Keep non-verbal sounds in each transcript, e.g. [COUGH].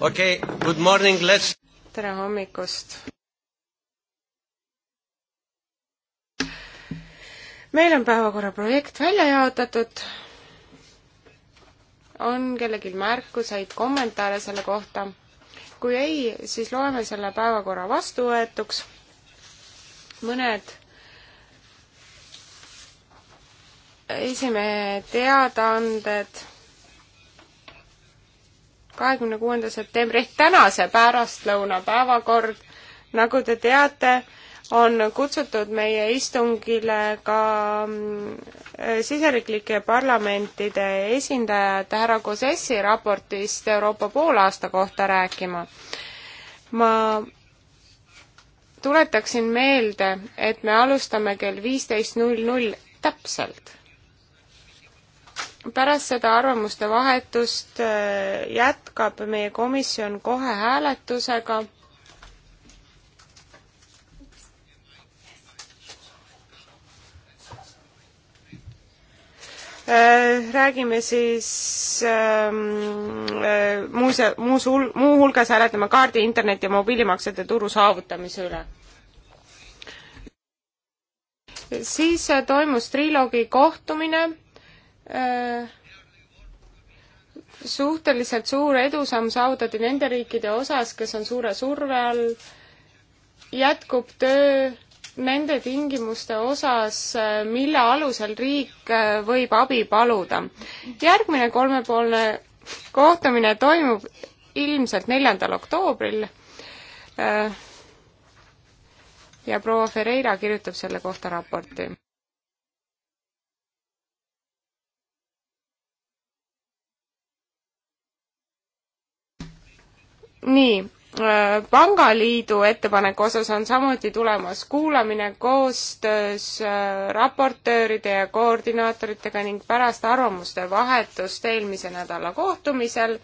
okei okay,, good morning, let's. tere hommikust. meil on päevakorra projekt välja jaotatud. on kellelgi märkuseid, kommentaare selle kohta? kui ei, siis loeme selle päevakorra vastuvõetuks. mõned esimehe teadaanded kahekümne kuuenda septembri ehk tänase pärastlõuna päevakord. nagu te teate, on kutsutud meie istungile ka mm, siseriiklike parlamentide esindajad härra Kosessi raportist Euroopa poolaasta kohta rääkima. ma tuletaksin meelde, et me alustame kell viisteist null null täpselt pärast seda arvamuste vahetust äh, jätkab meie komisjon kohe hääletusega. Äh, räägime siis ähm, äh, muuse, muus hul-, muuhulgas hääletame kaardi, interneti ja mobiilimaksete turu saavutamise üle siis toimus triloogi kohtumine Äh, suhteliselt suur edusamm saavutati nende riikide osas, kes on suure surve all, jätkub töö nende tingimuste osas, äh, mille alusel riik äh, võib abi paluda. järgmine kolmepoolne kohtumine toimub ilmselt neljandal oktoobril ja proua Ferreira kirjutab selle kohta raporti. nii, äh, pangaliidu ettepaneku osas on samuti tulemas kuulamine koostöös äh, raportööride ja koordinaatoritega ning pärast arvamuste vahetust eelmise nädala kohtumisel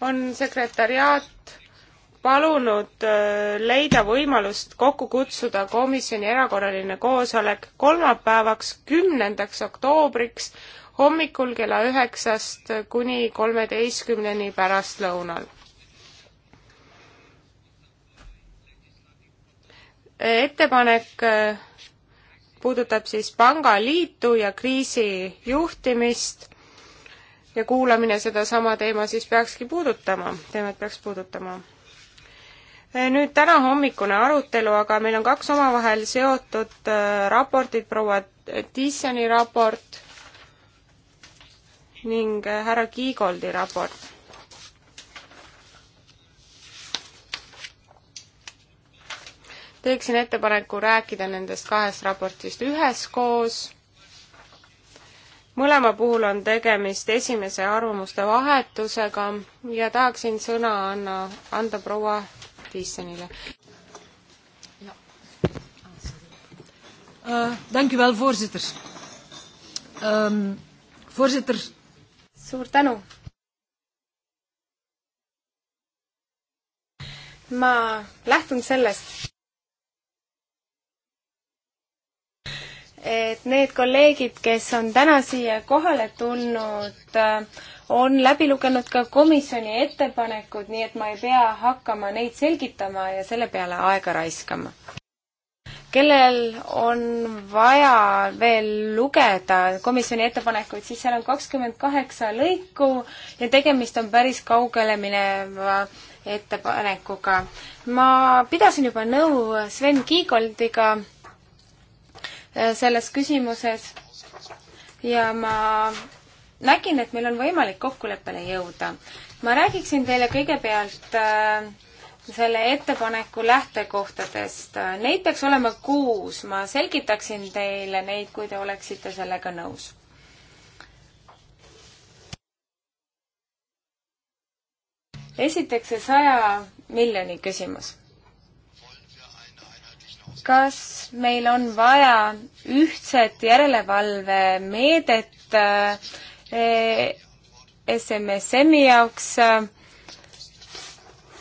on sekretariaat palunud äh, leida võimalust kokku kutsuda komisjoni erakorraline koosolek kolmapäevaks, kümnendaks oktoobriks hommikul kella üheksast kuni kolmeteistkümneni pärastlõunal ettepanek äh, puudutab siis pangaliitu ja kriisi juhtimist ja kuulamine sedasama teema siis peakski puudutama, teemat peaks puudutama. Äh, nüüd tänahommikune arutelu, aga meil on kaks omavahel seotud äh, raportit, proua Tissoni raport ning härra Kiigoldi raport teeksin ettepaneku rääkida nendest kahest raportist üheskoos. mõlema puhul on tegemist esimese arvamuste vahetusega ja tahaksin sõna anna, anda proua Tiissonile. Uh, eh, dank u wel, voorzitter. Um, voorzitter. Suur tänu. ma lähtun sellest, et need kolleegid, kes on täna siia kohale tulnud, äh, on läbi lugenud ka komisjoni ettepanekud, nii et ma ei pea hakkama neid selgitama ja selle peale aega raiskama. kellel on vaja veel lugeda komisjoni ettepanekuid, siis seal on kakskümmend kaheksa lõiku ja tegemist on päris kaugele mineva ettepanekuga. ma pidasin juba nõu Sven Kiigoldiga Äh, selles küsimuses ja ma nägin, et meil on võimalik kokkuleppele jõuda. ma räägiksin teile kõigepealt äh, selle ettepaneku lähtekohtadest. Äh, neid peaks olema kuus, ma selgitaksin teile neid, kui te oleksite sellega nõus esiteks see saja miljoni küsimus kas meil on vaja ühtset järelevalvemeedet eh, SMSM-i jaoks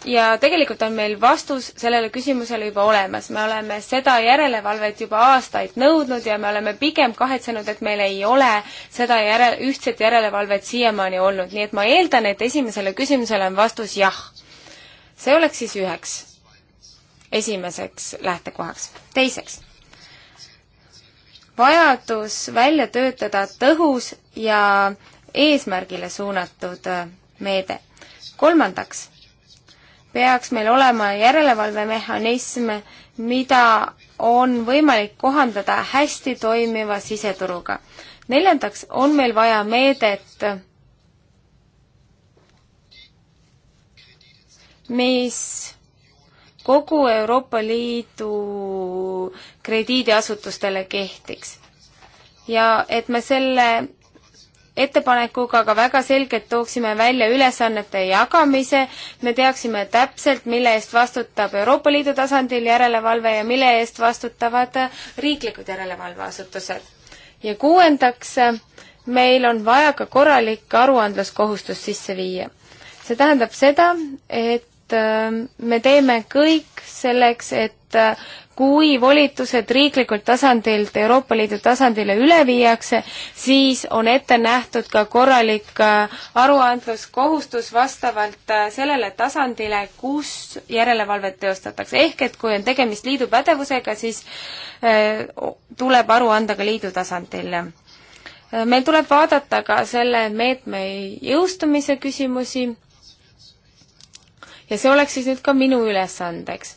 ja tegelikult on meil vastus sellele küsimusele juba olemas. me oleme seda järelevalvet juba aastaid nõudnud ja me oleme pigem kahetsenud, et meil ei ole seda järe, ühtset järelevalvet siiamaani olnud, nii et ma eeldan, et esimesele küsimusele on vastus jah. see oleks siis üheks esimeseks lähtekohaks. teiseks, vajadus välja töötada tõhus ja eesmärgile suunatud äh, meede. kolmandaks, peaks meil olema järelevalvemehhanism, mida on võimalik kohandada hästi toimiva siseturuga. neljandaks on meil vaja meedet, mis kogu Euroopa Liidu krediidiasutustele kehtiks. ja et me selle ettepanekuga ka väga selgelt tooksime välja ülesannete jagamise, me teaksime täpselt, mille eest vastutab Euroopa Liidu tasandil järelevalve ja mille eest vastutavad riiklikud järelevalveasutused. ja kuuendaks, meil on vaja ka korralik aruandluskohustus sisse viia. see tähendab seda, et Äh, me teeme kõik selleks, et äh, kui volitused riiklikult tasandilt Euroopa Liidu tasandile üle viiakse, siis on ette nähtud ka korralik äh, aruandluskohustus vastavalt sellele tasandile, kus järelevalvet teostatakse. ehk et kui on tegemist liidu pädevusega, siis tuleb aru anda ka liidu tasandil meil tuleb vaadata ka selle meetme jõustumise küsimusi ja see oleks siis nüüd ka minu ülesandeks.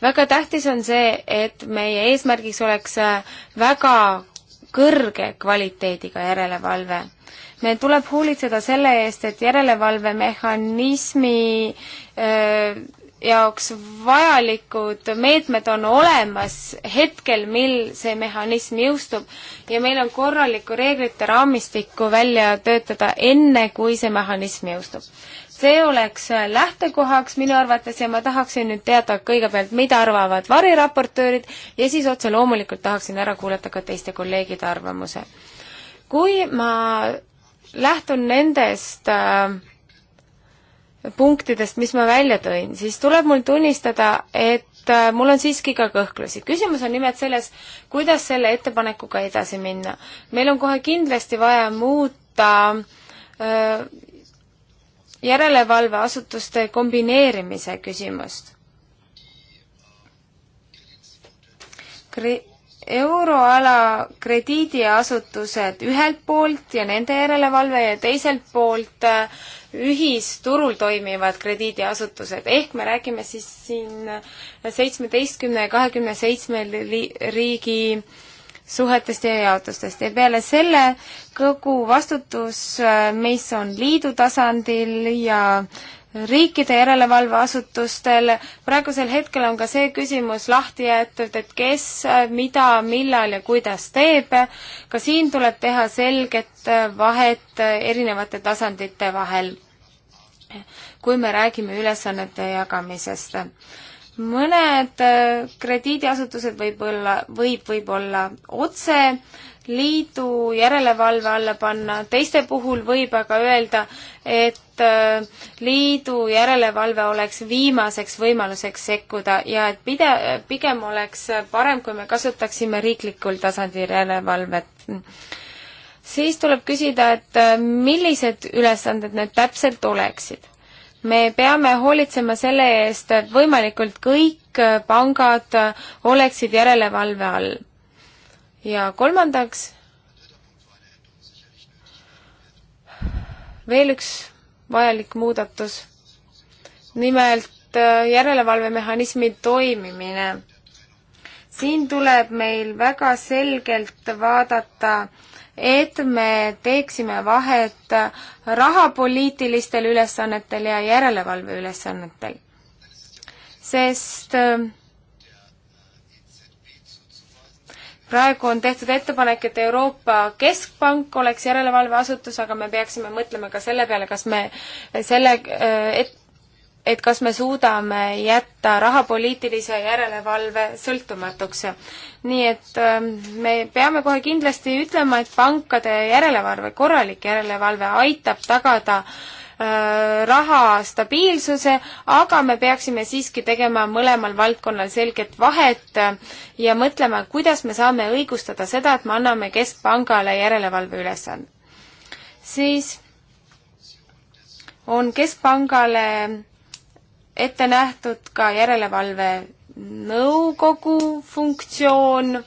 väga tähtis on see, et meie eesmärgiks oleks äh, väga kõrge kvaliteediga järelevalve. meil tuleb hoolitseda selle eest, et järelevalvemehhanismi äh, jaoks vajalikud meetmed on olemas hetkel, mil see mehhanism jõustub ja meil on korralikku reeglite raamistikku välja töötada enne, kui see mehhanism jõustub see oleks äh, lähtekohaks minu arvates ja ma tahaksin nüüd teada kõigepealt, mida arvavad variraportöörid ja siis otse loomulikult tahaksin ära kuulata ka teiste kolleegide arvamuse. kui ma lähtun nendest äh, punktidest, mis ma välja tõin, siis tuleb mul tunnistada, et äh, mul on siiski ka kõhklusi. küsimus on nimelt selles, kuidas selle ettepanekuga edasi minna. meil on kohe kindlasti vaja muuta öö, äh, järelevalveasutuste kombineerimise küsimust. euroala krediidiasutused ühelt poolt ja nende järelevalve ja teiselt poolt äh, ühisturul toimivad krediidiasutused, ehk me räägime siis siin seitsmeteistkümne ja kahekümne seitsme riigi äh, suhetest ja jaotustest ja peale selle kogu vastutus, äh, mis on liidu tasandil ja riikide järelevalveasutustel, praegusel hetkel on ka see küsimus lahti jäetud, et kes, äh, mida, millal ja kuidas teeb. ka siin tuleb teha selget äh, vahet erinevate tasandite vahel, kui me räägime ülesannete jagamisest mõned äh, krediidiasutused võib-olla, võib võib-olla otse liidu järelevalve alla panna, teiste puhul võib aga öelda, et äh, liidu järelevalve oleks viimaseks võimaluseks sekkuda ja et pide-, pigem oleks parem, kui me kasutaksime riiklikul tasandil järelevalvet. siis tuleb küsida, et äh, millised ülesanded need täpselt oleksid me peame hoolitsema selle eest, et võimalikult kõik pangad oleksid järelevalve all. ja kolmandaks, veel üks vajalik muudatus, nimelt äh, järelevalvemehhanismi toimimine. siin tuleb meil väga selgelt vaadata äh, et me teeksime vahet rahapoliitilistel ülesannetel ja järelevalve ülesannetel. sest äh, praegu on tehtud ettepanek, et Euroopa Keskpank oleks järelevalveasutus, aga me peaksime mõtlema ka selle peale, kas me selle, äh, et et kas me suudame jätta rahapoliitilise järelevalve sõltumatuks. nii et ähm, me peame kohe kindlasti ütlema, et pankade järelevalve, korralik järelevalve aitab tagada äh, raha stabiilsuse, aga me peaksime siiski tegema mõlemal valdkonnal selget vahet äh, ja mõtlema, kuidas me saame õigustada seda, et me anname Keskpangale järelevalve ülesande. siis on Keskpangale ette nähtud ka järelevalve nõukogu funktsioon,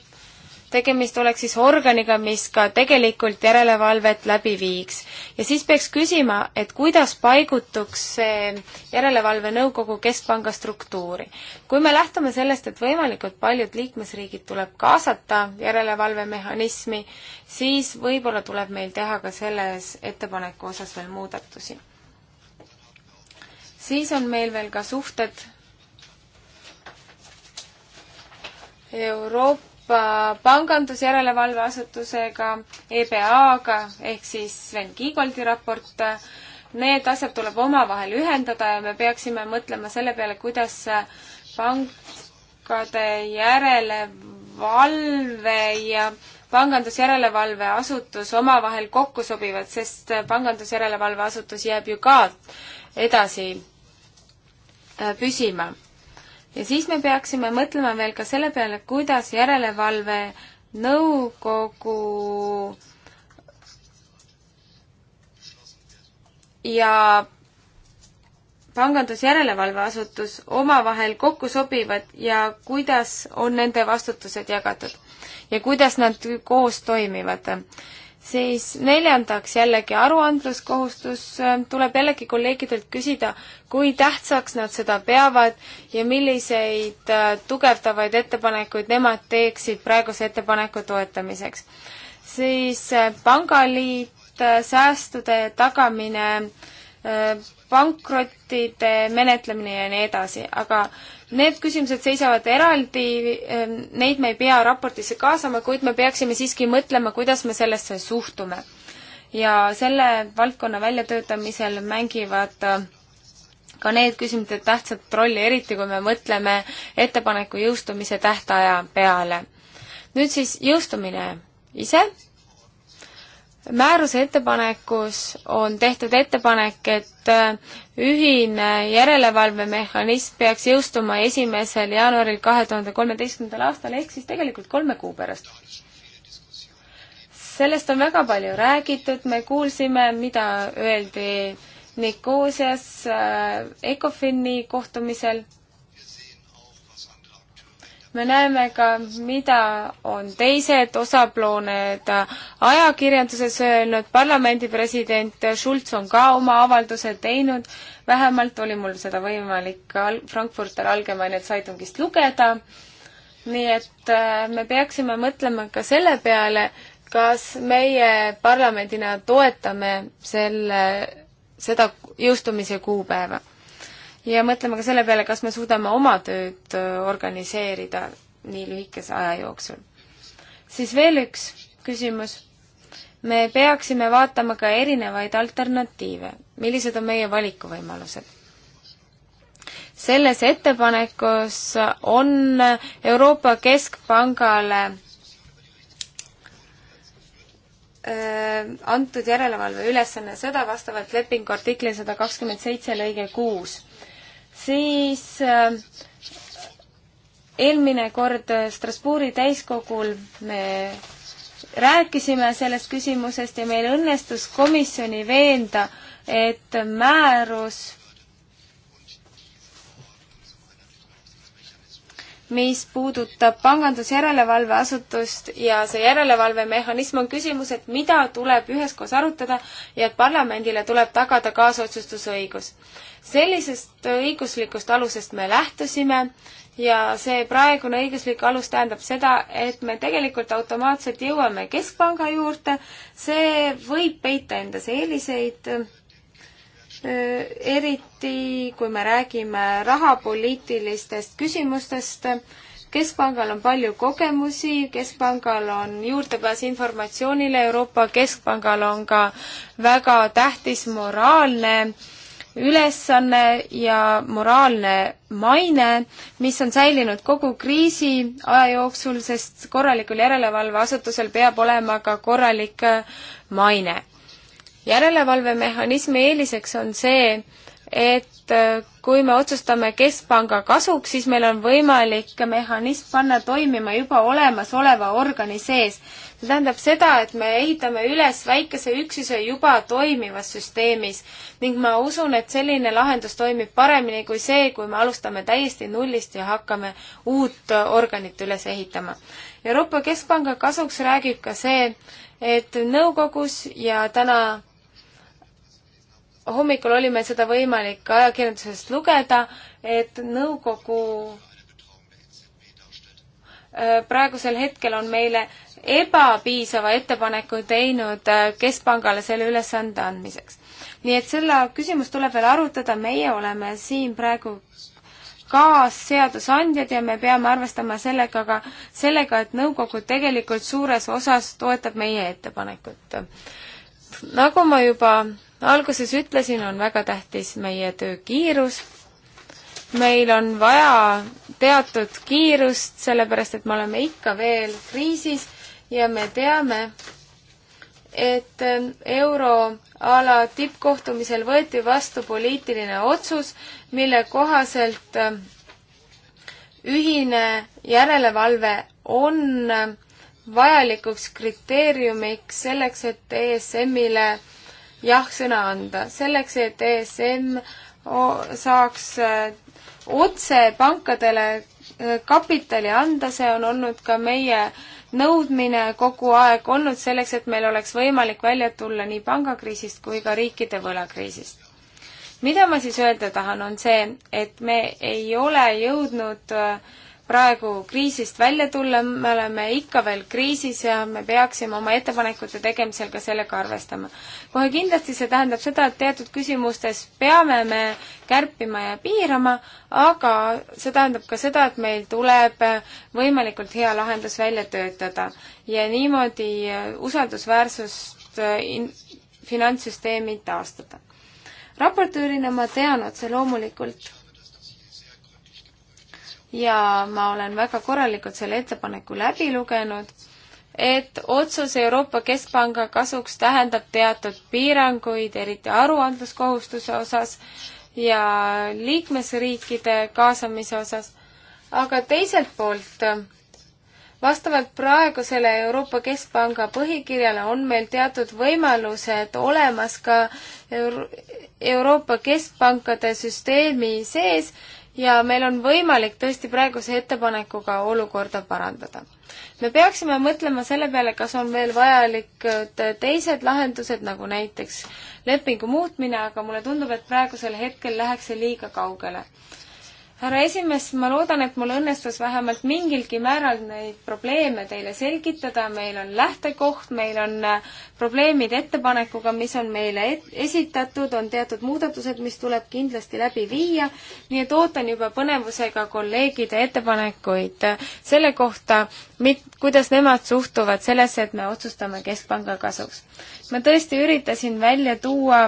tegemist oleks siis organiga, mis ka tegelikult järelevalvet läbi viiks. ja siis peaks küsima, et kuidas paigutuks see järelevalve nõukogu keskpanga struktuuri. kui me lähtume sellest, et võimalikult paljud liikmesriigid tuleb kaasata järelevalvemehhanismi, siis võib-olla tuleb meil teha ka selles ettepaneku osas veel muudatusi siis on meil veel ka suhted Euroopa Pangandusjärelevalveasutusega, EBA-ga ehk siis Sven Kiigoldi raport. Need asjad tuleb omavahel ühendada ja me peaksime mõtlema selle peale, kuidas pankade järelevalve ja pangandusjärelevalveasutus omavahel kokku sobivad, sest pangandusjärelevalveasutus jääb ju ka edasi Äh, püsima. ja siis me peaksime mõtlema veel ka selle peale, kuidas järelevalve nõukogu ja pangandusjärelevalveasutus omavahel kokku sobivad ja kuidas on nende vastutused jagatud ja kuidas nad koos toimivad siis neljandaks jällegi aruandluskohustus, tuleb jällegi kolleegidelt küsida, kui tähtsaks nad seda peavad ja milliseid äh, tugevdavaid ettepanekuid nemad teeksid praeguse ettepaneku toetamiseks. siis äh, Pangaliit, äh, säästude tagamine, pankrottide menetlemine ja nii edasi, aga Need küsimused seisavad eraldi, ähm, neid me ei pea raportisse kaasama, kuid me peaksime siiski mõtlema, kuidas me sellesse suhtume. ja selle valdkonna väljatöötamisel mängivad äh, ka need küsimused tähtsat rolli, eriti kui me mõtleme ettepaneku jõustumise tähtaja peale. nüüd siis jõustumine ise määruse ettepanekus on tehtud ettepanek, et äh, ühine järelevalvemehhanism peaks jõustuma esimesel jaanuaril kahe tuhande kolmeteistkümnendal aastal, ehk siis tegelikult kolme kuu pärast. sellest on väga palju räägitud, me kuulsime, mida öeldi Nikosias äh, ECOFIN-i kohtumisel me näeme ka, mida on teised osapooled ajakirjanduses öelnud, parlamendi president Schulz on ka oma avalduse teinud, vähemalt oli mul seda võimalik al-, Frankfurter Allgemeine Zeitungist lugeda, nii et äh, me peaksime mõtlema ka selle peale, kas meie parlamendina toetame selle, seda jõustumise kuupäeva ja mõtlema ka selle peale, kas me suudame oma tööd äh, organiseerida nii lühikese aja jooksul. siis veel üks küsimus. me peaksime vaatama ka erinevaid alternatiive. millised on meie valikuvõimalused? selles ettepanekus on Euroopa Keskpangale äh, antud järelevalve ülesanne, seda vastavalt lepingu artikli sada kakskümmend seitse lõige kuus siis äh, eelmine kord Strasbourgi täiskogul me rääkisime sellest küsimusest ja meil õnnestus komisjoni veenda, et määrus mis puudutab pangandusjärelevalveasutust ja see järelevalvemehhanism on küsimus, et mida tuleb üheskoos arutada ja et parlamendile tuleb tagada kaasotsustusõigus. sellisest õiguslikust alusest me lähtusime ja see praegune õiguslik alus tähendab seda, et me tegelikult automaatselt jõuame keskpanga juurde, see võib peita endas eeliseid Äh, eriti kui me räägime rahapoliitilistest küsimustest. keskpangal on palju kogemusi, keskpangal on juurdepääs informatsioonile, Euroopa Keskpangal on ka väga tähtis moraalne ülesanne ja moraalne maine, mis on säilinud kogu kriisi aja jooksul, sest korralikul järelevalveasutusel peab olema ka korralik maine järelevalvemehhanismi eeliseks on see, et äh, kui me otsustame keskpanga kasuks, siis meil on võimalik mehhanism panna toimima juba olemasoleva organi sees. see tähendab seda, et me ehitame üles väikese üksuse juba toimivas süsteemis ning ma usun, et selline lahendus toimib paremini kui see, kui me alustame täiesti nullist ja hakkame uut äh, organit üles ehitama. Euroopa Keskpanga kasuks räägib ka see, et nõukogus ja täna hommikul oli meil seda võimalik ajakirjandusest lugeda, et nõukogu äh, praegusel hetkel on meile ebapiisava ettepaneku teinud äh, Keskpangale selle ülesande andmiseks. nii et selle küsimust tuleb veel arutada, meie oleme siin praegu kaasseadusandjad ja me peame arvestama sellega ka, sellega, et nõukogu tegelikult suures osas toetab meie ettepanekut. nagu ma juba alguses ütlesin, on väga tähtis meie töö kiirus. meil on vaja teatud kiirust, sellepärast et me oleme ikka veel kriisis ja me teame, et ähm, euroala tippkohtumisel võeti vastu poliitiline otsus, mille kohaselt ähm, ühine järelevalve on ähm, vajalikuks kriteeriumiks selleks, et ESM-ile jah-sõna anda, selleks et ESM saaks äh, otse pankadele äh, kapitali anda, see on olnud ka meie nõudmine kogu aeg olnud selleks, et meil oleks võimalik välja tulla nii pangakriisist kui ka riikide võlakriisist. mida ma siis öelda tahan, on see, et me ei ole jõudnud äh, praegu kriisist välja tulla, me oleme ikka veel kriisis ja me peaksime oma ettepanekute tegemisel ka sellega arvestama. kohe kindlasti see tähendab seda, et teatud küsimustes peame me kärpima ja piirama, aga see tähendab ka seda, et meil tuleb võimalikult hea lahendus välja töötada ja niimoodi usaldusväärsust finantssüsteemi taastada. raportöörina ma tean otse loomulikult, ja ma olen väga korralikult selle ettepaneku läbi lugenud, et otsus Euroopa Keskpanga kasuks tähendab teatud piiranguid, eriti aruandluskohustuse osas ja liikmesriikide kaasamise osas, aga teiselt poolt vastavalt praegusele Euroopa Keskpanga põhikirjale on meil teatud võimalused olemas ka Euro Euroopa Keskpankade süsteemi sees ja meil on võimalik tõesti praeguse ettepanekuga olukorda parandada. me peaksime mõtlema selle peale, kas on veel vajalikud teised lahendused, nagu näiteks lepingu muutmine, aga mulle tundub, et praegusel hetkel läheks see liiga kaugele härra esimees, ma loodan, et mul õnnestus vähemalt mingilgi määral neid probleeme teile selgitada, meil on lähtekoht, meil on äh, probleemid ettepanekuga, mis on meile et esitatud, on teatud muudatused, mis tuleb kindlasti läbi viia, nii et ootan juba põnevusega kolleegide ettepanekuid äh, selle kohta, mit-, kuidas nemad suhtuvad sellesse, et me otsustame Keskpanga kasuks. ma tõesti üritasin välja tuua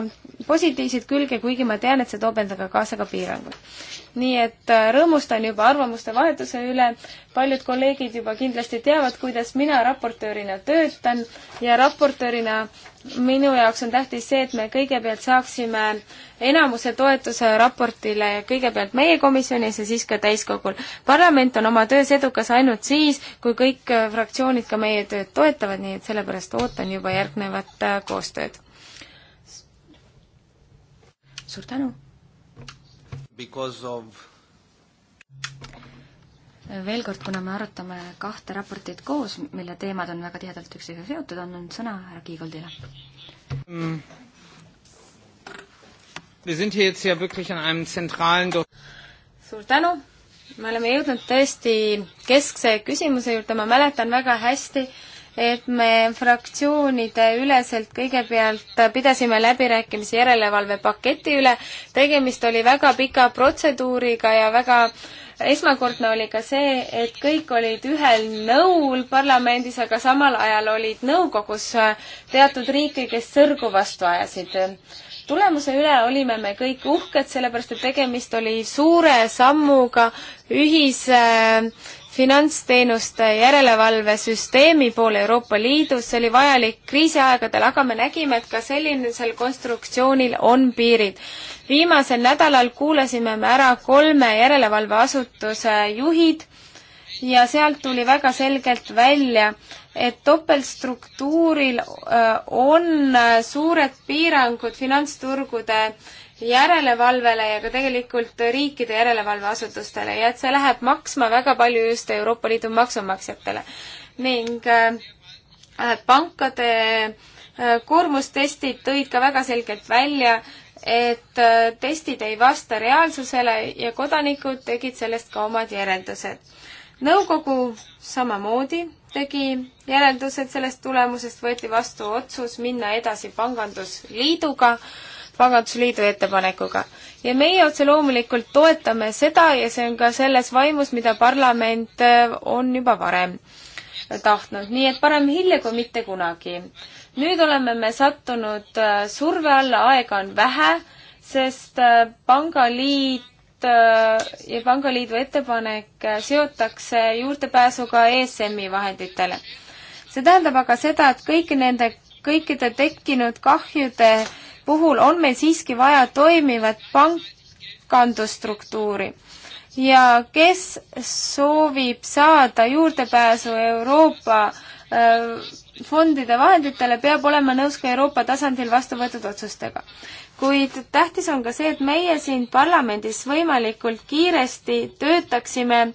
positiivseid külge, kuigi ma tean, et see toob endaga kaasa ka piiranguid nii et äh, rõõmustan juba arvamuste vahetuse üle. paljud kolleegid juba kindlasti teavad, kuidas mina raportöörina töötan ja raportöörina minu jaoks on tähtis see, et me kõigepealt saaksime enamuse toetuse raportile kõigepealt meie komisjonis ja siis ka täiskogul. parlament on oma töös edukas ainult siis, kui kõik äh, fraktsioonid ka meie tööd toetavad, nii et sellepärast ootan juba järgnevat äh, koostööd. suur tänu! because of veel kord, kuna me arutame kahte raportit koos, mille teemad on väga tihedalt üksteisega seotud, annan sõna härra Kiigoldile mm.. suur tänu, me oleme jõudnud tõesti keskse küsimuse juurde, ma mäletan väga hästi, et me fraktsioonide üleselt kõigepealt pidasime läbirääkimisi järelevalvepaketi üle. tegemist oli väga pika protseduuriga ja väga esmakordne oli ka see, et kõik olid ühel nõul parlamendis, aga samal ajal olid nõukogus teatud riike, kes sõrgu vastu ajasid tulemuse üle olime me kõik uhked, sellepärast et tegemist oli suure sammuga ühise äh, finantsteenuste järelevalvesüsteemi poole Euroopa Liidus, see oli vajalik kriisiaegadel, aga me nägime, et ka sellisel konstruktsioonil on piirid. viimasel nädalal kuulasime me ära kolme järelevalveasutuse juhid ja sealt tuli väga selgelt välja, et topeltstruktuuril äh, on äh, suured piirangud finantsturgude äh, järelevalvele ja ka tegelikult riikide järelevalveasutustele ja et see läheb maksma väga palju just Euroopa Liidu maksumaksjatele. ning äh, pankade äh, koormustestid tõid ka väga selgelt välja, et äh, testid ei vasta reaalsusele ja kodanikud tegid sellest ka omad järeldused. nõukogu samamoodi tegi järeldused sellest tulemusest, võeti vastu otsus minna edasi pangandusliiduga äh, Pangandusliidu ettepanekuga. ja meie otse loomulikult toetame seda ja see on ka selles vaimus, mida parlament äh, on juba varem tahtnud, nii et parem hilja kui mitte kunagi. nüüd oleme me sattunud äh, surve alla, aega on vähe, sest äh, pangaliit ja pangaliidu ettepanek seotakse juurdepääsuga ESM-i vahenditele. see tähendab aga seda, et kõiki nende, kõikide tekkinud kahjude puhul on meil siiski vaja toimivat pangandusstruktuuri ja kes soovib saada juurdepääsu Euroopa äh, fondide vahenditele, peab olema nõus ka Euroopa tasandil vastu võetud otsustega. kuid tähtis on ka see, et meie siin parlamendis võimalikult kiiresti töötaksime äh,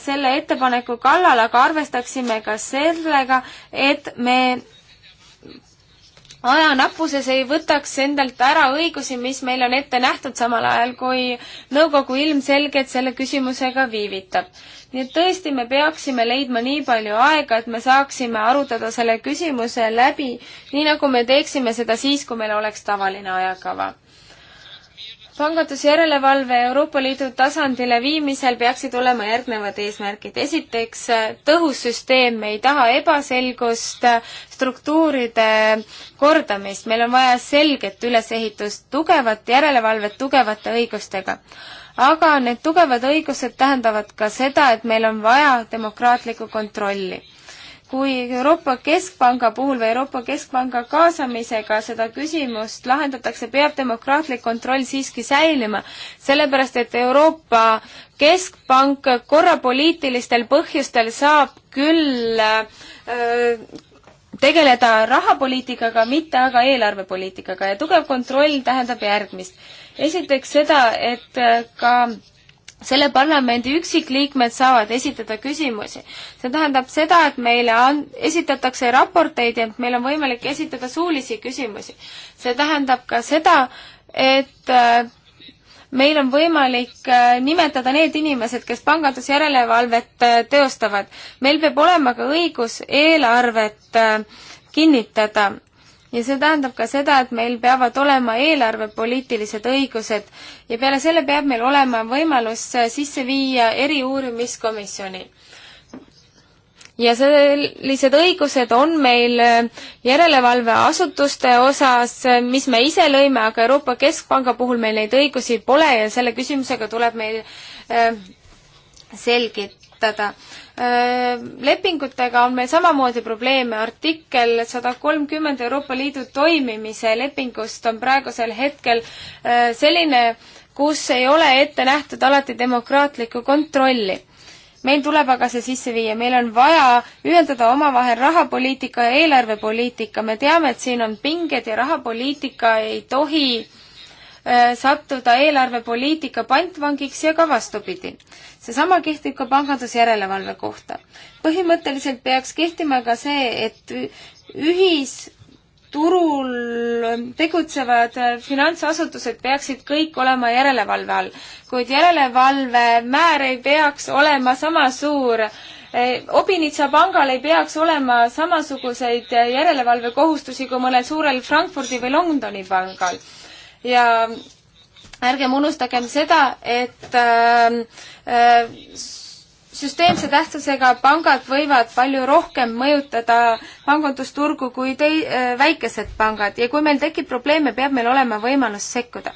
selle ettepaneku kallal, aga arvestaksime ka sellega, et me ajanappuses ei võtaks endalt ära õigusi, mis meil on ette nähtud, samal ajal kui nõukogu ilmselgelt selle küsimusega viivitab. nii et tõesti, me peaksime leidma nii palju aega, et me saaksime arutada selle küsimuse läbi, nii nagu me teeksime seda siis, kui meil oleks tavaline ajakava pangandusjärelevalve Euroopa Liidu tasandile viimisel peaksid olema järgnevad eesmärgid. esiteks, tõhus süsteem, me ei taha ebaselgust, struktuuride kordamist, meil on vaja selget ülesehitust, tugevat järelevalvet tugevate õigustega. aga need tugevad õigused tähendavad ka seda, et meil on vaja demokraatlikku kontrolli kui Euroopa Keskpanga puhul või Euroopa Keskpanga kaasamisega seda küsimust lahendatakse, peab demokraatlik kontroll siiski säilima, sellepärast et Euroopa Keskpank korra poliitilistel põhjustel saab küll öö, äh, tegeleda rahapoliitikaga, mitte aga eelarvepoliitikaga ja tugev kontroll tähendab järgmist. esiteks seda, et äh, ka selle parlamendi üksikliikmed saavad esitada küsimusi. see tähendab seda, et meile an-, esitatakse raporteid ja meil on võimalik esitada suulisi küsimusi. see tähendab ka seda, et äh, meil on võimalik äh, nimetada need inimesed, kes pangandusjärelevalvet äh, teostavad. meil peab olema ka õigus eelarvet kinnitada ja see tähendab ka seda, et meil peavad olema eelarvepoliitilised õigused ja peale selle peab meil olema võimalus sisse viia eriuurimiskomisjoni ja sellised õigused on meil järelevalveasutuste osas, mis me ise lõime, aga Euroopa Keskpanga puhul meil neid õigusi pole ja selle küsimusega tuleb meil äh, selgit-, toetada. Äh, lepingutega on meil samamoodi probleeme, artikkel sada kolmkümmend Euroopa Liidu toimimise lepingust on praegusel hetkel äh, selline, kus ei ole ette nähtud alati demokraatlikku kontrolli meil tuleb aga see sisse viia, meil on vaja ühendada omavahel rahapoliitika ja eelarvepoliitika, me teame, et siin on pinged ja rahapoliitika ei tohi äh, Äh, sattuda eelarvepoliitika pantvangiks ja ka vastupidi. seesama kehtib ka pangandusjärelevalve kohta. põhimõtteliselt peaks kehtima ka see, et ühis turul tegutsevad finantsasutused peaksid kõik olema järelevalve all, kuid järelevalve määr ei peaks olema sama suur. E, Obinitsa pangal ei peaks olema samasuguseid järelevalvekohustusi kui mõnel suurel Frankfurdi või Londoni pangal ja ärgem unustagem seda, et äh, äh, süsteemse tähtsusega pangad võivad palju rohkem mõjutada pangandusturgu kui tei-, äh, väikesed pangad ja kui meil tekib probleeme, peab meil olema võimalus sekkuda.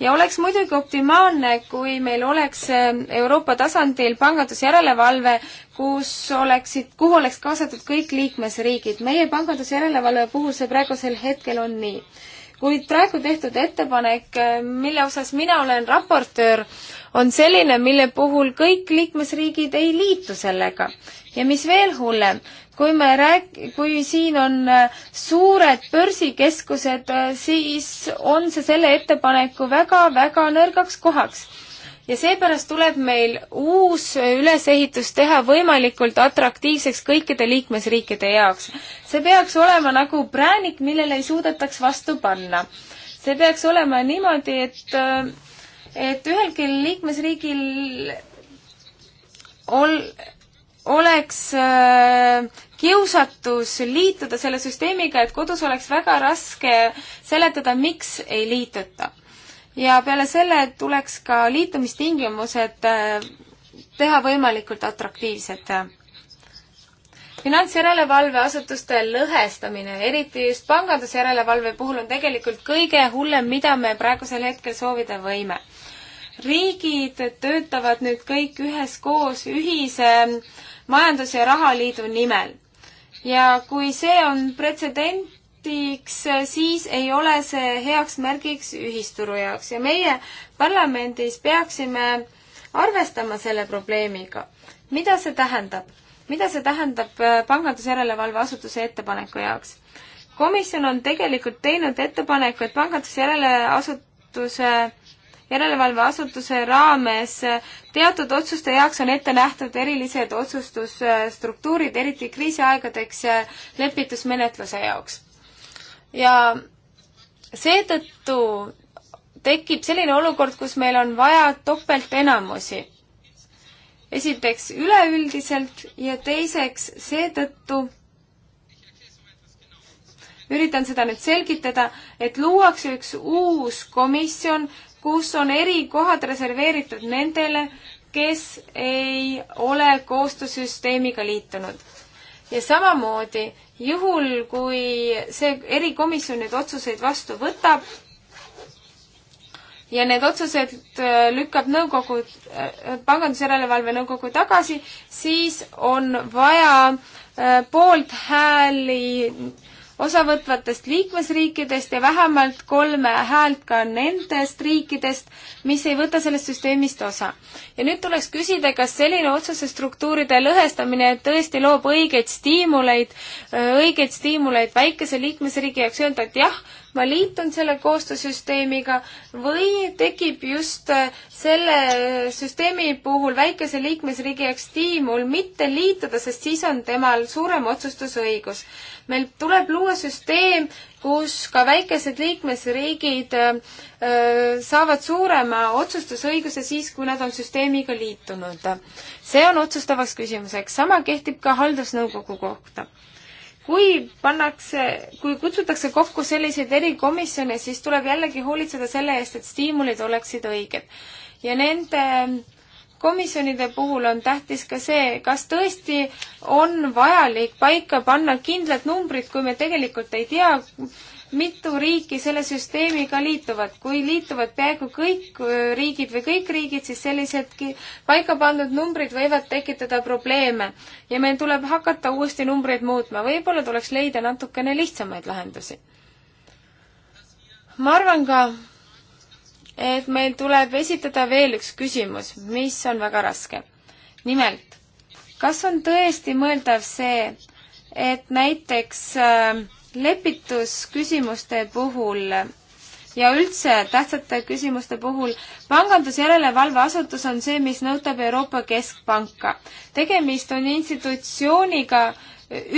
ja oleks muidugi optimaalne, kui meil oleks äh, Euroopa tasandil pangandusjärelevalve, kus oleksid, kuhu oleks kaasatud kõik liikmesriigid. meie pangandusjärelevalve puhul see praegusel hetkel on nii kuid praegu tehtud ettepanek, mille osas mina olen raportöör, on selline, mille puhul kõik liikmesriigid ei liitu sellega. ja mis veel hullem, kui me rääk-, kui siin on äh, suured börsikeskused, äh, siis on see selle ettepaneku väga-väga nõrgaks kohaks ja seepärast tuleb meil uus ülesehitus teha võimalikult atraktiivseks kõikide liikmesriikide jaoks. see peaks olema nagu präänik, millele ei suudetaks vastu panna. see peaks olema niimoodi, et, et ühelgi liikmesriigil ol-, oleks äh, kiusatus liituda selle süsteemiga, et kodus oleks väga raske seletada, miks ei liituta ja peale selle tuleks ka liitumistingimused äh, teha võimalikult atraktiivsed. finantsjärelevalveasutuste lõhestamine, eriti just pangandusjärelevalve puhul, on tegelikult kõige hullem, mida me praegusel hetkel soovida võime. riigid töötavad nüüd kõik üheskoos ühise äh, majandus- ja rahaliidu nimel. ja kui see on pretsedent, projektiks, siis ei ole see heaks märgiks ühisturu jaoks ja meie parlamendis peaksime arvestama selle probleemiga. mida see tähendab? mida see tähendab äh, pangandusjärelevalve asutuse ettepaneku jaoks? komisjon on tegelikult teinud ettepaneku, et pangandusjäreleasutuse järelevalveasutuse raames äh, teatud otsuste jaoks on ette nähtud erilised otsustusstruktuurid, eriti kriisiaegadeks äh, lepitusmenetluse jaoks ja seetõttu tekib selline olukord, kus meil on vaja topeltenamusi. esiteks üleüldiselt ja teiseks seetõttu, üritan seda nüüd selgitada, et luuakse üks uus komisjon, kus on erikohad reserveeritud nendele, kes ei ole koostöösüsteemiga liitunud. ja samamoodi juhul, kui see erikomisjon nüüd otsuseid vastu võtab ja need otsused äh, lükkab nõukogu, äh, pangandusjärelevalve nõukogu tagasi, siis on vaja äh, poolthääli äh, osavõtvatest liikmesriikidest ja vähemalt kolme häält ka nendest riikidest, mis ei võta sellest süsteemist osa. ja nüüd tuleks küsida, kas selline otsuse struktuuride lõhestamine tõesti loob õigeid stiimuleid, õigeid stiimuleid väikese liikmesriigi jaoks öelda, et jah, ma liitun selle koostöösüsteemiga või tekib just äh, selle süsteemi puhul väikese liikmesriigi jaoks stiimul mitte liituda, sest siis on temal suurem otsustusõigus. meil tuleb luua süsteem, kus ka väikesed liikmesriigid äh, äh, saavad suurema otsustusõiguse siis, kui nad on süsteemiga liitunud. see on otsustavaks küsimuseks, sama kehtib ka haldusnõukogu kohta kui pannakse, kui kutsutakse kokku selliseid erikomisjone, siis tuleb jällegi hoolitseda selle eest, et stiimulid oleksid õiged. ja nende komisjonide puhul on tähtis ka see, kas tõesti on vajalik paika panna kindlad numbrid, kui me tegelikult ei tea, mitu riiki selle süsteemiga liituvad. kui liituvad peaaegu kõik äh, riigid või kõik riigid, siis sellised paika pandud numbrid võivad tekitada probleeme ja meil tuleb hakata uuesti numbreid muutma. võib-olla tuleks leida natukene lihtsamaid lahendusi. ma arvan ka, et meil tuleb esitada veel üks küsimus, mis on väga raske. nimelt, kas on tõesti mõeldav see, et näiteks äh, lepitusküsimuste puhul ja üldse tähtsate küsimuste puhul pangandusjärelevalveasutus on see, mis nõutab Euroopa Keskpanka. tegemist on institutsiooniga,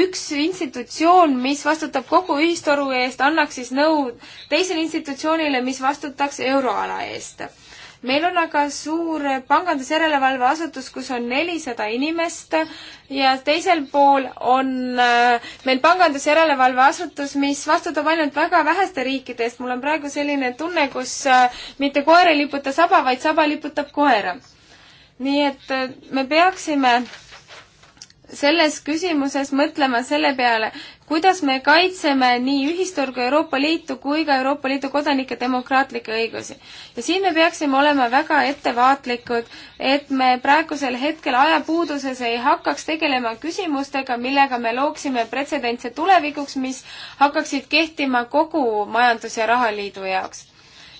üks institutsioon, mis vastutab kogu ühistoru eest, annaks siis nõu teisele institutsioonile, mis vastutaks euroala eest meil on aga suur pangandusjärelevalveasutus, kus on nelisada inimest ja teisel pool on äh, meil pangandusjärelevalveasutus, mis vastutab ainult väga väheste riikide eest. mul on praegu selline tunne, kus äh, mitte koer ei liputa saba, vaid saba liputab koera. nii et äh, me peaksime selles küsimuses mõtlema selle peale, kuidas me kaitseme nii ühisturgu Euroopa Liitu kui ka Euroopa Liidu kodanike demokraatlikke õigusi. ja siin me peaksime olema väga ettevaatlikud, et me praegusel hetkel ajapuuduses ei hakkaks tegelema küsimustega, millega me looksime pretsedentse tulevikuks, mis hakkaksid kehtima kogu Majandus- ja Rahaliidu jaoks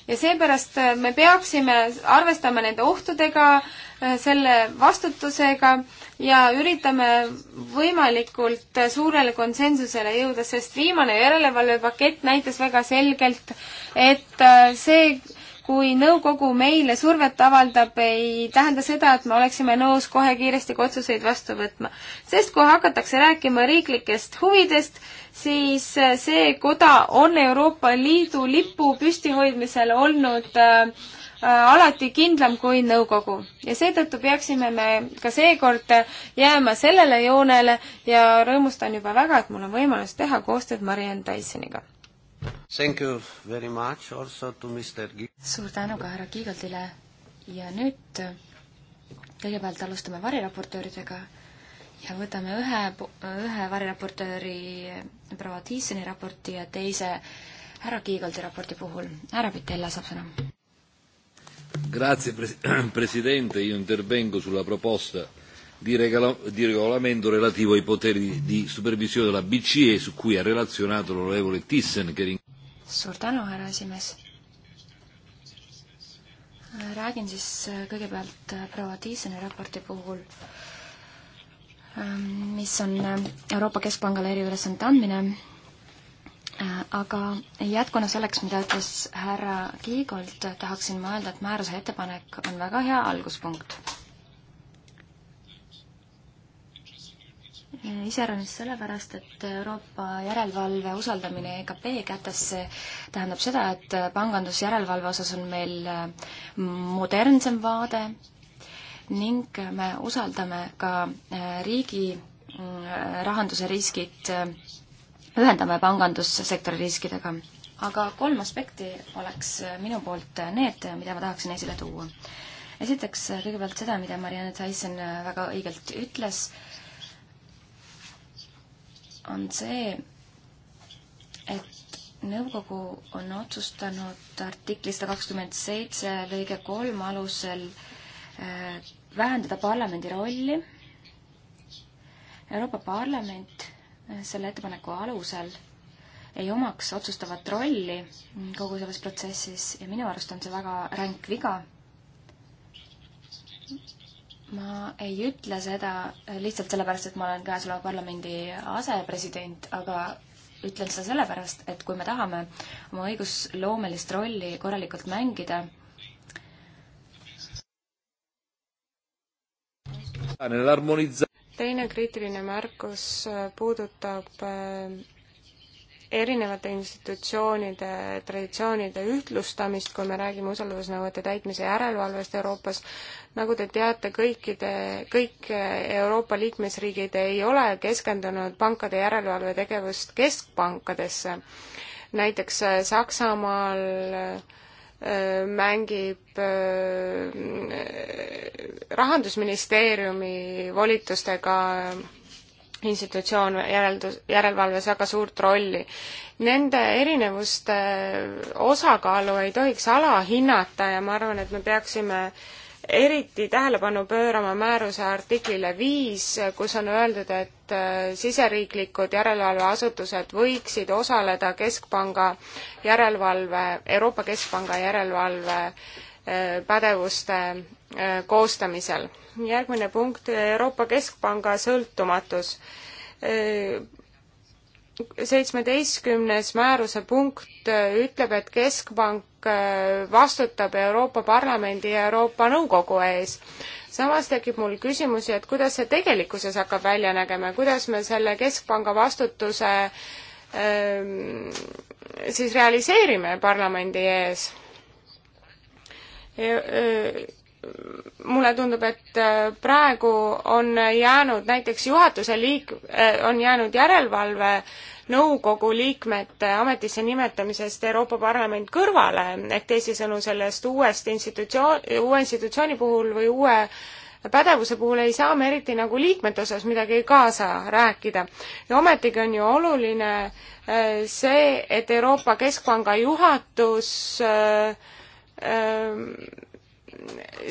ja seepärast äh, me peaksime arvestama nende ohtudega, äh, selle vastutusega ja üritame võimalikult suurele konsensusele jõuda, sest viimane järelevalvepakett näitas väga selgelt, et äh, see, kui nõukogu meile survet avaldab, ei tähenda seda, et me oleksime nõus kohe kiiresti ka otsuseid vastu võtma. sest kui hakatakse rääkima riiklikest huvidest, siis äh, see koda on Euroopa Liidu lipu püstihoidmisel olnud äh, Äh, alati kindlam kui nõukogu ja seetõttu peaksime me ka seekord jääma sellele joonele ja rõõmustan juba väga, et mul on võimalus teha koostööd Marianne Tysoniga. suur tänu ka härra Kiigeldile ja nüüd kõigepealt alustame variraportööridega ja võtame ühe, ühe variraportööri proua Tysoni raporti ja teise härra Kiigeldi raporti puhul. härra Pitella saab sõna Grazie pre [CLEARS THROAT] Presidente, io intervengo sulla proposta di, regalo- di regolamento relativo ai poteri di supervisione della BCE su cui ha relazionato l'onorevole Thyssen che ringrazio. Suur tänu, härra esimees. Räägin siis äh, kõigepealt äh, proua Tiiseni raporti puhul, ähm, mis on äh, Euroopa Keskpangale eriülesande andmine Äh, aga jätkuna selleks, mida ütles härra Kiigolt, tahaksin ma öelda, et määruse ettepanek on väga hea alguspunkt. Äh, iseäranis sellepärast, et Euroopa järelevalve usaldamine EKP kätesse tähendab seda, et pangandusjärelevalve osas on meil äh, modernsem vaade ning me usaldame ka riigi rahanduse riskid ühendame pangandussektori riskidega. aga kolm aspekti oleks minu poolt need, mida ma tahaksin esile tuua. esiteks kõigepealt seda, mida Marianne Tyson väga õigelt ütles, on see, et nõukogu on otsustanud artikli sada kakskümmend seitse lõige kolm alusel äh, vähendada parlamendi rolli. Euroopa Parlament selle ettepaneku alusel ei omaks otsustavat rolli kogu selles protsessis ja minu arust on see väga ränk viga. ma ei ütle seda lihtsalt sellepärast, et ma olen käesoleva parlamendi asepresident, aga ütlen seda sellepärast, et kui me tahame oma õigusloomelist rolli korralikult mängida, teine kriitiline märkus äh, puudutab äh, erinevate institutsioonide traditsioonide ühtlustamist, kui me räägime usaldusnõuete täitmise järelevalvest Euroopas. nagu te teate, kõikide, kõik äh, Euroopa liikmesriigid ei ole keskendunud pankade järelevalve tegevust keskpankadesse. näiteks Saksamaal äh, mängib äh, Rahandusministeeriumi volitustega institutsioon järeldus, järelevalves väga suurt rolli. Nende erinevuste osakaalu ei tohiks alahinnata ja ma arvan, et me peaksime eriti tähelepanu pöörama määruse artiklile viis, kus on öeldud, et et äh, siseriiklikud järelevalveasutused võiksid osaleda Keskpanga järelevalve, Euroopa Keskpanga järelevalve äh, pädevuste äh, koostamisel. järgmine punkt, Euroopa Keskpanga sõltumatus. Seitsmeteistkümnes määruse punkt ütleb, et Keskpank vastutab Euroopa Parlamendi ja Euroopa Nõukogu ees samas tekib mul küsimusi, et kuidas see tegelikkuses hakkab välja nägema ja kuidas me selle Keskpanga vastutuse öö, ähm, siis realiseerime parlamendi ees mulle tundub, et äh, praegu on jäänud näiteks juhatuse liik-, äh, on jäänud järelevalve nõukogu liikmete äh, ametisse nimetamisest Euroopa Parlament kõrvale, ehk teisisõnu sellest uuest institutsioon, uue institutsiooni puhul või uue pädevuse puhul ei saa me eriti nagu liikmete osas midagi kaasa rääkida. ja ometigi on ju oluline see, et Euroopa Keskpanga juhatus äh, äh,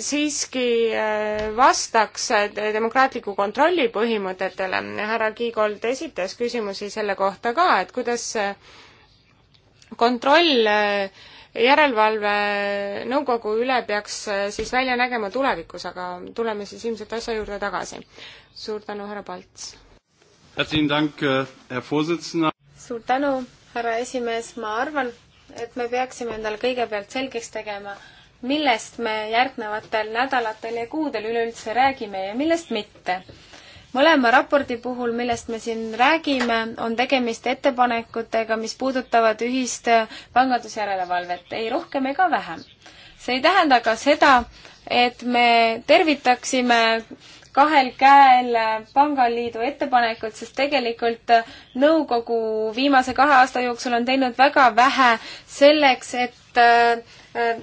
siiski äh, vastaks äh, demokraatliku kontrolli põhimõtetele. härra Kiigold esitas küsimusi selle kohta ka, et kuidas äh, kontroll järelevalve nõukogu üle peaks siis välja nägema tulevikus, aga tuleme siis ilmselt asja juurde tagasi. suur tänu, härra Palts! suur tänu, härra esimees, ma arvan, et me peaksime endale kõigepealt selgeks tegema, millest me järgnevatel nädalatel ja kuudel üleüldse räägime ja millest mitte. mõlema raporti puhul, millest me siin räägime, on tegemist ettepanekutega, mis puudutavad ühist pangandusjärelevalvet, ei rohkem ega vähem. see ei tähenda ka seda, et me tervitaksime kahel käel Pangaliidu ettepanekut, sest tegelikult nõukogu viimase kahe aasta jooksul on teinud väga vähe selleks, et äh,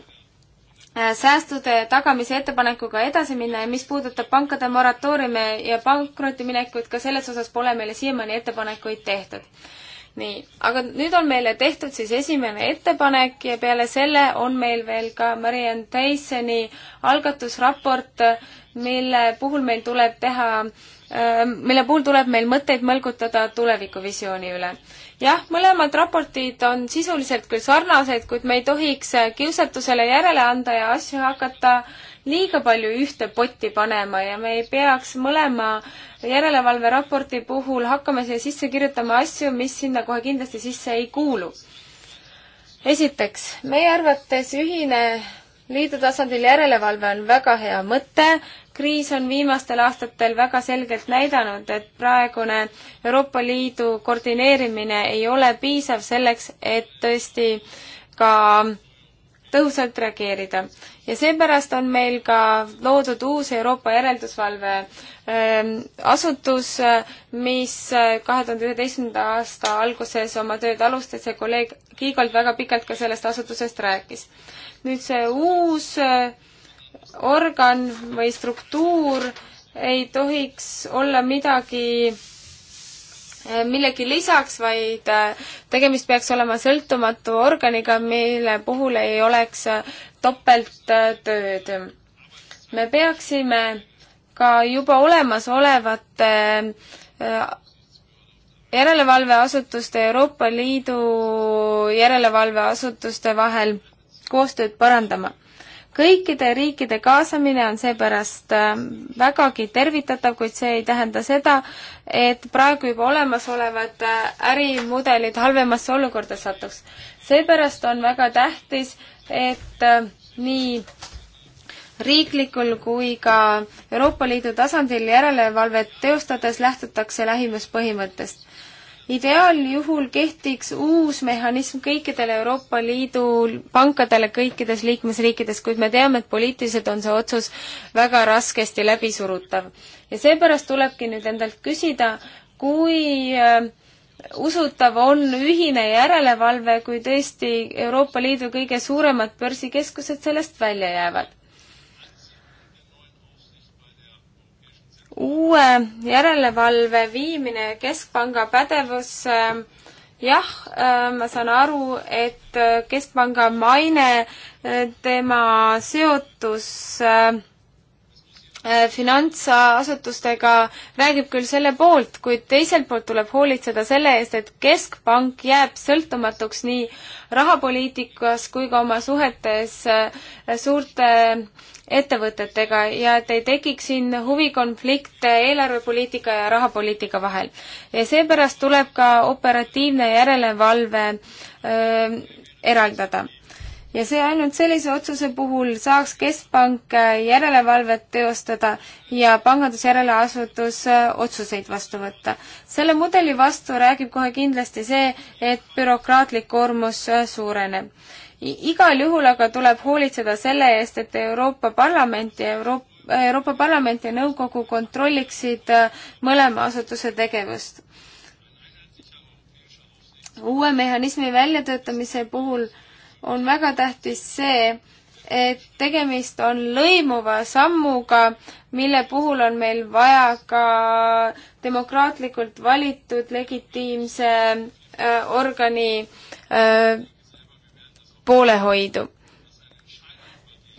Äh, säästude tagamise ettepanekuga edasi minna ja mis puudutab pankade moratooriume ja pankrotiminekut, ka selles osas pole meile siiamaani ettepanekuid tehtud. nii, aga nüüd on meile tehtud siis esimene ettepanek ja peale selle on meil veel ka Marianne Theisseni algatusraport, mille puhul meil tuleb teha, äh, mille puhul tuleb meil mõtteid mõlgutada tulevikuvisiooni üle jah, mõlemad raportid on sisuliselt küll sarnased, kuid me ei tohiks äh, kiusatusele järele anda ja asju hakata liiga palju ühte potti panema ja me ei peaks mõlema järelevalveraporti puhul hakkama siia sisse kirjutama asju, mis sinna kohe kindlasti sisse ei kuulu. esiteks, meie arvates ühine liidu tasandil järelevalve on väga hea mõte, kriis on viimastel aastatel väga selgelt näidanud, et praegune Euroopa Liidu koordineerimine ei ole piisav selleks, et tõesti ka tõhusalt reageerida ja seepärast on meil ka loodud uus Euroopa järeldusvalve ähm, asutus, äh, mis äh, kahe tuhande üheteistkümnenda aasta alguses oma tööd alustas ja kolleeg Kiigold väga pikalt ka sellest asutusest rääkis. nüüd see uus äh, organ või struktuur ei tohiks olla midagi Äh, millegi lisaks, vaid äh, tegemist peaks olema sõltumatu organiga, mille puhul ei oleks äh, topelttööd. me peaksime ka juba olemasolevate järelevalveasutuste, Euroopa Liidu järelevalveasutuste vahel koostööd parandama kõikide riikide kaasamine on seepärast äh, vägagi tervitatav, kuid see ei tähenda seda, et praegu juba olemasolevad äh, ärimudelid halvemasse olukorda satuks. seepärast on väga tähtis, et äh, nii riiklikul kui ka Euroopa Liidu tasandil järelevalvet teostades lähtutakse lähimuspõhimõttest ideaaljuhul kehtiks uus mehhanism kõikidele Euroopa Liidu pankadele kõikides liikmesriikides, kuid me teame, et poliitiliselt on see otsus väga raskesti läbisurutav. ja seepärast tulebki nüüd endalt küsida, kui äh, usutav on ühine järelevalve, kui tõesti Euroopa Liidu kõige suuremad börsikeskused sellest välja jäävad uue järelevalve viimine Keskpanga pädevusse jah, äh, ma saan aru, et äh, Keskpanga maine, äh, tema seotus finantsasutustega räägib küll selle poolt, kuid teiselt poolt tuleb hoolitseda selle eest, et keskpank jääb sõltumatuks nii rahapoliitikas kui ka oma suhetes suurte ettevõtetega ja et ei tekiks siin huvikonflikte eelarvepoliitika ja rahapoliitika vahel. ja seepärast tuleb ka operatiivne järelevalve öö, eraldada. ja see ainult sellise otsuse puhul saaks Keskpank äh, järelevalvet teostada ja pangandusjäreleasutus äh, otsuseid vastu võtta. selle mudeli vastu räägib kohe kindlasti see, et bürokraatlik koormus äh, suureneb igal juhul aga tuleb hoolitseda selle eest, et Euroopa Parlament ja Euroopa Euroopa Parlament ja Nõukogu kontrolliksid äh, mõlema asutuse tegevust. uue mehhanismi väljatöötamise puhul on väga tähtis see, et tegemist on lõimuva sammuga, mille puhul on meil vaja ka demokraatlikult valitud legitiimse äh, organi äh, poolehoidu.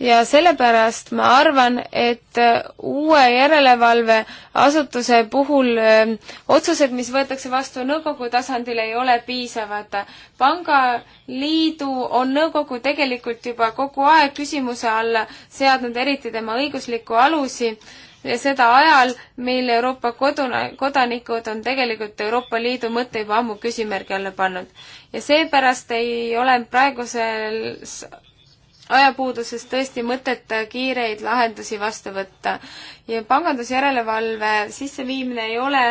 ja sellepärast ma arvan, et uue järelevalveasutuse puhul öö, ähm, otsused, mis võetakse vastu nõukogu tasandil, ei ole piisavad. pangaliidu on nõukogu tegelikult juba kogu aeg küsimuse alla seadnud, eriti tema õiguslikku alusi ja seda ajal, mil Euroopa koduna, kodanikud on tegelikult Euroopa Liidu mõtte juba ammu küsimärgi alla pannud. ja seepärast ei ole praeguses ajapuuduses tõesti mõtet kiireid lahendusi vastu võtta. ja pangandusjärelevalve sisseviimine ei ole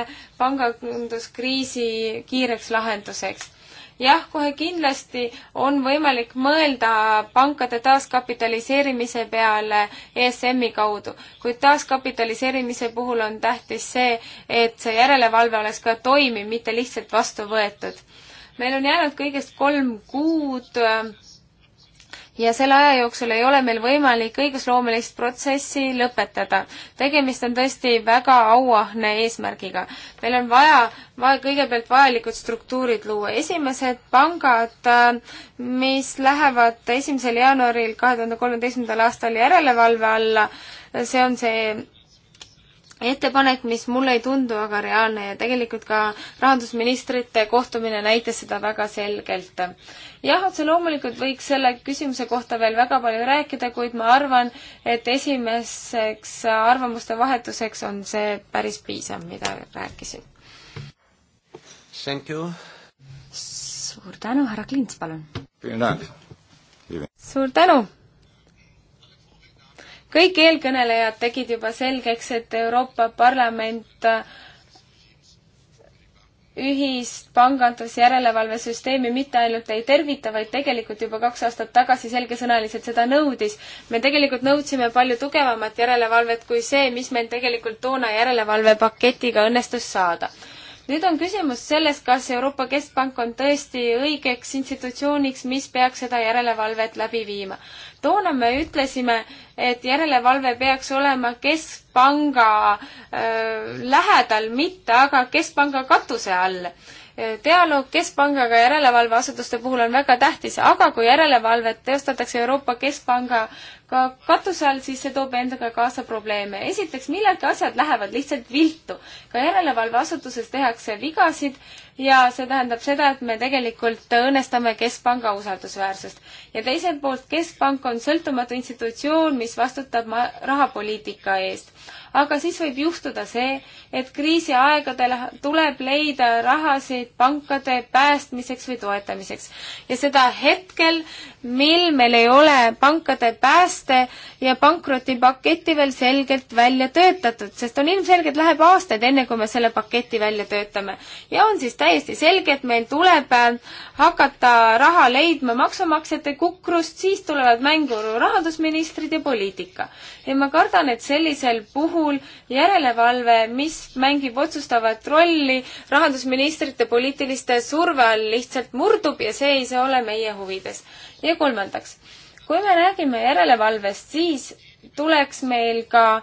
panganduskriisi kiireks lahenduseks jah, kohe kindlasti on võimalik mõelda pankade taaskapitaliseerimise peale ESM-i kaudu, kuid taaskapitaliseerimise puhul on tähtis see, et see järelevalve oleks ka toimiv, mitte lihtsalt vastu võetud. meil on jäänud kõigest kolm kuud äh, ja selle aja jooksul ei ole meil võimalik õigusloomelist protsessi lõpetada. tegemist on tõesti väga auahne eesmärgiga. meil on vaja, vaja kõigepealt vajalikud struktuurid luua. esimesed pangad, äh, mis lähevad esimesel jaanuaril kahe tuhande kolmeteistkümnendal aastal järelevalve alla, see on see ettepanek, mis mulle ei tundu aga reaalne ja tegelikult ka rahandusministrite kohtumine näitas seda väga selgelt. jah, otse loomulikult võiks selle küsimuse kohta veel väga palju rääkida, kuid ma arvan, et esimeseks arvamuste vahetuseks on see päris piisav, mida rääkisin. suur tänu, härra Klints, palun! suur tänu! kõik eelkõnelejad tegid juba selgeks, et Euroopa Parlament äh, ühist pangandusjärelevalvesüsteemi mitte ainult ei tervita, vaid tegelikult juba kaks aastat tagasi selgesõnaliselt seda nõudis. me tegelikult nõudsime palju tugevamat järelevalvet kui see, mis meil tegelikult toona järelevalvepaketiga õnnestus saada nüüd on küsimus selles, kas Euroopa Keskpank on tõesti õigeks institutsiooniks, mis peaks seda järelevalvet läbi viima. toona me ütlesime, et järelevalve peaks olema keskpanga öö, äh, lähedal, mitte aga keskpanga katuse all dialoog Keskpangaga järelevalveasutuste puhul on väga tähtis, aga kui järelevalvet teostatakse Euroopa Keskpanga ka katuse all, siis see toob endaga kaasa probleeme. esiteks, millalgi asjad lähevad lihtsalt viltu. ka järelevalveasutuses tehakse vigasid ja see tähendab seda, et me tegelikult õõnestame Keskpanga usaldusväärsust. ja teiselt poolt, Keskpank on sõltumatu institutsioon, mis vastutab rahapoliitika eest aga siis võib juhtuda see, et kriisiaegadel tuleb leida rahasid pankade päästmiseks või toetamiseks ja seda hetkel, mil meil ei ole pankade pääste ja pankrotipaketti veel selgelt välja töötatud, sest on ilmselgelt läheb aastaid, enne kui me selle paketi välja töötame. ja on siis täiesti selge, et meil tuleb äh, hakata raha leidma maksumaksjate kukrust, siis tulevad mängu rahandusministrid ja poliitika. ja ma kardan, et sellisel puhul järelevalve, mis mängib otsustavat rolli rahandusministrite poliitiliste surve all, lihtsalt murdub ja see ei saa ole meie huvides ja kolmandaks, kui me räägime järelevalvest, siis tuleks meil ka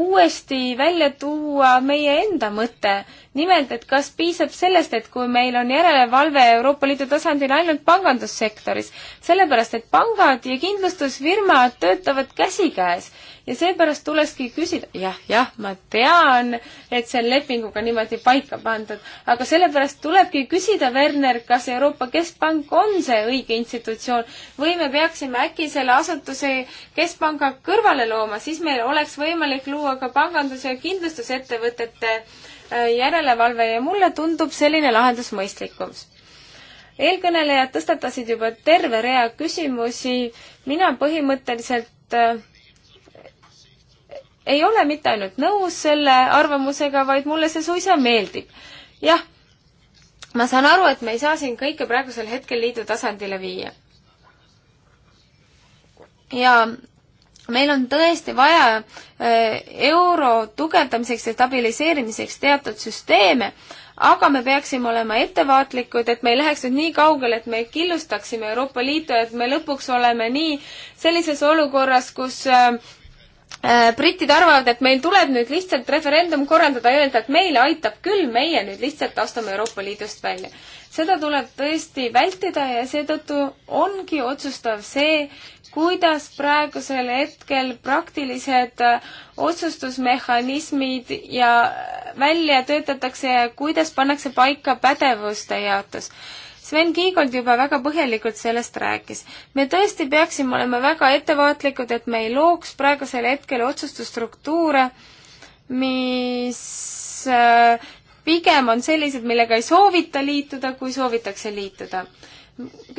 uuesti välja tuua meie enda mõte. nimelt, et kas piisab sellest, et kui meil on järelevalve Euroopa Liidu tasandil ainult pangandussektoris, sellepärast et pangad ja kindlustusfirmad töötavad käsikäes ja seepärast tulekski küsida, jah, jah, ma tean, et see on lepinguga niimoodi paika pandud, aga sellepärast tulebki küsida, Werner, kas Euroopa Keskpank on see õige institutsioon või me peaksime äkki selle asutuse keskpanga kõrvale looma, siis meil oleks võimalik luua ka pangandus- ja kindlustusettevõtete äh, järelevalve ja mulle tundub selline lahendus mõistlikum eelkõnelejad tõstatasid juba terve rea küsimusi, mina põhimõtteliselt äh, ei ole mitte ainult nõus selle arvamusega, vaid mulle see suisa meeldib. jah, ma saan aru, et me ei saa siin kõike praegusel hetkel liidu tasandile viia. ja meil on tõesti vaja eh, euro tugevdamiseks ja stabiliseerimiseks teatud süsteeme, aga me peaksime olema ettevaatlikud, et me ei läheks nüüd nii kaugele, et me killustaksime Euroopa Liitu, et me lõpuks oleme nii sellises olukorras, kus eh, Äh, britid arvavad, et meil tuleb nüüd lihtsalt referendum korraldada ja öelda, et meile aitab küll, meie nüüd lihtsalt astume Euroopa Liidust välja. seda tuleb tõesti vältida ja seetõttu ongi otsustav see, kuidas praegusel hetkel praktilised äh, otsustusmehhanismid ja äh, välja töötatakse ja kuidas pannakse paika pädevuste jaotus Sven Kiigold juba väga põhjalikult sellest rääkis. me tõesti peaksime olema väga ettevaatlikud, et me ei looks praegusel hetkel otsustusstruktuure, mis äh, pigem on sellised, millega ei soovita liituda, kui soovitakse liituda.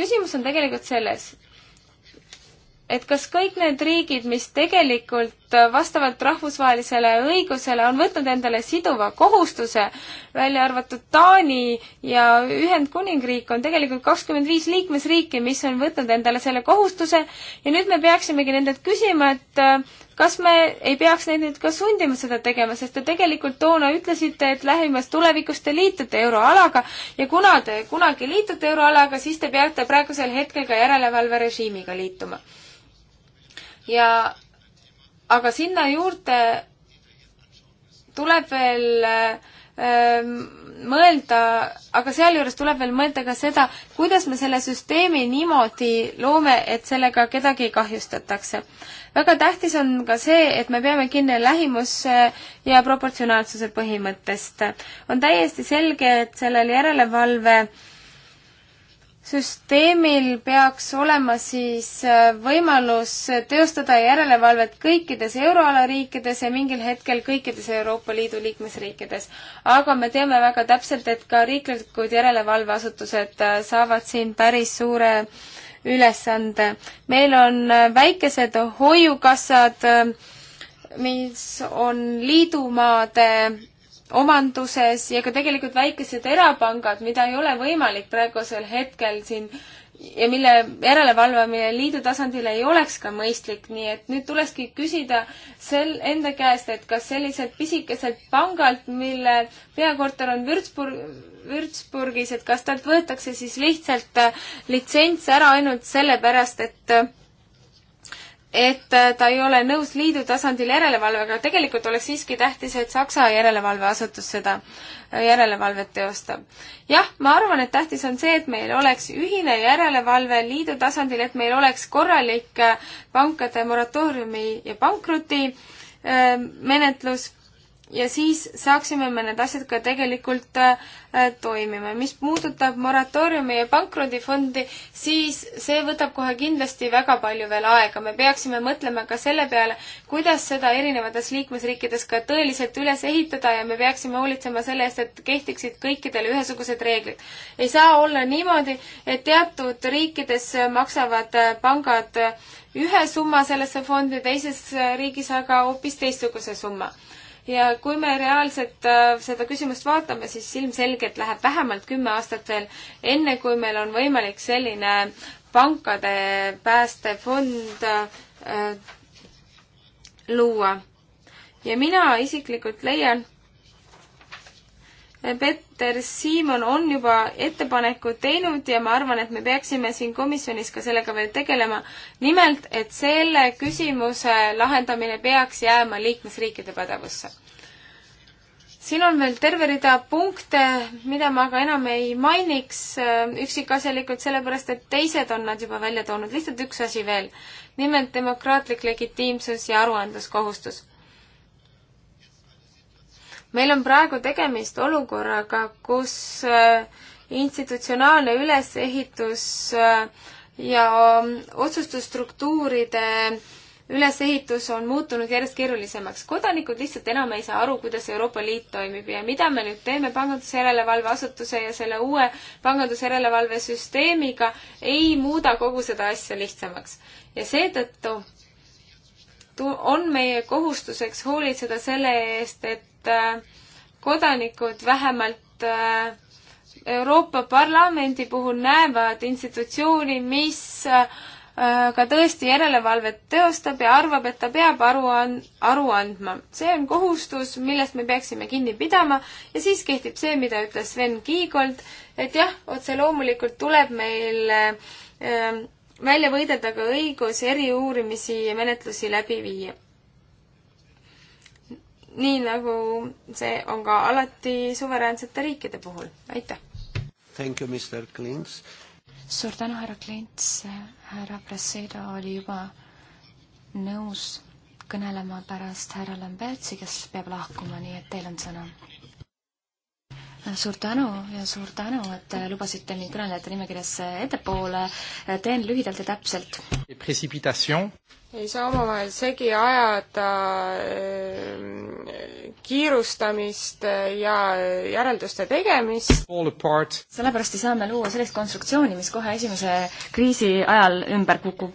küsimus on tegelikult selles, et kas kõik need riigid, mis tegelikult vastavalt rahvusvahelisele õigusele on võtnud endale siduva kohustuse, välja arvatud Taani ja Ühendkuningriik, on tegelikult kakskümmend viis liikmesriiki, mis on võtnud endale selle kohustuse ja nüüd me peaksimegi nendelt küsima, et äh, kas me ei peaks neid nüüd ka sundima seda tegema, sest te tegelikult toona ütlesite, et lähimas tulevikus te liitute euroalaga ja kuna te kunagi liitute euroalaga, siis te peate praegusel hetkel ka järelevalverežiimiga liituma ja aga sinna juurde tuleb veel ähm, mõelda, aga sealjuures tuleb veel mõelda ka seda, kuidas me selle süsteemi niimoodi loome, et sellega kedagi ei kahjustatakse. väga tähtis on ka see, et me peame kinni lähimusse ja proportsionaalsuse põhimõttest. on täiesti selge, et sellel järelevalve äh, süsteemil peaks olema siis äh, võimalus teostada järelevalvet kõikides euroala riikides ja mingil hetkel kõikides Euroopa Liidu liikmesriikides. aga me teame väga täpselt, et ka riiklikud järelevalveasutused äh, saavad siin päris suure ülesande. meil on äh, väikesed hoiukassad, mis on liidumaade omanduses ja ka tegelikult väikesed erapangad, mida ei ole võimalik praegusel hetkel siin ja mille järelevalvamine liidu tasandil ei oleks ka mõistlik, nii et nüüd tulekski küsida sel enda käest, et kas selliselt pisikeselt pangalt, mille peakorter on Würzburg, Würzburgis, et kas talt võetakse siis lihtsalt äh, litsents ära ainult sellepärast, et äh, et äh, ta ei ole nõus liidu tasandil järelevalvega, tegelikult oleks siiski tähtis, et Saksa järelevalveasutus seda äh, järelevalvet teostab. jah, ma arvan, et tähtis on see, et meil oleks ühine järelevalve liidu tasandil, et meil oleks korralik äh, pankade moratooriumi ja pankroti menetlus ja siis saaksime me need asjad ka tegelikult äh, toimima. mis puudutab moratooriumi ja pankrotifondi, siis see võtab kohe kindlasti väga palju veel aega. me peaksime mõtlema ka selle peale, kuidas seda erinevates liikmesriikides ka tõeliselt üles ehitada ja me peaksime hoolitsema selle eest, et kehtiksid kõikidele ühesugused reeglid. ei saa olla niimoodi, et teatud riikides maksavad äh, pangad äh, ühe summa sellesse fondi, teises riigis aga hoopis teistsuguse summa ja kui me reaalselt äh, seda küsimust vaatame, siis ilmselgelt läheb vähemalt kümme aastat veel, enne kui meil on võimalik selline pankade päästefond äh, luua. ja mina isiklikult leian, Peter Siimon on juba ettepaneku teinud ja ma arvan, et me peaksime siin komisjonis ka sellega veel tegelema. nimelt, et selle küsimuse lahendamine peaks jääma liikmesriikide pädevusse. siin on veel terve rida punkte, mida ma aga enam ei mainiks äh, üksikasjalikult, sellepärast et teised on nad juba välja toonud. lihtsalt üks asi veel. nimelt demokraatlik legitiimsus ja aruandluskohustus meil on praegu tegemist olukorraga, kus äh, institutsionaalne ülesehitus äh, ja ähm, otsustusstruktuuride ülesehitus on muutunud järjest keerulisemaks. kodanikud lihtsalt enam ei saa aru, kuidas Euroopa Liit toimib ja mida me nüüd teeme pangandusjärelevalveasutuse ja selle uue pangandusjärelevalvesüsteemiga, ei muuda kogu seda asja lihtsamaks. ja seetõttu on meie kohustuseks hoolitseda selle eest, et et äh, kodanikud vähemalt äh, Euroopa Parlamendi puhul näevad institutsiooni, mis äh, ka tõesti järelevalvet teostab ja arvab, et ta peab aru an-, aru andma. see on kohustus, millest me peaksime kinni pidama ja siis kehtib see, mida ütles Sven Kiigold, et jah, otse loomulikult tuleb meil äh, välja võidelda ka õigus eriuurimisi ja menetlusi läbi viia nii nagu see on ka alati suveräänsete riikide puhul. aitäh! Thank you, Mr Klints! suur tänu, härra Klints, härra Presedo oli juba nõus kõnelema pärast härra Lambertsi, kes peab lahkuma, nii et teil on sõna suur tänu ja suur tänu, et lubasite mind kõnelejate nimekirjas ettepoole. teen lühidalt ja täpselt. ei saa omavahel segi ajada ehm, kiirustamist ja järelduste tegemist. sellepärast ei saa me luua sellist konstruktsiooni, mis kohe esimese kriisi ajal ümber kukub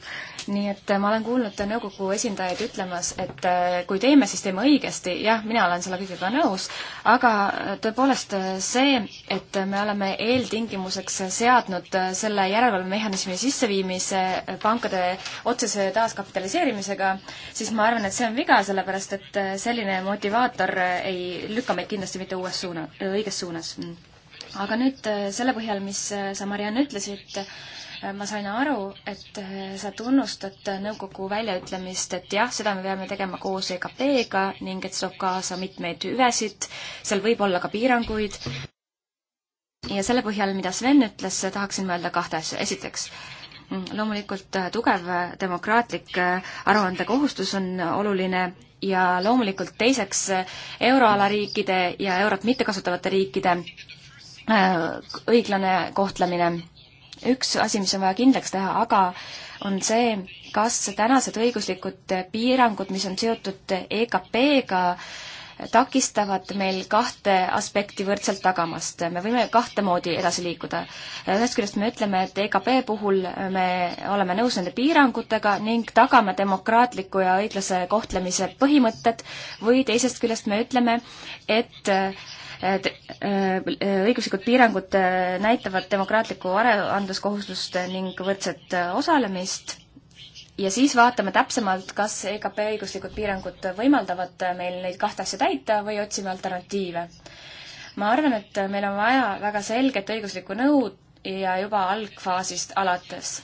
nii et äh, ma olen kuulnud nõukogu esindajaid ütlemas, et äh, kui teeme, siis teeme õigesti, jah, mina olen selle kõigega nõus, aga äh, tõepoolest see, et me oleme eeltingimuseks seadnud selle järelevalvemehhanismi sisseviimise pankade otsese taaskapitaliseerimisega, siis ma arvan, et see on viga, sellepärast et selline motivaator ei lükka meid kindlasti mitte uues suuna, õiges suunas mm. aga nüüd selle põhjal, mis sa, Mariann, ütlesid, Äh, ma sain aru, et äh, sa tunnustad äh, nõukogu väljaütlemist, et jah, seda me peame tegema koos EKP-ga ning et see toob kaasa mitmeid hüvesid, seal võib olla ka piiranguid. ja selle põhjal, mida Sven ütles, tahaksin mõelda kahte asja. esiteks, mm, loomulikult tugev demokraatlik aruandekohustus on oluline ja loomulikult teiseks euroala riikide ja eurot mittekasutavate riikide õiglane kohtlemine üks asi, mis on vaja kindlaks teha, aga on see, kas tänased õiguslikud piirangud, mis on seotud EKP-ga, takistavad meil kahte aspekti võrdselt tagamast. me võime kahte moodi edasi liikuda. ühest küljest me ütleme, et EKP puhul me oleme nõus nende piirangutega ning tagame demokraatliku ja õiglase kohtlemise põhimõtted või teisest küljest me ütleme, et äh, Äh, äh, õiguslikud piirangud äh, näitavad demokraatlikku aruandluskohustust ning võrdset osalemist ja siis vaatame täpsemalt, kas EKP õiguslikud piirangud võimaldavad meil neid kahte asja täita või otsime alternatiive. ma arvan, et meil on vaja väga selget õiguslikku nõu ja juba algfaasist alates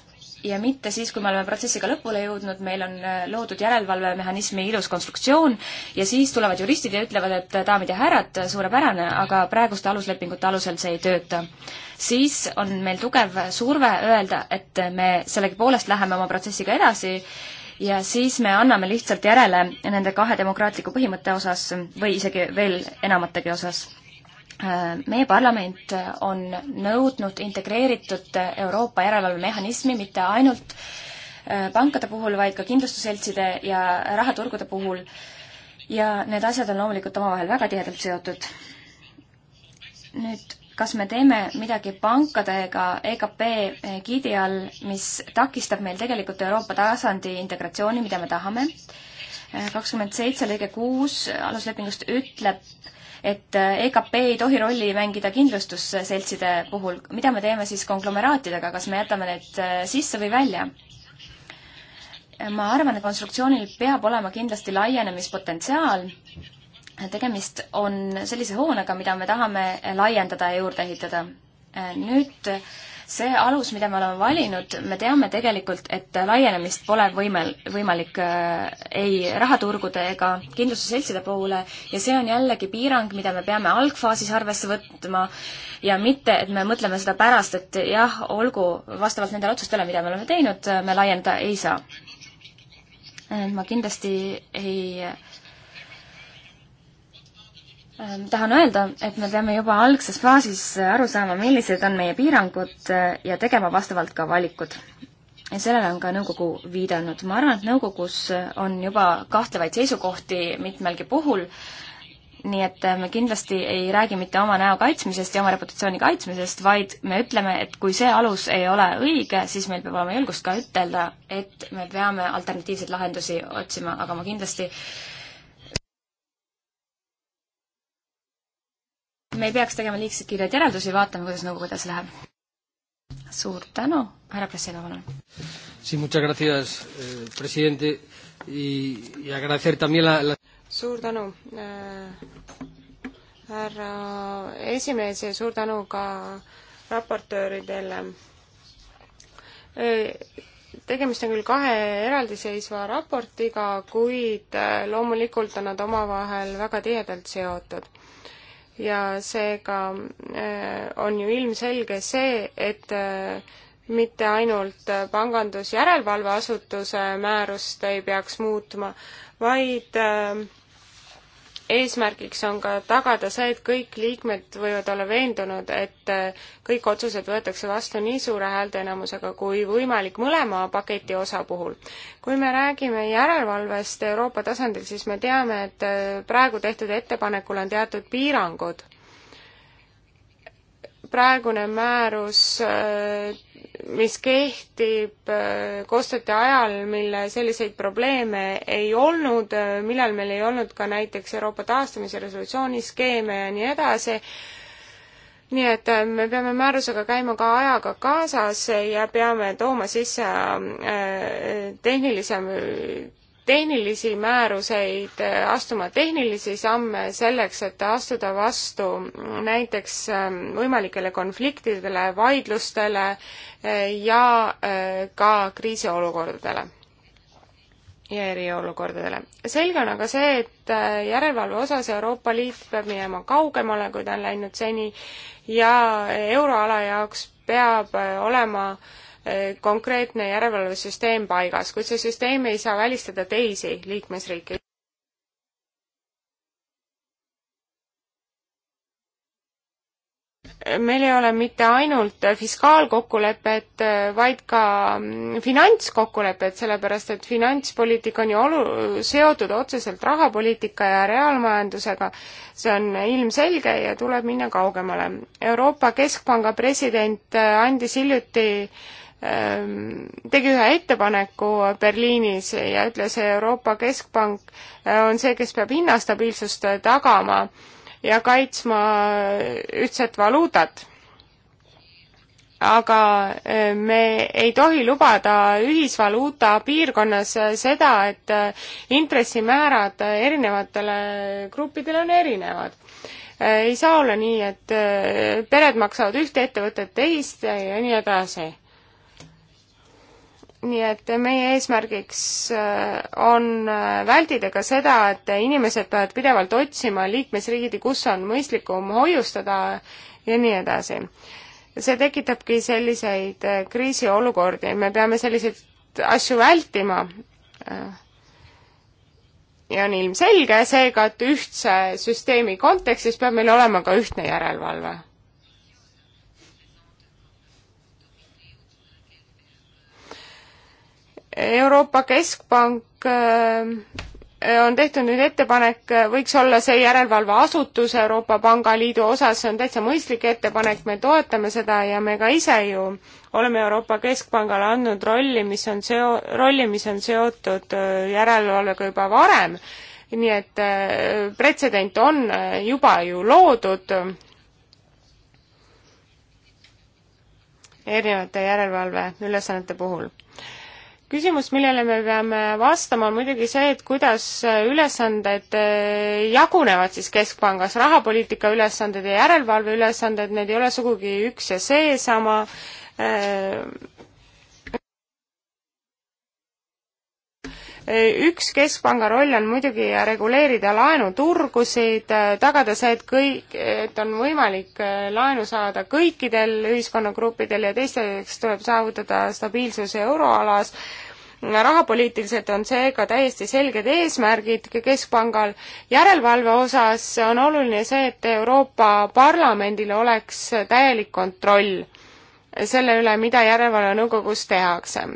ja mitte siis, kui me oleme protsessiga lõpule jõudnud, meil on äh, loodud järelevalvemehhanismi ilus konstruktsioon ja siis tulevad juristid ja ütlevad, et äh, daamid ja härrad, suurepärane, aga praeguste aluslepingute alusel see ei tööta. siis on meil tugev surve öelda, et me sellegipoolest läheme oma protsessiga edasi ja siis me anname lihtsalt järele nende kahe demokraatliku põhimõtte osas või isegi veel enamategi osas meie parlament on nõudnud integreeritud Euroopa järelevalvemehhanismi mitte ainult äh, pankade puhul, vaid ka kindlustusseltside ja rahaturgude puhul. ja need asjad on loomulikult omavahel väga tihedalt seotud. nüüd, kas me teeme midagi pankadega EKP giidi all, mis takistab meil tegelikult Euroopa tasandi integratsiooni, mida me tahame? kakskümmend seitse lõige kuus aluslepingust ütleb, et äh, EKP ei tohi rolli mängida kindlustusseltside puhul. mida me teeme siis konglomeraatidega, kas me jätame need äh, sisse või välja? ma arvan, et konstruktsioonil peab olema kindlasti laienemispotentsiaal. tegemist on sellise hoonega, mida me tahame laiendada ja juurde ehitada. Äh, nüüd see alus, mida me oleme valinud, me teame tegelikult, et laienemist pole võimel, võimalik äh, ei rahaturgude ega kindlustusseltside poole ja see on jällegi piirang, mida me peame algfaasis arvesse võtma ja mitte, et me mõtleme seda pärast, et jah, olgu, vastavalt nendele otsustele, mida me oleme teinud, me laiendada ei saa. Äh, ma kindlasti ei äh, Ähm, tahan öelda, et me peame juba algses faasis aru saama, millised on meie piirangud äh, ja tegema vastavalt ka valikud. ja sellele on ka nõukogu viidanud. ma arvan, et nõukogus äh, on juba kahtlevaid seisukohti mitmelgi puhul, nii et äh, me kindlasti ei räägi mitte oma näo kaitsmisest ja oma reputatsiooni kaitsmisest, vaid me ütleme, et kui see alus ei ole õige, siis meil peab olema julgust ka ütelda, et me peame alternatiivseid lahendusi otsima, aga ma kindlasti äh, me ei peaks tegema liigselt kiireid järeldusi, vaatame, kuidas nõukogu edasi läheb. suur tänu, härra Presseda, palun. Sí, muchas gracias, eh, presidente, y, y agradecer también la, la... Suur tänu äh,, härra esimees ja suur tänu ka raportööridele äh, tegemist on küll kahe eraldiseisva raportiga, kuid eh, loomulikult on nad omavahel väga tihedalt seotud ja seega äh, on ju ilmselge see, et äh, mitte ainult pangandusjärelevalveasutuse määrust ei peaks muutma, vaid äh, eesmärgiks on ka tagada see, et kõik liikmed võivad olla veendunud, et äh, kõik otsused võetakse vastu nii suure häälteenamusega kui võimalik mõlema paketi osa puhul. kui me räägime järelevalvest Euroopa tasandil, siis me teame, et äh, praegu tehtud ettepanekul on teatud piirangud. praegune määrus äh, mis kehtib äh, koostööte ajal, mil selliseid probleeme ei olnud, äh, millal meil ei olnud ka näiteks Euroopa taastamise resolutsiooni skeeme ja nii edasi, nii et äh, me peame määrusega käima ka ajaga kaasas ja peame tooma sisse tehnilisem tehnilisi määruseid, äh, astuma tehnilisi samme selleks, et astuda vastu näiteks ähm, võimalikele konfliktidele, vaidlustele äh, ja äh, ka kriisiolukordadele ja eriolukordadele. selge on aga see, et järelevalve osas Euroopa Liit peab minema kaugemale, kui ta on läinud seni ja euroala jaoks peab olema äh, Äh, konkreetne järelevalvesüsteem paigas, kuid see süsteem ei saa välistada teisi liikmesriike. meil ei ole mitte ainult fiskaalkokkulepet, äh, vaid ka mm, finantskokkulepet, sellepärast et finantspoliitika on ju olu-, seotud otseselt rahapoliitika ja reaalmajandusega. see on ilmselge ja tuleb minna kaugemale. Euroopa Keskpanga president äh, andis hiljuti äh, Ehm, tegi ühe ettepaneku Berliinis ja ütles, Euroopa Keskpank äh, on see, kes peab hinnastabiilsust äh, tagama ja kaitsma äh, ühtset valuutat. aga me ei tohi lubada ühisvaluuta piirkonnas seda, et intressimäärad erinevatele gruppidele on erinevad ei saa olla nii, et pered maksavad ühte ettevõtet teist ja nii edasi nii et meie eesmärgiks äh, on äh, vältida ka seda, et inimesed peavad pidevalt otsima liikmesriigid, kus on mõistlikum hoiustada ja nii edasi. see tekitabki selliseid äh, kriisiolukordi, me peame selliseid asju vältima. ja on ilmselge seega, et ühtse süsteemi kontekstis peab meil olema ka ühtne järelevalve Euroopa Keskpank äh, on tehtud nüüd ettepanek, äh, võiks olla see järelevalveasutus Euroopa Pangaliidu osas, see on täitsa mõistlik ettepanek, me toetame seda ja me ka ise ju oleme Euroopa Keskpangale andnud rolli, mis on seo-, rolli, mis on seotud äh, järelevalvega juba varem, nii et pretsedent on juba ju loodud erinevate järelevalveülesannete puhul küsimus, millele me peame vastama, on muidugi see, et kuidas ülesanded äh, jagunevad siis Keskpangas, rahapoliitika ülesanded ja järelevalve ülesanded, need ei ole sugugi üks ja seesama äh, üks keskpanga roll on muidugi reguleerida laenuturgusid, tagada see, et kõik, et on võimalik äh, laenu saada kõikidel ühiskonnagruppidel ja teisteks tuleb saavutada stabiilsus euroalas, rahapoliitiliselt on seega täiesti selged eesmärgid Keskpangal. järelevalve osas on oluline see, et Euroopa Parlamendil oleks täielik kontroll selle üle, mida Järelevalvenõukogus tehakse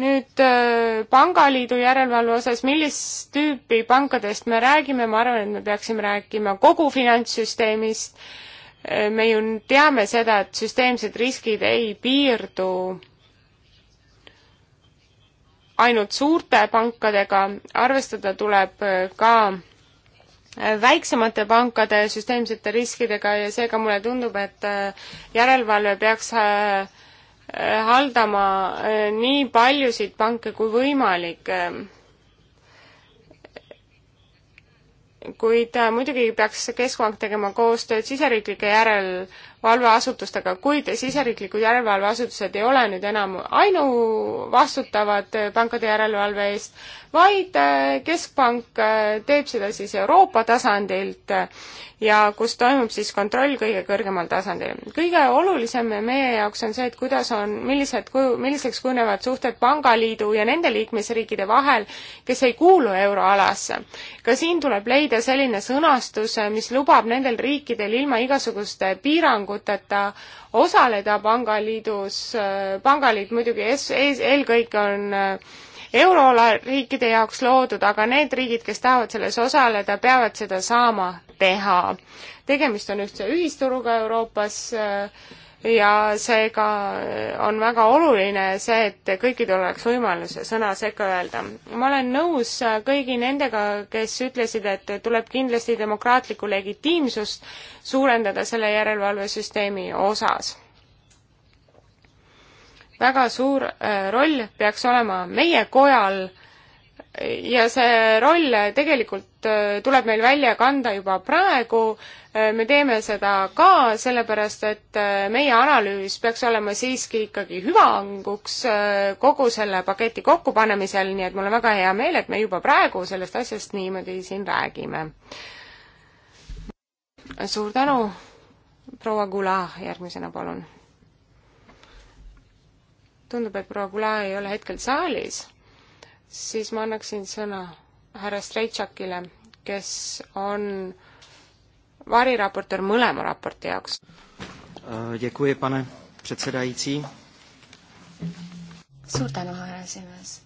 nüüd äh, pangaliidu järelevalve osas, millist tüüpi pankadest me räägime, ma arvan, et me peaksime rääkima kogu finantssüsteemist, äh, me ju teame seda, et süsteemsed riskid ei piirdu ainult suurte pankadega, arvestada tuleb äh, ka väiksemate pankade süsteemsete riskidega ja seega mulle tundub, et järelevalve peaks Äh, haldama äh, nii paljusid panke kui võimalik. Ähm. kuid äh, muidugi peaks Keskpank tegema koostööd siseriiklike järel valveasutustega, kuid siseriiklikud järelevalveasutused ei ole nüüd enam ainuvastutavad pankade järelevalve eest, vaid äh, Keskpank äh, teeb seda siis Euroopa tasandilt äh, ja kus toimub siis kontroll kõige kõrgemal tasandil. kõige olulisem meie jaoks on see, et kuidas on, millised kuju, milliseks kujunevad suhted Pangaliidu ja nende liikmesriikide vahel, kes ei kuulu euroalasse. ka siin tuleb leida selline sõnastus, mis lubab nendel riikidel ilma igasuguste piiranguteta piiranguteta osaleda pangaliidus, pangaliit muidugi es-, ees, eelkõige on äh, euroala riikide jaoks loodud, aga need riigid, kes tahavad selles osaleda, peavad seda saama teha. tegemist on ühtse ühisturuga Euroopas äh,, ja seega on väga oluline see, et kõikidel oleks võimalus sõna sekka öelda. ma olen nõus kõigi nendega, kes ütlesid, et tuleb kindlasti demokraatlikku legitiimsust suurendada selle järelevalvesüsteemi osas. väga suur äh, roll peaks olema meie kojal ja see roll tegelikult äh, tuleb meil välja kanda juba praegu, äh, me teeme seda ka sellepärast, et äh, meie analüüs peaks olema siiski ikkagi hüvanguks kogu selle paketi kokkupanemisel, nii et mul on väga hea meel, et me juba praegu sellest asjast niimoodi siin räägime. suur tänu, proua Gula, järgmisena palun. tundub, et proua Gula ei ole hetkel saalis siis ma annaksin sõna härra Strejtšakile, kes on variraportöör mõlema raporti jaoks. Äh, suur tänu, härra esimees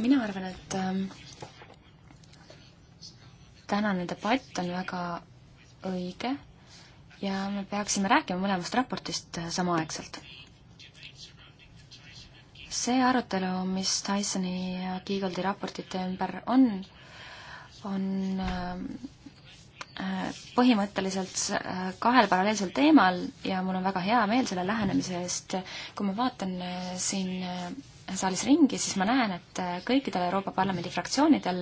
mina arvan, et ähm, tänane debatt on väga õige ja me peaksime rääkima mõlemast raportist äh, samaaegselt. see arutelu, mis Tysoni ja Kiigoldi raportite ümber on, on ähm, äh, põhimõtteliselt äh, kahel paralleelsel teemal ja mul on väga hea meel selle lähenemise eest. kui ma vaatan siin saalis ringi, siis ma näen, et äh, kõikidel Euroopa Parlamendi fraktsioonidel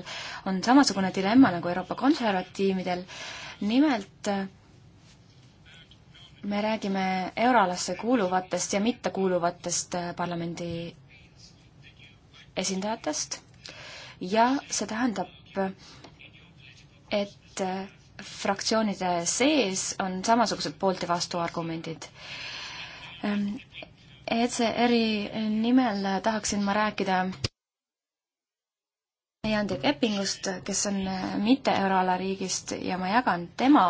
on samasugune dilemma nagu Euroopa konservatiividel, nimelt äh, me räägime euroalasse kuuluvatest ja mittekuuluvatest äh, parlamendi esindajatest ja see tähendab, et fraktsioonide sees on samasugused poolt- ja vastuargumendid ähm, ECR-i nimel tahaksin ma rääkida Jandek Eppingust, kes on mitte euroala riigist ja ma jagan tema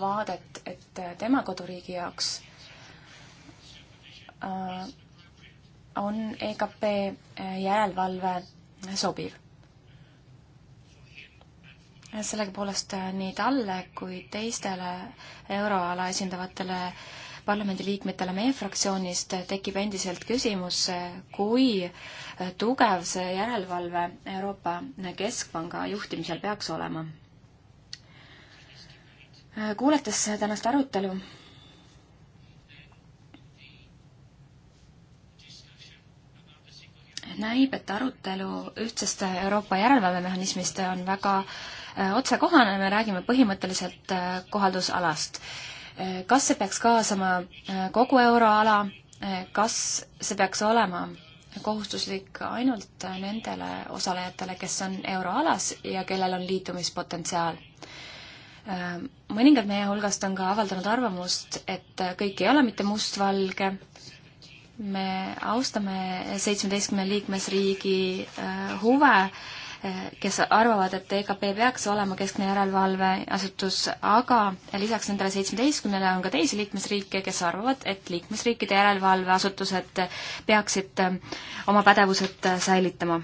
vaadet, et tema koduriigi jaoks äh, on EKP järelevalve sobiv. sellegipoolest nii talle kui teistele euroala esindavatele äh, parlamendiliikmetele meie fraktsioonist tekib endiselt küsimus, kui tugev see järelevalve Euroopa Keskpanga juhtimisel peaks olema. kuulates tänast arutelu, näib, et arutelu ühtsest Euroopa järelevalvemehhanismist on väga äh, otsekohane, me räägime põhimõtteliselt äh, kohaldusalast kas see peaks kaasama äh, kogu euroala, äh, kas see peaks olema kohustuslik ainult äh, nendele osalejatele, kes on euroalas ja kellel on liitumispotentsiaal? mõningad meie hulgast on ka avaldanud arvamust, et kõik ei ole mitte mustvalge, me austame seitsmeteistkümne liikmesriigi huve kes arvavad, et EKP peaks olema keskne järelevalveasutus, aga lisaks nendele seitsmeteistkümnele on ka teisi liikmesriike, kes arvavad, et liikmesriikide järelevalveasutused peaksid ähm, oma pädevused äh, säilitama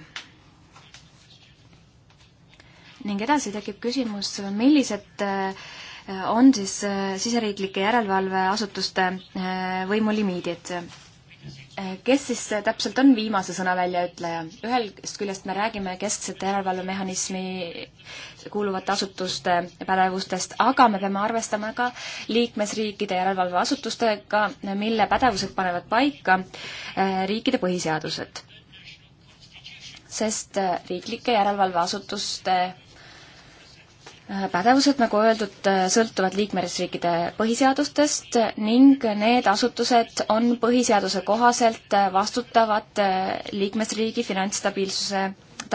ning edasi tekib küsimus, millised äh, on siis äh, siseriiklike järelevalveasutuste võimulimiidid kes siis täpselt on viimase sõna väljaütleja? ühest küljest me räägime kesksete järelevalvemehhanismi kuuluvate asutuste pädevustest, aga me peame arvestama ka liikmesriikide järelevalveasutustega, mille pädevused panevad paika äh, riikide põhiseadused. sest äh, riiklike järelevalveasutuste Äh, pädevused, nagu öeldud, äh, sõltuvad liikmesriikide põhiseadustest ning need asutused on põhiseaduse kohaselt äh, vastutavad liikmesriigi finantsstabiilsuse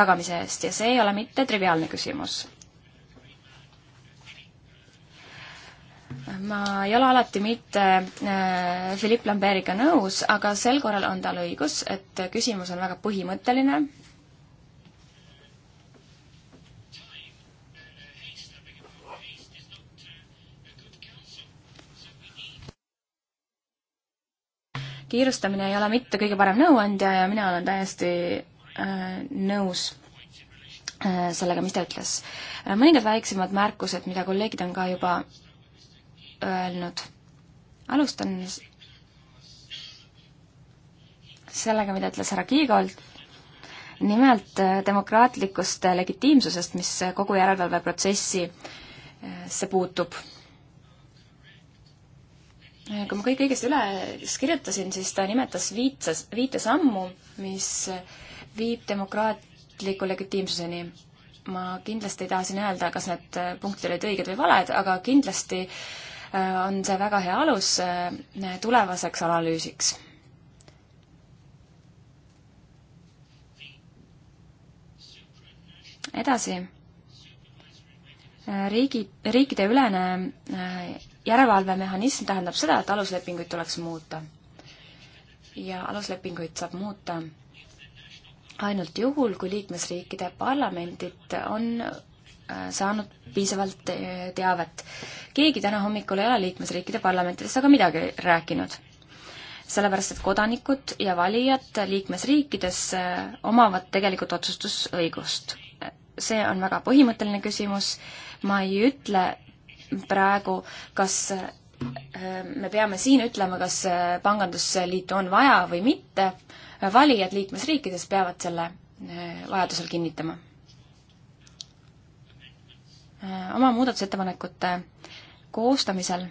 tagamise eest ja see ei ole mitte triviaalne küsimus. ma ei ole alati mitte Philippe Lambertiga nõus, aga sel korral on tal õigus, et küsimus on väga põhimõtteline kiirustamine ei ole mitte kõige parem nõuandja ja mina olen täiesti äh, nõus äh, sellega, mis ta ütles. Äh, mõningad väiksemad märkused, mida kolleegid on ka juba öelnud. alustan sellega, mida ütles härra Kiigold, nimelt äh, demokraatlikust äh, legitiimsusest, mis kogu järelevalveprotsessi see puutub kui ma kõik õigesti üles kirjutasin, siis ta nimetas viitsas, viite sammu, mis viib demokraatliku legitiimsuseni. ma kindlasti ei taha siin öelda, kas need punktid olid õiged või valed, aga kindlasti äh, on see väga hea alus äh, tulevaseks analüüsiks. edasi äh, riigi, riikide ülene järelevalvemehhanism tähendab seda, et aluslepinguid tuleks muuta. ja aluslepinguid saab muuta ainult juhul, kui liikmesriikide parlamendid on äh, saanud piisavalt äh, teavet. keegi täna hommikul ei ole liikmesriikide parlamentidest aga midagi rääkinud. sellepärast, et kodanikud ja valijad liikmesriikides äh, omavad tegelikult otsustusõigust. see on väga põhimõtteline küsimus, ma ei ütle praegu, kas äh, me peame siin ütlema, kas äh, pangandusliitu on vaja või mitte, valijad liikmesriikides peavad selle äh, vajadusel kinnitama. oma muudatusettepanekute koostamisel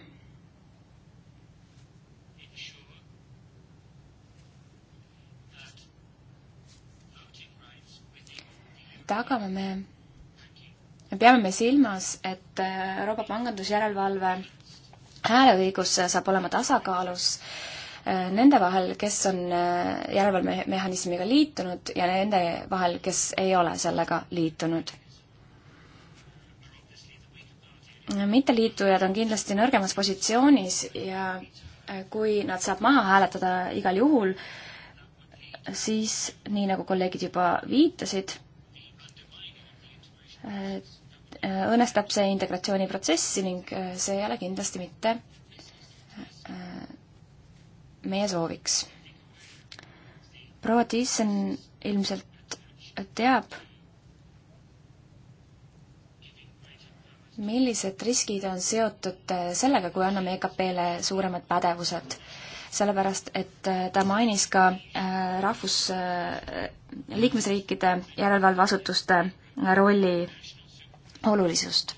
tagame me me peame me silmas, et äh, Euroopa pangandusjärelevalve hääleõigus saab olema tasakaalus äh, nende vahel, kes on äh, järelevalvemehhanismiga liitunud ja nende vahel, kes ei ole sellega liitunud mitteliitujad on kindlasti nõrgemas positsioonis ja kui nad saab maha hääletada igal juhul, siis nii, nagu kolleegid juba viitasid, Äh, õõnestab see integratsiooniprotsessi ning äh, see ei ole kindlasti mitte äh, meie sooviks. proua Thyssen ilmselt teab, millised riskid on seotud sellega, kui anname EKP-le suuremad pädevused? sellepärast, et ta mainis ka rahvus, liikmesriikide järelevalveasutuste rolli olulisust.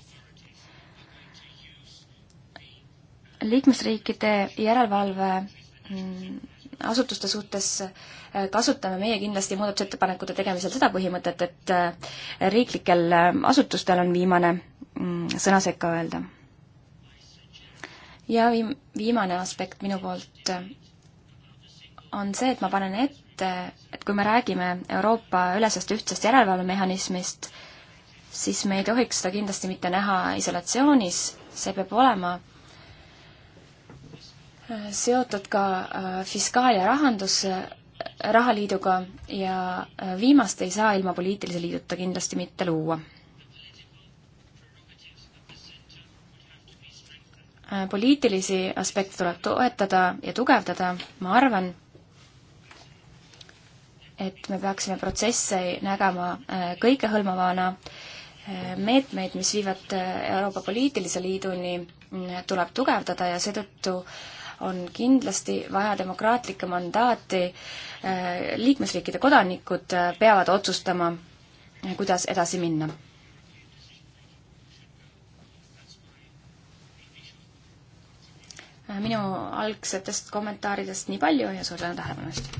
liikmesriikide järelevalve mm, asutuste suhtes äh, kasutame meie kindlasti muudatusettepanekute tegemisel seda põhimõtet, et äh, riiklikel äh, asutustel on viimane mm, sõna sekka öelda. ja viim-, viimane aspekt minu poolt on see, et ma panen ette, et kui me räägime Euroopa ülesest ühtsest järelevalvemehhanismist, siis me ei tohiks seda kindlasti mitte näha isolatsioonis, see peab olema äh, seotud ka äh, fiskaal- ja rahandus, rahaliiduga ja äh, viimast ei saa ilma poliitilise liiduta kindlasti mitte luua. poliitilisi aspekte tuleb toetada ja tugevdada, ma arvan, et me peaksime protsesse nägema kõikehõlmavana äh, meetmeid, mis viivad äh, Euroopa poliitilise liiduni, mm, tuleb tugevdada ja seetõttu on kindlasti vaja demokraatlikke mandaati, äh, liikmesriikide kodanikud äh, peavad otsustama, kuidas edasi minna. minu algsetest kommentaaridest nii palju ja suur tänu tähelepanu eest!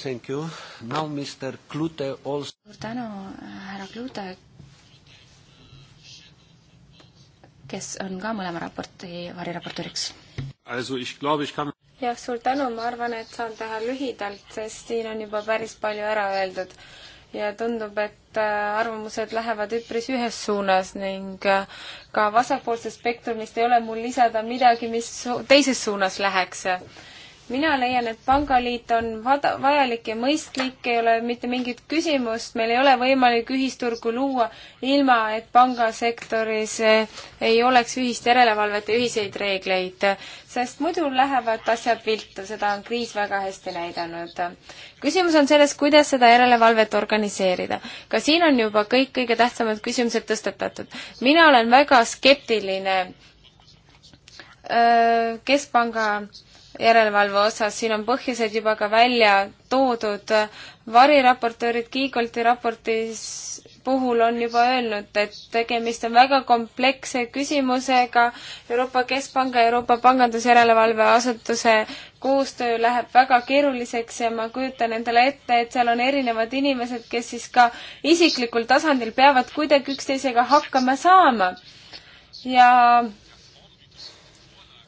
Thank you. Now Mr Klute also suur tänu, härra Klute, kes on ka mõlema raporti variraportööriks. Kann... jah, suur tänu, ma arvan, et saan teha lühidalt, sest siin on juba päris palju ära öeldud ja tundub, et äh, arvamused lähevad üpris ühes suunas ning äh, ka vasakpoolsest spektrumist ei ole mul lisada midagi, mis teises suunas läheks mina leian, et pangaliit on vada-, vajalik ja mõistlik, ei ole mitte mingit küsimust, meil ei ole võimalik ühisturgu luua ilma, et pangasektoris eh, ei oleks ühist järelevalvet ja ühiseid reegleid, sest muidu lähevad asjad viltu, seda on kriis väga hästi näidanud. küsimus on selles, kuidas seda järelevalvet organiseerida. ka siin on juba kõik kõige tähtsamad küsimused tõstatatud. mina olen väga skeptiline äh, keskpanga järelevalve osas, siin on põhjused juba ka välja toodud, variraportöörid Kiigolti raportis puhul on juba öelnud, et tegemist on väga kompleksse küsimusega, Euroopa Keskpanga, Euroopa Pangandusjärelevalve Asutuse koostöö läheb väga keeruliseks ja ma kujutan endale ette, et seal on erinevad inimesed, kes siis ka isiklikul tasandil peavad kuidagi üksteisega hakkama saama. ja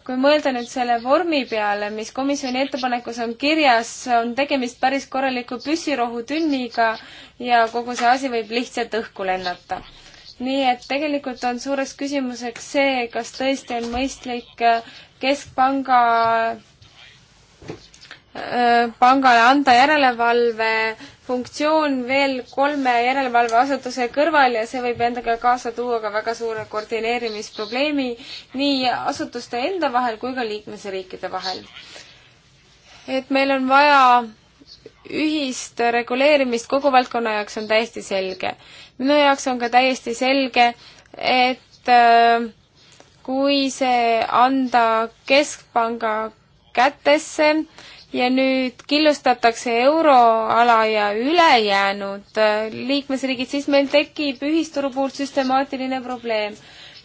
kui mõelda nüüd selle vormi peale, mis komisjoni ettepanekus on kirjas, on tegemist päris korraliku püssirohutünniga ja kogu see asi võib lihtsalt õhku lennata. nii et tegelikult on suureks küsimuseks see, kas tõesti on mõistlik äh, keskpanga äh, pangale anda järelevalve funktsioon veel kolme järelevalveasutuse kõrval ja see võib endaga kaasa tuua ka väga suure koordineerimisprobleemi nii asutuste enda vahel kui ka liikmesriikide vahel. et meil on vaja ühist reguleerimist kogu valdkonna jaoks on täiesti selge. minu jaoks on ka täiesti selge, et äh, kui see anda keskpanga kätesse, ja nüüd killustatakse euroala ja ülejäänud äh, liikmesriigid, siis meil tekib ühisturu puhul süstemaatiline probleem.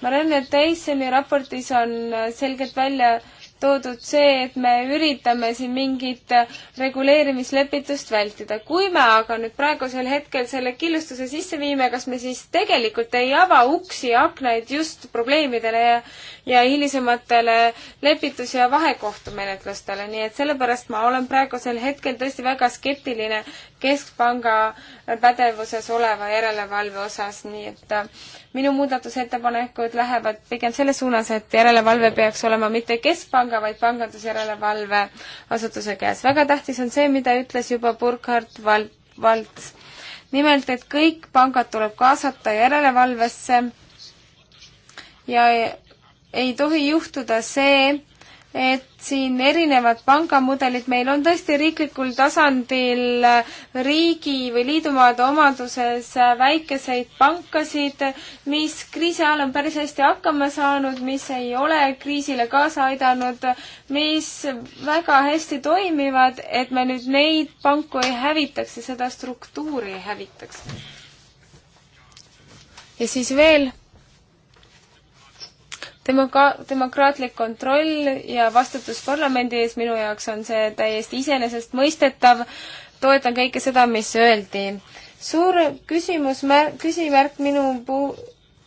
Marianne Thyssoni raportis on äh, selgelt välja toodud see, et me üritame siin mingit reguleerimislepitust vältida. kui me aga nüüd praegusel hetkel selle killustuse sisse viime, kas me siis tegelikult ei ava uksi ja aknaid just probleemidele ja, ja hilisematele lepitus- ja vahekohtumenetlustele, nii et sellepärast ma olen praegusel hetkel tõesti väga skeptiline keskpanga pädevuses oleva järelevalve osas, nii et äh, minu muudatusettepanekud lähevad pigem selles suunas, et järelevalve peaks olema mitte keskpanga, vaid pangandusjärelevalve asutuse käes. väga tähtis on see, mida ütles juba Burkhard Val-, Valts. nimelt, et kõik pangad tuleb kaasata järelevalvesse ja ei tohi juhtuda see, et siin erinevad pangamudelid, meil on tõesti riiklikul tasandil riigi või liidumaade omaduses väikeseid pankasid, mis kriisi ajal on päris hästi hakkama saanud, mis ei ole kriisile kaasa aidanud, mis väga hästi toimivad, et me nüüd neid panku ei hävitaks ja seda struktuuri ei hävitaks. ja siis veel Demoka-, demokraatlik kontroll ja vastutus parlamendi ees, minu jaoks on see täiesti iseenesestmõistetav, toetan kõike seda, mis öeldi. suur küsimus, küsimärk minu puu-,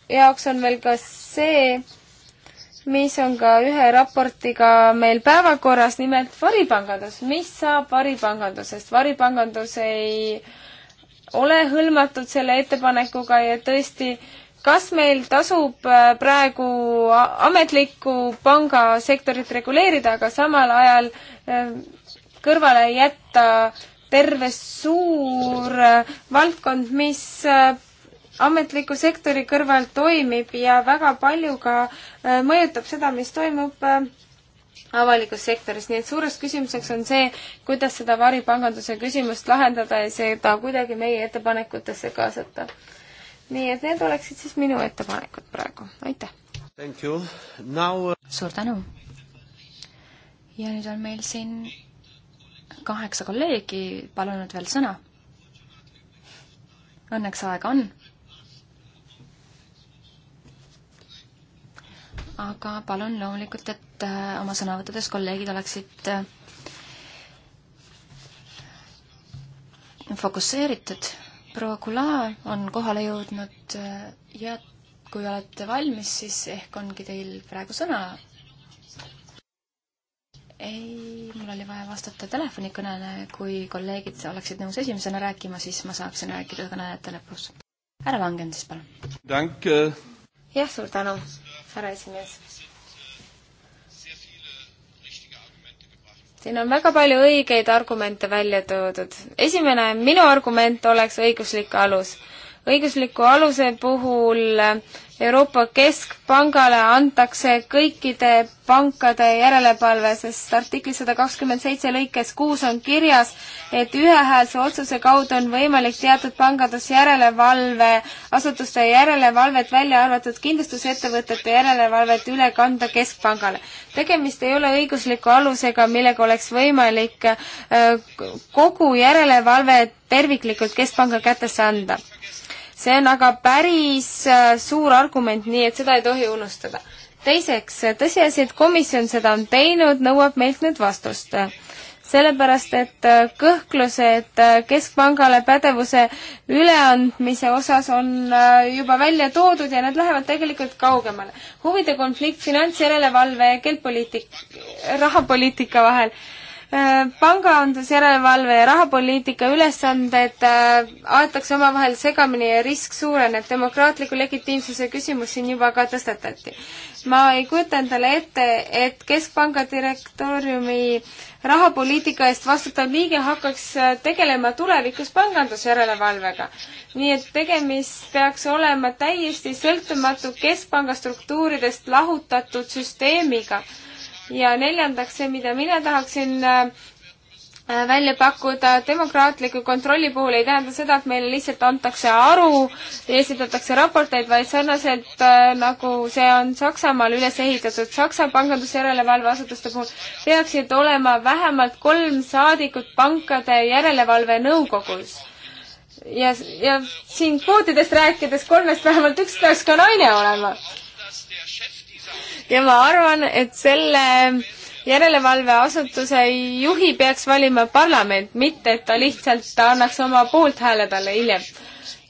jaoks on veel ka see, mis on ka ühe raportiga meil päevakorras, nimelt varipangandus. mis saab varipangandusest? varipangandus ei ole hõlmatud selle ettepanekuga ja tõesti, kas meil tasub äh, praegu ametlikku pangasektorit reguleerida, aga samal ajal äh, kõrvale jätta terve suur äh, valdkond, mis ametliku sektori kõrval toimib ja väga palju ka mõjutab seda, mis toimub avalikus sektoris, nii et suureks küsimuseks on see, kuidas seda varipanganduse küsimust lahendada ja seda kuidagi meie ettepanekutesse kaasata nii et need oleksid siis minu ettepanekud praegu, aitäh! Now... Uh, suur tänu! ja nüüd on meil siin kaheksa kolleegi palunud veel sõna. Õnneks aega on. aga palun loomulikult, et äh, oma sõnavõttudes kolleegid oleksid äh, fokusseeritud proua Kula on kohale jõudnud äh, ja kui olete valmis, siis ehk ongi teil praegu sõna. ei, mul oli vaja vastata telefonikõnele, kui kolleegid oleksid nõus esimesena rääkima, siis ma saaksin rääkida kõnelejate lõpus. härra Langen siis, palun. jah, suur tänu, härra esimees siin on väga palju õigeid argumente välja toodud. esimene, minu argument oleks õiguslik alus. õigusliku aluse puhul äh, Euroopa Keskpangale antakse kõikide pankade järelevalve, sest artikli sada kakskümmend seitse lõikes kuus on kirjas, et ühehäälse otsuse kaudu on võimalik teatud pangandusjärelevalve asutuste järelevalvet, välja arvatud kindlustusettevõtete järelevalvet, üle kanda Keskpangale. tegemist ei ole õigusliku alusega, millega oleks võimalik äh, kogu järelevalve terviklikult Keskpanga kätesse anda see on aga päris äh, suur argument, nii et seda ei tohi unustada. teiseks, äh, tõsiasi, et komisjon seda on teinud, nõuab meilt nüüd vastust sellepärast, et äh, kõhklused Keskpangale pädevuse üleandmise osas on juba välja toodud ja need lähevad tegelikult kaugemale. huvide konflikt finantsjärelevalve ja kelpoliitik-, rahapoliitika vahel Äh, pangandusjärelevalve ja rahapoliitika ülesanded äh, aetakse omavahel segamini ja risk suureneb. demokraatliku legitiimsuse küsimus siin juba ka tõstatati. ma ei kujuta endale ette, et Keskpanga direktooriumi rahapoliitika eest vastutav liige hakkaks äh, tegelema tulevikus pangandusjärelevalvega. nii et tegemist peaks olema täiesti sõltumatu Keskpanga struktuuridest lahutatud süsteemiga ja neljandaks see, mida mina tahaksin äh, välja pakkuda demokraatliku kontrolli puhul ei tähenda seda, et meile lihtsalt antakse aru ja esitatakse raporteid, vaid sarnaselt äh, nagu see on Saksamaal üles ehitatud Saksa pangandusjärelevalveasutuste puhul, peaksid olema vähemalt kolm saadikut pankade järelevalve nõukogus. ja, ja siin kvootidest rääkides kolmest vähemalt üks peaks ka naine olema ja ma arvan, et selle järelevalveasutuse juhi peaks valima parlament, mitte et ta lihtsalt ta annaks oma poolthääle talle hiljem.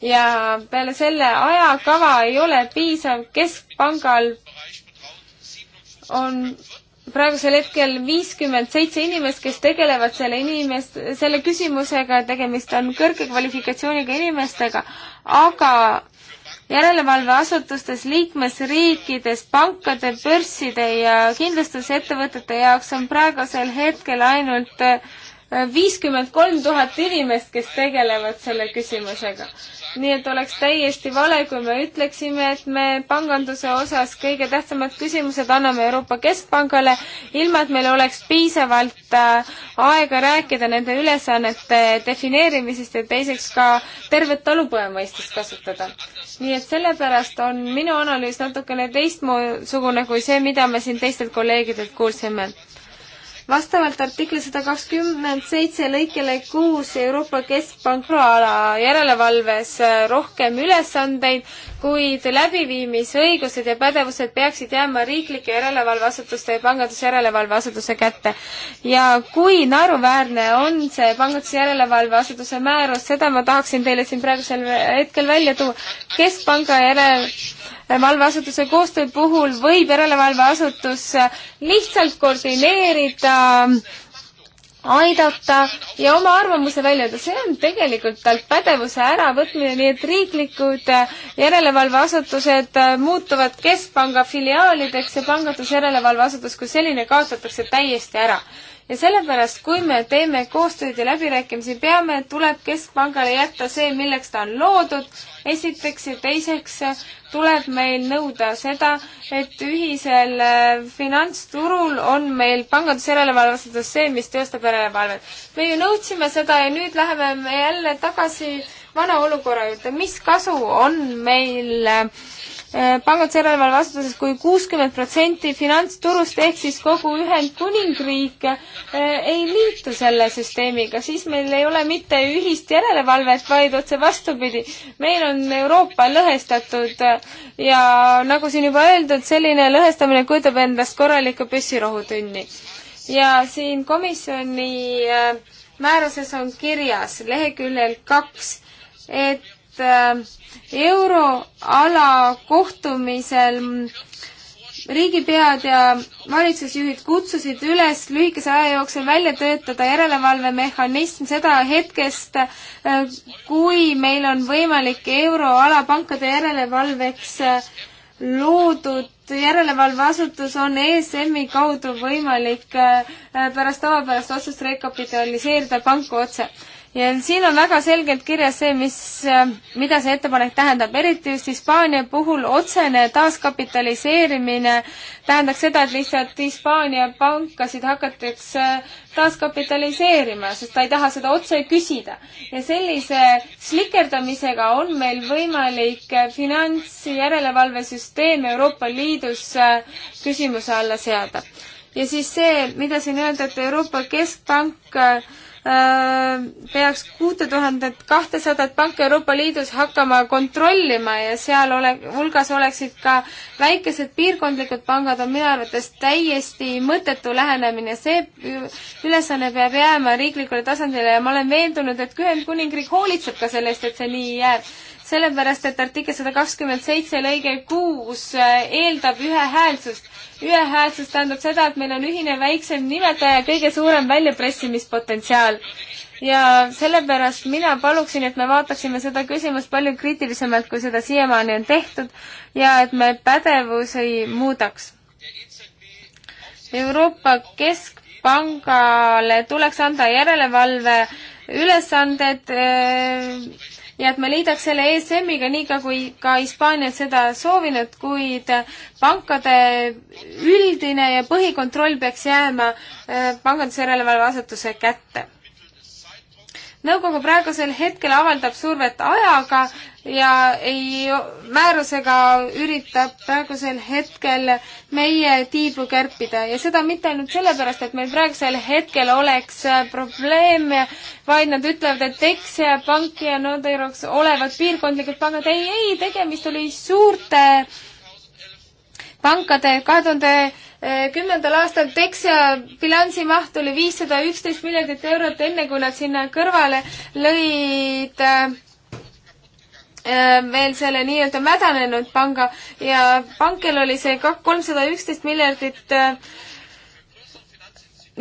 ja peale selle ajakava ei ole piisav, keskpangal on praegusel hetkel viiskümmend seitse inimest, kes tegelevad selle inimest, selle küsimusega, tegemist on kõrge kvalifikatsiooniga inimestega, aga järelevalveasutustes liikmesriikides pankade, börside ja kindlustusettevõtete jaoks on praegusel hetkel ainult äh, viiskümmend kolm tuhat inimest, kes tegelevad selle küsimusega. nii et oleks täiesti vale, kui me ütleksime, et me panganduse osas kõige tähtsamad küsimused anname Euroopa Keskpangale, ilma et meil oleks piisavalt äh, aega rääkida nende ülesannete defineerimisest ja teiseks ka tervet talupojamõistust kasutada. nii et sellepärast on minu analüüs natukene teistsugune kui see, mida me siin teistelt kolleegidelt kuulsime vastavalt artikli sada kakskümmend seitse lõikele kuus Euroopa Keskpank ala järelevalves äh, rohkem ülesandeid kuid läbiviimisõigused ja pädevused peaksid jääma riiklike järelevalveasutuste ja pangandusjärelevalveasutuse kätte. ja kui naeruväärne on see pangandusjärelevalveasutuse määrus, seda ma tahaksin teile siin praegusel hetkel välja tuua. keskpanga järelevalveasutuse koostöö puhul võib järelevalveasutus lihtsalt koordineerida äh, aidata ja oma arvamuse välja öelda, see on tegelikult talt pädevuse äravõtmine, nii et riiklikud äh, järelevalveasutused äh, muutuvad keskpanga filiaalideks ja pangandusjärelevalveasutus kui selline kaotatakse täiesti ära ja sellepärast, kui me teeme koostööd ja läbirääkimisi, peame, tuleb Keskpangale jätta see, milleks ta on loodud, esiteks ja teiseks tuleb meil nõuda seda, et ühisel äh, finantsturul on meil pangandusjärelevalveasutus see, mis teostab järelevalvet. me ju nõudsime seda ja nüüd läheme me jälle tagasi vana olukorra juurde, mis kasu on meil äh, Äh, pangandusjärelevalve asutuses kui kuuskümmend protsenti finantsturust ehk siis kogu Ühendkuningriik äh, ei liitu selle süsteemiga, siis meil ei ole mitte ühist järelevalvet, vaid otse vastupidi. meil on Euroopa lõhestatud äh, ja nagu siin juba öeldud, selline lõhestamine kujutab endast korralikku püssirohutünni. ja siin komisjoni määruses on kirjas leheküljel kaks, et Äh, euroala kohtumisel riigipead ja valitsusjuhid kutsusid üles lühikese aja jooksul välja töötada järelevalvemehhanism seda hetkest, äh, kui meil on võimalik euroala pankade järelevalveks äh, loodud järelevalveasutus on ESM-i kaudu võimalik pärast tavapärast otsust rekapitaliseerida panku otse ja siin on väga selgelt kirjas see, mis, äh, mida see ettepanek tähendab, eriti just Hispaania puhul otsene taaskapitaliseerimine tähendaks seda, et lihtsalt Hispaania pankasid hakatakse äh, taaskapitaliseerima, sest ta ei taha seda otse küsida. ja sellise slikerdamisega on meil võimalik äh, finantsjärelevalvesüsteem Euroopa Liidus küsimuse alla seada. ja siis see, mida siin öelda, et Euroopa Keskpank Äh, peaks kuute tuhandet kahtesadat panka Euroopa Liidus hakkama kontrollima ja seal ole, hulgas oleksid ka väikesed piirkondlikud pangad, on minu arvates täiesti mõttetu lähenemine. see ülesanne peab jääma riiklikule tasandile ja ma olen veendunud, et Ühendkuningriik hoolitseb ka selle eest, et see nii jääb sellepärast et artikkel sada kakskümmend seitse lõige kuus äh, eeldab ühehäälsust. ühehäälsus tähendab seda, et meil on ühine väiksem nimetaja, kõige suurem väljapressimispotentsiaal. ja sellepärast mina paluksin, et me vaataksime seda küsimust palju kriitilisemalt, kui seda siiamaani on tehtud ja et me pädevusi muudaks. Euroopa Keskpangale tuleks anda järelevalve ülesanded äh, ja et me liidaks selle ESM-iga nii ka, kui ka Hispaania seda soovinud, kuid pankade üldine ja põhikontroll peaks jääma äh, pangandusjärelevalve asutuse kätte nõukogu praegusel hetkel avaldab survet ajaga ja ei, määrusega üritab praegusel hetkel meie tiibru kärpida ja seda mitte ainult sellepärast, et meil praegusel hetkel oleks probleeme, vaid nad ütlevad, et eks ja pank ja Nordiroks olevad piirkondlikud pangad, ei, ei, tegemist oli suurte äh, pankade kahe tuhande eh, kümnendal aastal Dexia bilansimaht oli viissada üksteist miljardit eurot, enne kui nad sinna kõrvale lõid eh, veel selle nii-öelda mädanenud panga ja pankel oli see kolmsada üksteist miljardit eh,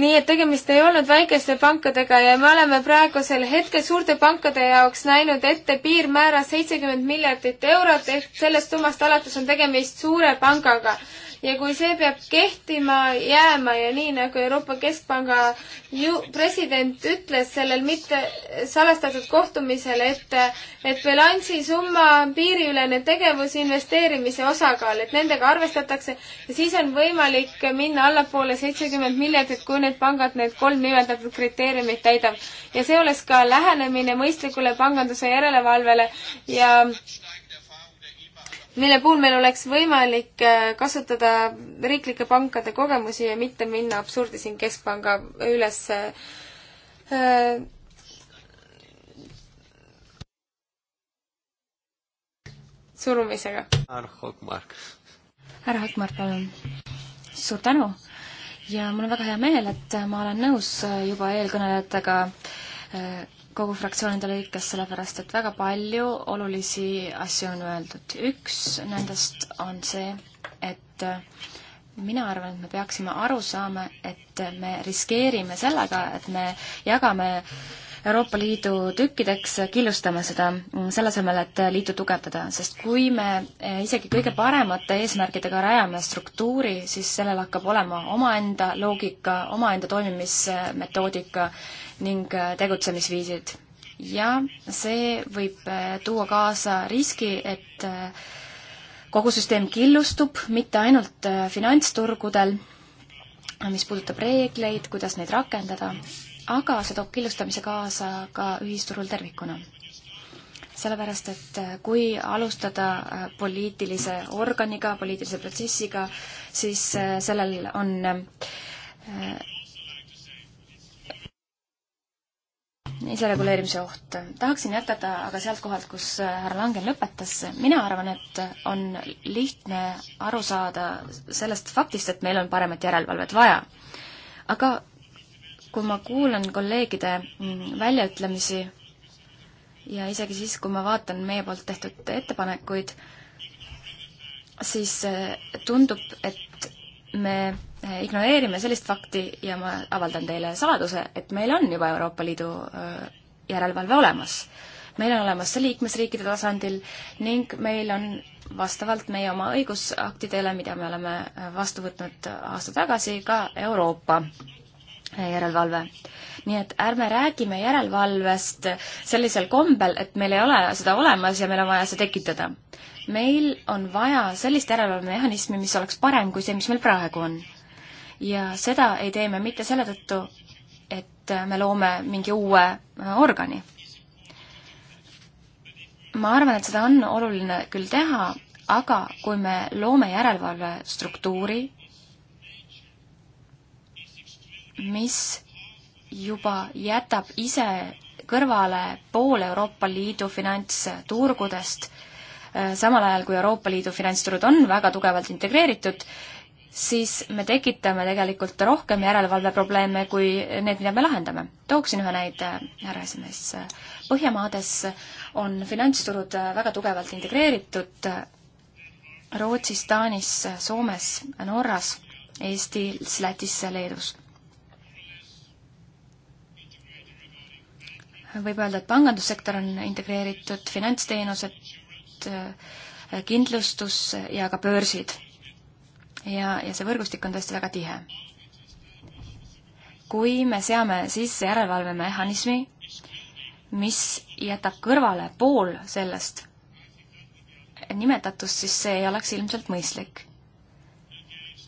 nii et tegemist ei olnud väikeste pankadega ja me oleme praegusel hetkel suurte pankade jaoks näinud ette piirmäära seitsekümmend miljardit eurot, ehk sellest summast alates on tegemist suure pangaga ja kui see peab kehtima jääma ja nii nagu Euroopa Keskpanga ju-, president ütles sellel mitte salastatud kohtumisel, et, et bilansisumma on piiriülene tegevus investeerimise osakaal, et nendega arvestatakse ja siis on võimalik minna allapoole seitsekümmend miljardit, kui need pangad need kolm nimetatud kriteeriumit täidavad. ja see oleks ka lähenemine mõistlikule panganduse järelevalvele ja mille puhul meil oleks võimalik äh, kasutada riiklike pankade kogemusi ja mitte minna absurdi siin keskpanga üles. Äh, surumisega. härra Hogmark. härra Hogmark, palun. suur tänu ja mul on väga hea meel, et ma olen nõus äh, juba eelkõnelejatega kogu fraktsioonide lõikes, sellepärast et väga palju olulisi asju on öeldud. üks nendest on see, et äh, mina arvan, et me peaksime aru saama, et me riskeerime sellega, et me jagame Euroopa Liidu tükkideks, killustame seda selle asemel, et liitu tugevdada, sest kui me eh, isegi kõige paremate eesmärkidega rajame struktuuri, siis sellel hakkab olema omaenda loogika, omaenda toimimismetoodika ning eh, tegutsemisviisid. ja see võib eh, tuua kaasa riski, et kogu süsteem killustub mitte ainult finantsturgudel, mis puudutab reegleid, kuidas neid rakendada, aga see toob killustamise kaasa ka ühisturul tervikuna. sellepärast, et äh, kui alustada äh, poliitilise organiga, poliitilise protsessiga, siis äh, sellel on isereguleerimise oht. tahaksin jätkata aga sealt kohalt, kus härra Langen lõpetas. mina arvan, et on lihtne aru saada sellest faktist, et meil on paremat järelevalvet vaja. aga kui ma kuulan kolleegide mm, väljaütlemisi ja isegi siis, kui ma vaatan meie poolt tehtud ettepanekuid, siis eh, tundub, et me eh, ignoreerime sellist fakti ja ma avaldan teile saladuse, et meil on juba Euroopa Liidu eh, järelevalve olemas. meil on olemas see liikmesriikide tasandil ning meil on vastavalt meie oma õigusaktidele, mida me oleme vastu võtnud aasta tagasi, ka Euroopa järelevalve. nii et ärme räägime järelevalvest sellisel kombel, et meil ei ole seda olemas ja meil on vaja see tekitada. meil on vaja sellist järelevalvemehhanismi, mis oleks parem kui see, mis meil praegu on. ja seda ei tee me mitte selle tõttu, et me loome mingi uue organi. ma arvan, et seda on oluline küll teha, aga kui me loome järelevalvestruktuuri, mis juba jätab ise kõrvale pool Euroopa Liidu finantsturgudest, äh, samal ajal kui Euroopa Liidu finantsturud on väga tugevalt integreeritud, siis me tekitame tegelikult rohkem järelevalveprobleeme kui need, mida me lahendame. tooksin ühe näite, härra esimees. Põhjamaades on finantsturud väga tugevalt integreeritud Rootsis, Taanis, Soomes, Norras, Eestis, Lätis, Leedus võib öelda, et pangandussektor on integreeritud, finantsteenused, äh, kindlustus ja ka börsid. ja, ja see võrgustik on tõesti väga tihe. kui me seame sisse järelevalvemehhanismi, mis jätab kõrvale pool sellest nimetatust, siis see ei oleks ilmselt mõistlik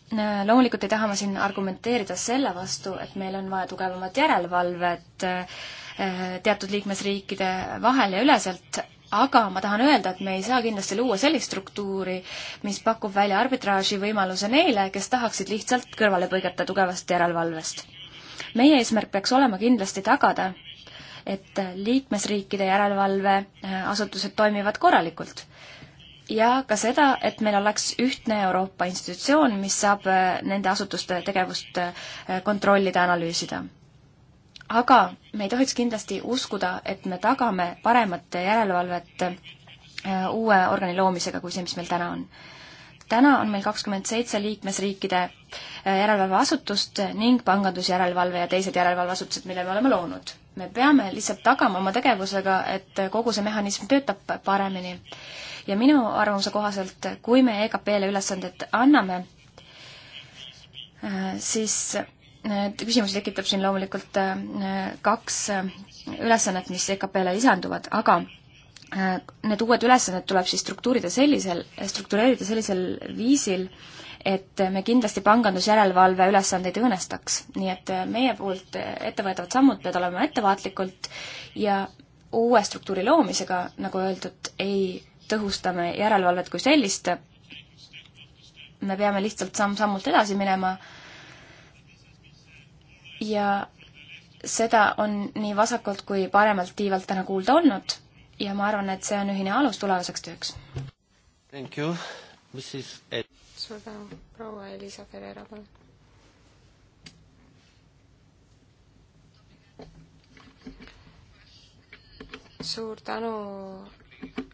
Äh, loomulikult ei taha ma siin argumenteerida selle vastu, et meil on vaja tugevamat järelevalvet äh, teatud liikmesriikide vahel ja üleselt, aga ma tahan öelda, et me ei saa kindlasti luua sellist struktuuri, mis pakub välja arbitraaži võimaluse neile, kes tahaksid lihtsalt kõrvale põigata tugevast järelevalvest. meie eesmärk peaks olema kindlasti tagada, et liikmesriikide järelevalveasutused toimivad korralikult ja ka seda, et meil oleks ühtne Euroopa institutsioon, mis saab äh, nende asutuste tegevust äh, kontrollida, analüüsida. aga me ei tohiks kindlasti uskuda, et me tagame paremat järelevalvet äh, uue organi loomisega kui see, mis meil täna on. täna on meil kakskümmend seitse liikmesriikide järelevalveasutust ning pangandusjärelevalve ja teised järelevalveasutused, mille me oleme loonud me peame lihtsalt tagama oma tegevusega, et kogu see mehhanism töötab paremini ja minu arvamuse kohaselt, kui me EKP-le ülesanded anname, äh, siis äh, küsimusi tekitab siin loomulikult äh, kaks ülesannet, mis EKP-le lisanduvad, aga need uued ülesanded tuleb siis struktuurida sellisel, struktureerida sellisel viisil, et me kindlasti pangandusjärelevalve ülesandeid õõnestaks. nii et meie poolt ette võetavad sammud peavad olema ettevaatlikult ja uue struktuuri loomisega, nagu öeldud, ei tõhustame järelevalvet kui sellist. me peame lihtsalt samm-sammult edasi minema. ja seda on nii vasakult kui paremalt tiivalt täna kuulda olnud ja ma arvan, et see on ühine alus tulevaseks tööks. Thank you, Mrs Ed-. suur tänu, proua Elisa Ferreira, palun. suur tänu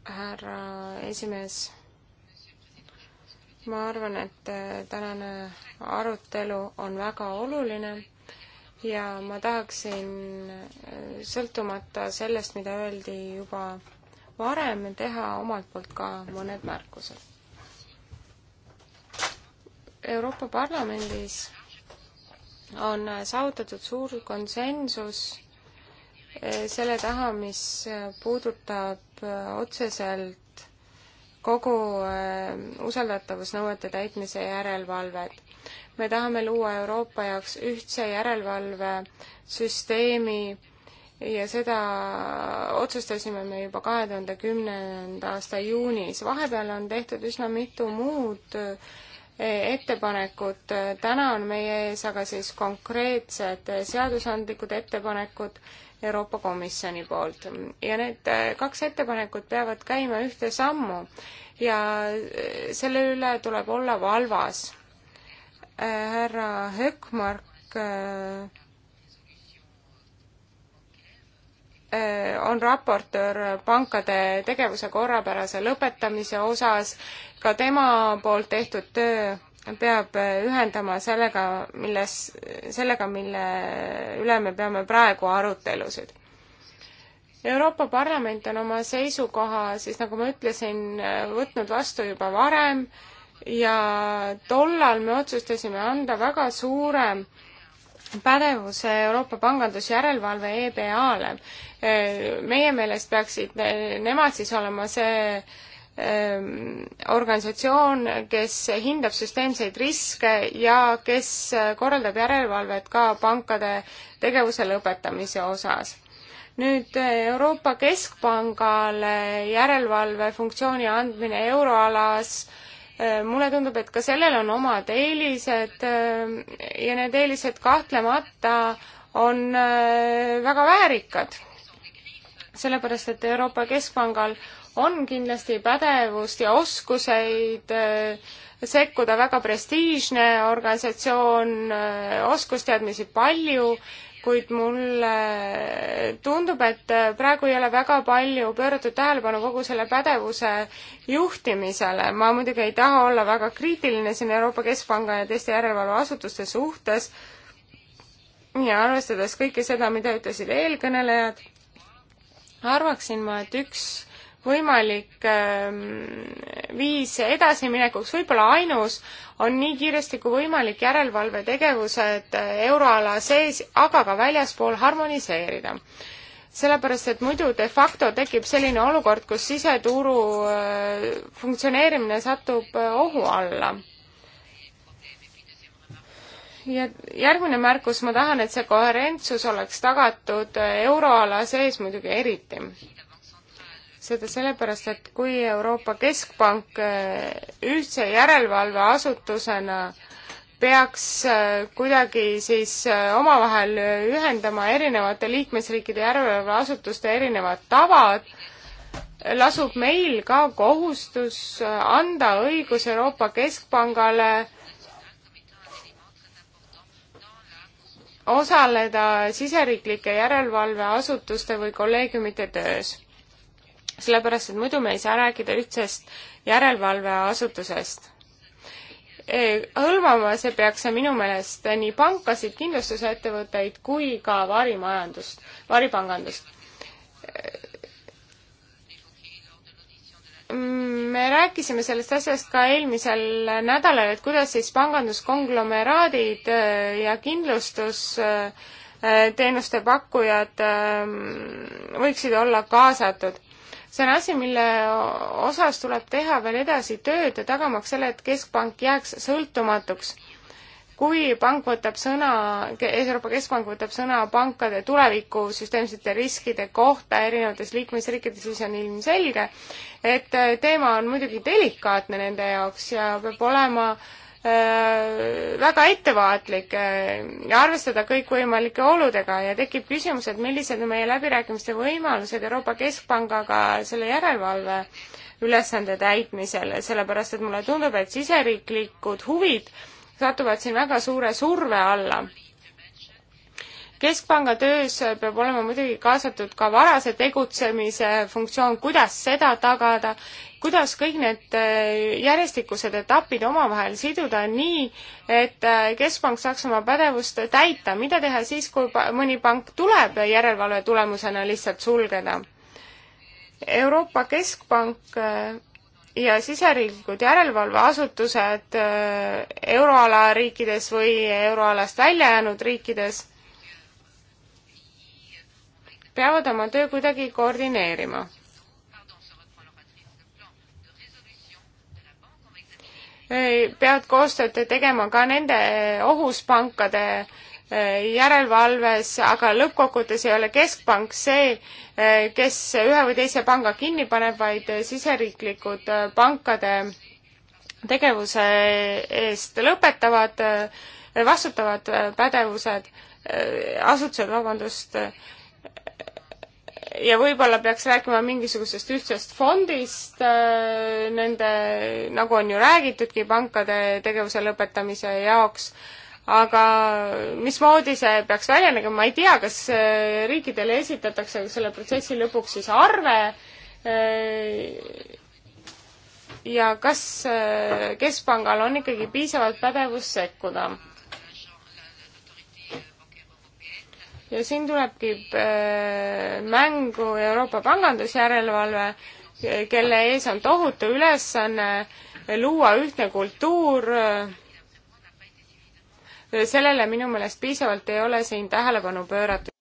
härra esimees. ma arvan, et äh, tänane arutelu on väga oluline ja ma tahaksin äh, sõltumata sellest, mida öeldi juba varem, teha omalt poolt ka mõned märkused. Euroopa Parlamendis on saavutatud suur konsensus selle taha, mis puudutab otseselt kogu äh, usaldatavusnõuete täitmise järelevalvet. me tahame luua Euroopa jaoks ühtse järelevalvesüsteemi ja seda otsustasime me juba kahe tuhande kümnenda aasta juunis. vahepeal on tehtud üsna mitu muud äh, ettepanekut, täna on meie ees aga siis konkreetsed äh, seadusandlikud ettepanekud Euroopa Komisjoni poolt. ja need äh, kaks ettepanekut peavad käima ühte sammu ja äh, selle üle tuleb olla valvas. Äh, härra Hökmark on raportöör pankade tegevuse korrapärase lõpetamise osas, ka tema poolt tehtud töö peab äh, ühendama sellega, milles, sellega, mille üle me peame praegu arutelusid. Euroopa Parlament on oma seisukoha siis, nagu ma ütlesin, võtnud vastu juba varem ja tollal me otsustasime anda väga suure pädevuse Euroopa pangandusjärelevalve EBA-le. Äh, meie meelest peaksid nemad siis olema see Ähm, organisatsioon, kes hindab süsteemseid riske ja kes äh, korraldab järelevalvet ka pankade tegevuse lõpetamise osas. nüüd äh, Euroopa Keskpangale järelevalve funktsiooni andmine euroalas, äh, mulle tundub, et ka sellel on omad eelised ja need eelised kahtlemata on väga väärikad sellepärast, et Euroopa Keskpangal on kindlasti pädevust ja oskuseid äh, sekkuda, väga prestiižne organisatsioon, äh, oskusteadmisi palju, kuid mulle tundub, et äh, praegu ei ole väga palju pööratud tähelepanu kogu selle pädevuse juhtimisele. ma muidugi ei taha olla väga kriitiline siin Euroopa Keskpanga ja teiste järelevalveasutuste suhtes ja arvestades kõike seda, mida ütlesid eelkõnelejad, arvaksin ma, et üks võimalik ähm, viis edasiminekuks, võib-olla ainus, on nii kiiresti kui võimalik järelevalvetegevused äh, euroala sees, aga ka väljaspool harmoniseerida. sellepärast, et muidu de facto tekib selline olukord, kus siseturu äh, funktsioneerimine satub äh, ohu alla ja järgmine märkus, ma tahan, et see koherentsus oleks tagatud euroala sees muidugi eriti seda sellepärast, et kui Euroopa Keskpank eh, ühtse järelevalveasutusena peaks eh, kuidagi siis eh, omavahel ühendama erinevate liikmesriikide järelevalveasutuste erinevad tavad, lasub meil ka kohustus anda õigus Euroopa Keskpangale osaleda siseriiklike järelevalveasutuste või kolleegiumite töös sellepärast, et muidu me ei saa rääkida ühtsest järelevalveasutusest. hõlmama see peaks see minu meelest nii pankasid, kindlustusettevõtteid kui ka varimajandust, varipangandust. me rääkisime sellest asjast ka eelmisel nädalal, et kuidas siis panganduskonglomeraadid äh, ja kindlustus teenuste pakkujad ähm, võiksid olla kaasatud see on asi, mille osas tuleb teha veel edasi tööd ja tagamaks selle, et keskpank jääks sõltumatuks. kui pank võtab sõna, Euroopa Keskpank võtab sõna pankade tuleviku süsteemsete riskide kohta erinevates liikmesriikides, siis on ilmselge, et teema on muidugi delikaatne nende jaoks ja peab olema äh, Äh, väga ettevaatlik äh, ja arvestada kõikvõimalike oludega ja tekib küsimus, et millised on meie läbirääkimiste võimalused Euroopa Keskpangaga selle järelevalve ülesande täitmisel, sellepärast et mulle tundub, et siseriiklikud huvid satuvad siin väga suure surve alla. keskpanga töös peab olema muidugi kaasatud ka varase tegutsemise funktsioon, kuidas seda tagada kuidas kõik need äh, järjestikused etapid omavahel siduda nii, et äh, Keskpank saaks oma pädevust täita, mida teha siis, kui mõni pank tuleb järelevalve tulemusena lihtsalt sulgeda? Euroopa Keskpank äh, ja siseriiklikud järelevalveasutused euroala riikides või euroalast välja jäänud riikides peavad oma töö kuidagi koordineerima peavad koostööd tegema ka nende ohuspankade e, järelevalves, aga lõppkokkuvõttes ei ole keskpank see, e, kes ühe või teise panga kinni paneb, vaid siseriiklikud e, pankade tegevuse eest lõpetavad, vastutavad pädevused, asutused, vabandust, ja võib-olla peaks rääkima mingisugusest ühtsest fondist äh, nende, nagu on ju räägitudki, pankade tegevuse lõpetamise jaoks, aga mismoodi see peaks välja nägema, ma ei tea, kas äh, riikidele esitatakse selle protsessi lõpuks siis arve äh, ja kas Keskpangal on ikkagi piisavalt pädevust sekkuda ja siin tulebki äh, mängu Euroopa pangandusjärelevalve, kelle ees on tohutu ülesanne luua ühtne kultuur. sellele minu meelest piisavalt ei ole siin tähelepanu pööratud.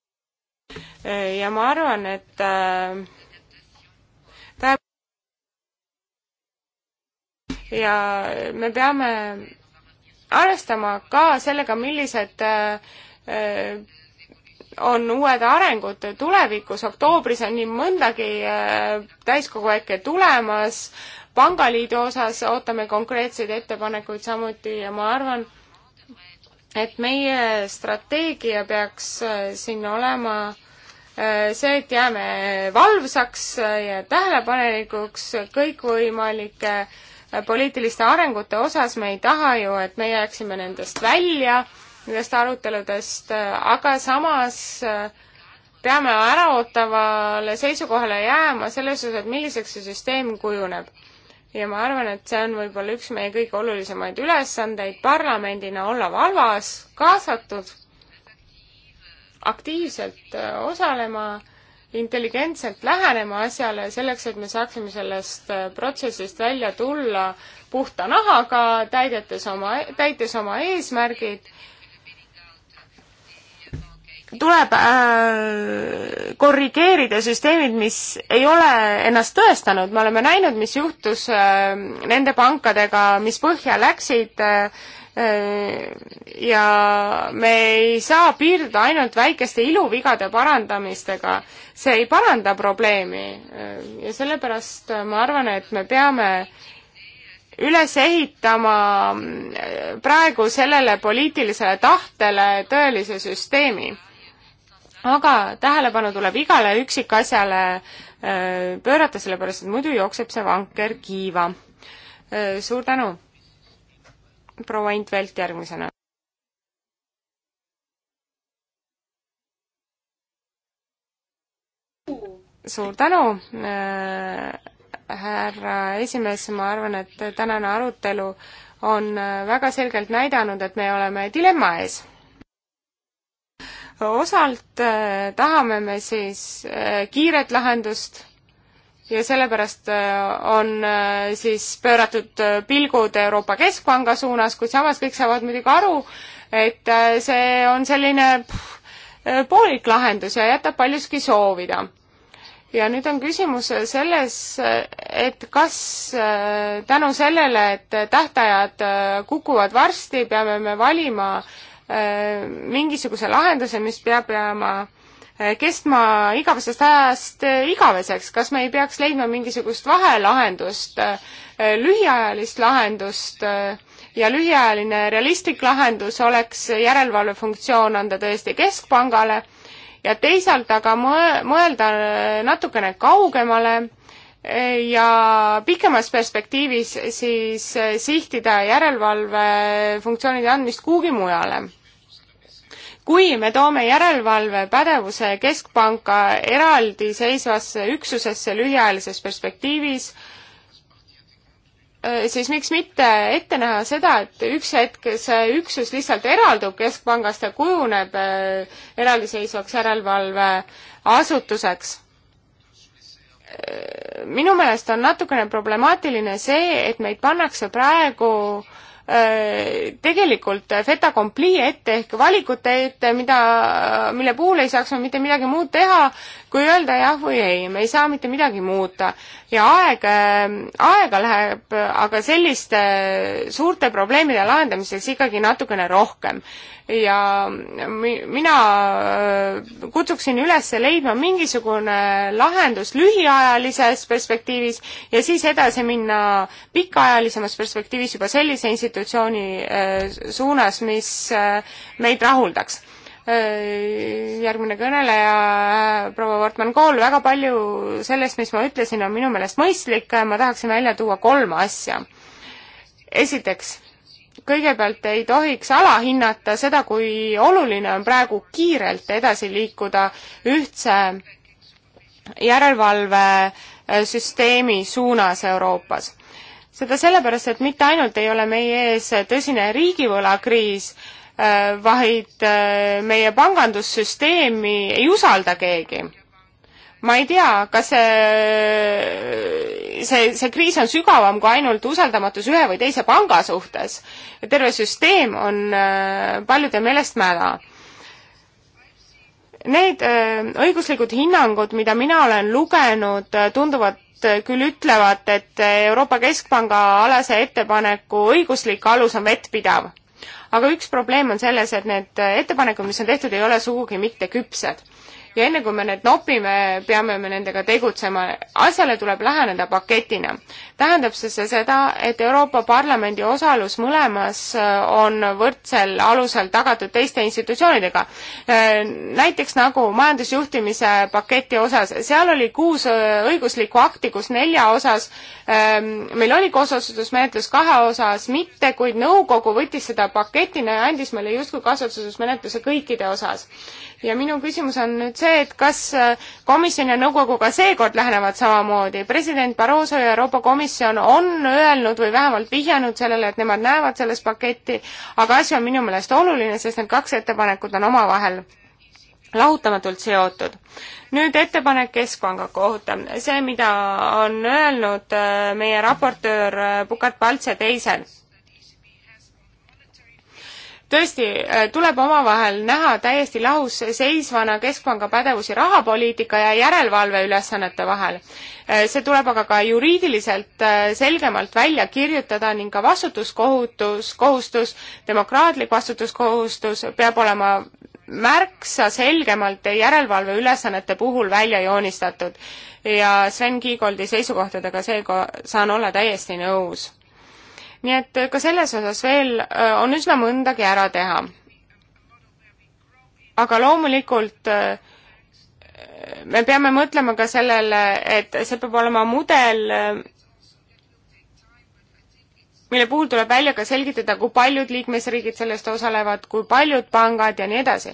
ja ma arvan, et äh, ja me peame arvestama ka sellega, millised äh, on uued arengud tulevikus, oktoobris on nii mõndagi äh, täiskogu hetke tulemas, pangaliidu osas ootame konkreetseid ettepanekuid samuti ja ma arvan, et meie strateegia peaks äh, siin olema äh, see, et jääme valvsaks ja tähelepanelikuks kõikvõimalike poliitiliste arengute osas, me ei taha ju, et me jääksime nendest välja nendest aruteludest, aga samas äh, peame äraootavale seisukohale jääma selles osas, et milliseks see süsteem kujuneb. ja ma arvan, et see on võib-olla üks meie kõige olulisemaid ülesandeid parlamendina olla valvas, kaasatud, aktiivselt äh, osalema, intelligentselt lähenema asjale, selleks et me saaksime sellest äh, protsessist välja tulla puhta nahaga, täidetes oma, e-, täites oma eesmärgid tuleb äh, korrigeerida süsteemid, mis ei ole ennast tõestanud, me oleme näinud, mis juhtus äh, nende pankadega, mis põhja läksid äh, äh ja me ei saa piirduda ainult väikeste iluvigade parandamistega, see ei paranda probleemi äh, ja sellepärast ma arvan, et me peame üles ehitama äh, praegu sellele poliitilisele tahtele tõelise süsteemi aga tähelepanu tuleb igale üksikasjale äh, pöörata, sellepärast et muidu jookseb see vanker kiiva. Äh, suur tänu, proua Intvelt järgmisena. suur tänu, äh, härra esimees, ma arvan, et tänane arutelu on väga selgelt näidanud, et me oleme dilemma ees osalt äh, tahame me siis äh, kiiret lahendust ja sellepärast äh, on siis pööratud pilgud Euroopa Keskpanga suunas, kuid samas kõik saavad muidugi aru, et see on selline pff, poolik lahendus ja jätab paljuski soovida. ja nüüd on küsimus selles, et kas tänu sellele, et tähtajad kukuvad varsti, peame me valima äh, Äh, mingisuguse lahenduse, mis peab jääma äh, kestma igavesest ajast äh, igaveseks, kas me ei peaks leidma mingisugust vahelahendust, lühiajalist lahendust ja lühiajaline realistlik lahendus oleks järelevalvefunktsioon anda tõesti keskpangale ja teisalt aga mõelda natukene kaugemale ja pikemas perspektiivis siis eh, sihtida järelevalve funktsioonide andmist kuhugi mujale. kui me toome järelevalvepädevuse Keskpanka eraldiseisvasse üksusesse lühiajalises perspektiivis, eh, siis miks mitte ette näha seda, et üks hetk see üksus lihtsalt eraldub Keskpangast ja kujuneb eh, eraldiseisvaks järelevalveasutuseks minu meelest on natukene problemaatiline see, et meid pannakse praegu äh, tegelikult feta kompli ette ehk valikute ette, mida, mille puhul ei saaks me mitte midagi muud teha, kui öelda jah või ei, me ei saa mitte midagi muuta ja aeg, äh, aega läheb aga selliste suurte probleemide lahendamiseks ikkagi natukene rohkem. ja mi-, mina äh, kutsuksin üles leidma mingisugune lahendus lühiajalises perspektiivis ja siis edasi minna pikaajalisemas perspektiivis juba sellise institutsiooni äh, suunas, mis meid rahuldaks Äh, järgmine kõneleja, äh, proua Wortmann-Kool, väga palju sellest, mis ma ütlesin, on minu meelest mõistlik, ma tahaksin välja tuua kolm asja. esiteks, kõigepealt ei tohiks alahinnata seda, kui oluline on praegu kiirelt edasi liikuda ühtse järelevalvesüsteemi äh, suunas Euroopas seda sellepärast, et mitte ainult ei ole meie ees tõsine riigivõlakriis, Äh, vaid äh, meie pangandussüsteemi ei usalda keegi. ma ei tea, kas see, see, see kriis on sügavam kui ainult usaldamatus ühe või teise panga suhtes. terve süsteem on äh, paljude meelest mäda need õiguslikud hinnangud, mida mina olen lugenud, tunduvad küll ütlevat, et Euroopa Keskpanga alase ettepaneku õiguslik alus on vettpidav aga üks probleem on selles, et need ettepanekud, mis on tehtud, ei ole sugugi mitte küpsed ja enne kui me need nopime, peame me nendega tegutsema. asjale tuleb läheneda paketina. tähendab see, see seda, et Euroopa Parlamendi osalus mõlemas äh, on võrdsel alusel tagatud teiste institutsioonidega. Äh, näiteks nagu majandusjuhtimise paketi osas, seal oli kuus äh, õiguslikku akti, kus nelja osas ähm, meil oli koososustusmenetlus kahe osas mitte, kuid nõukogu võttis seda paketina ja andis meile justkui kasutususmenetluse kõikide osas ja minu küsimus on nüüd see, et kas äh, komisjon ja nõukogu ka seekord lähenevad samamoodi. president Barroso ja Euroopa Komisjon on öelnud või vähemalt vihjanud sellele, et nemad näevad selles paketti, aga asi on minu meelest oluline, sest need kaks ettepanekut on omavahel lahutamatult seotud. nüüd ettepanek Keskpanga kohta. see, mida on öelnud äh, meie raportöör äh, Pukat Palts ja teised tõesti, äh, tuleb omavahel näha täiesti lahus seisvana Keskpanga pädevusi rahapoliitika ja järelevalve ülesannete vahel. Äh, see tuleb aga ka juriidiliselt äh, selgemalt välja kirjutada ning ka vastutuskohutus, kohustus, demokraatlik vastutuskohustus peab olema märksa selgemalt järelevalve ülesannete puhul välja joonistatud ja Sven Kiigoldi seisukohtadega seega saan olla täiesti nõus nii et äh, ka selles osas veel äh, on üsna mõndagi ära teha. aga loomulikult äh, me peame mõtlema ka sellele, et see peab olema mudel, mille puhul tuleb välja ka selgitada, kui paljud liikmesriigid sellest osalevad, kui paljud pangad ja nii edasi.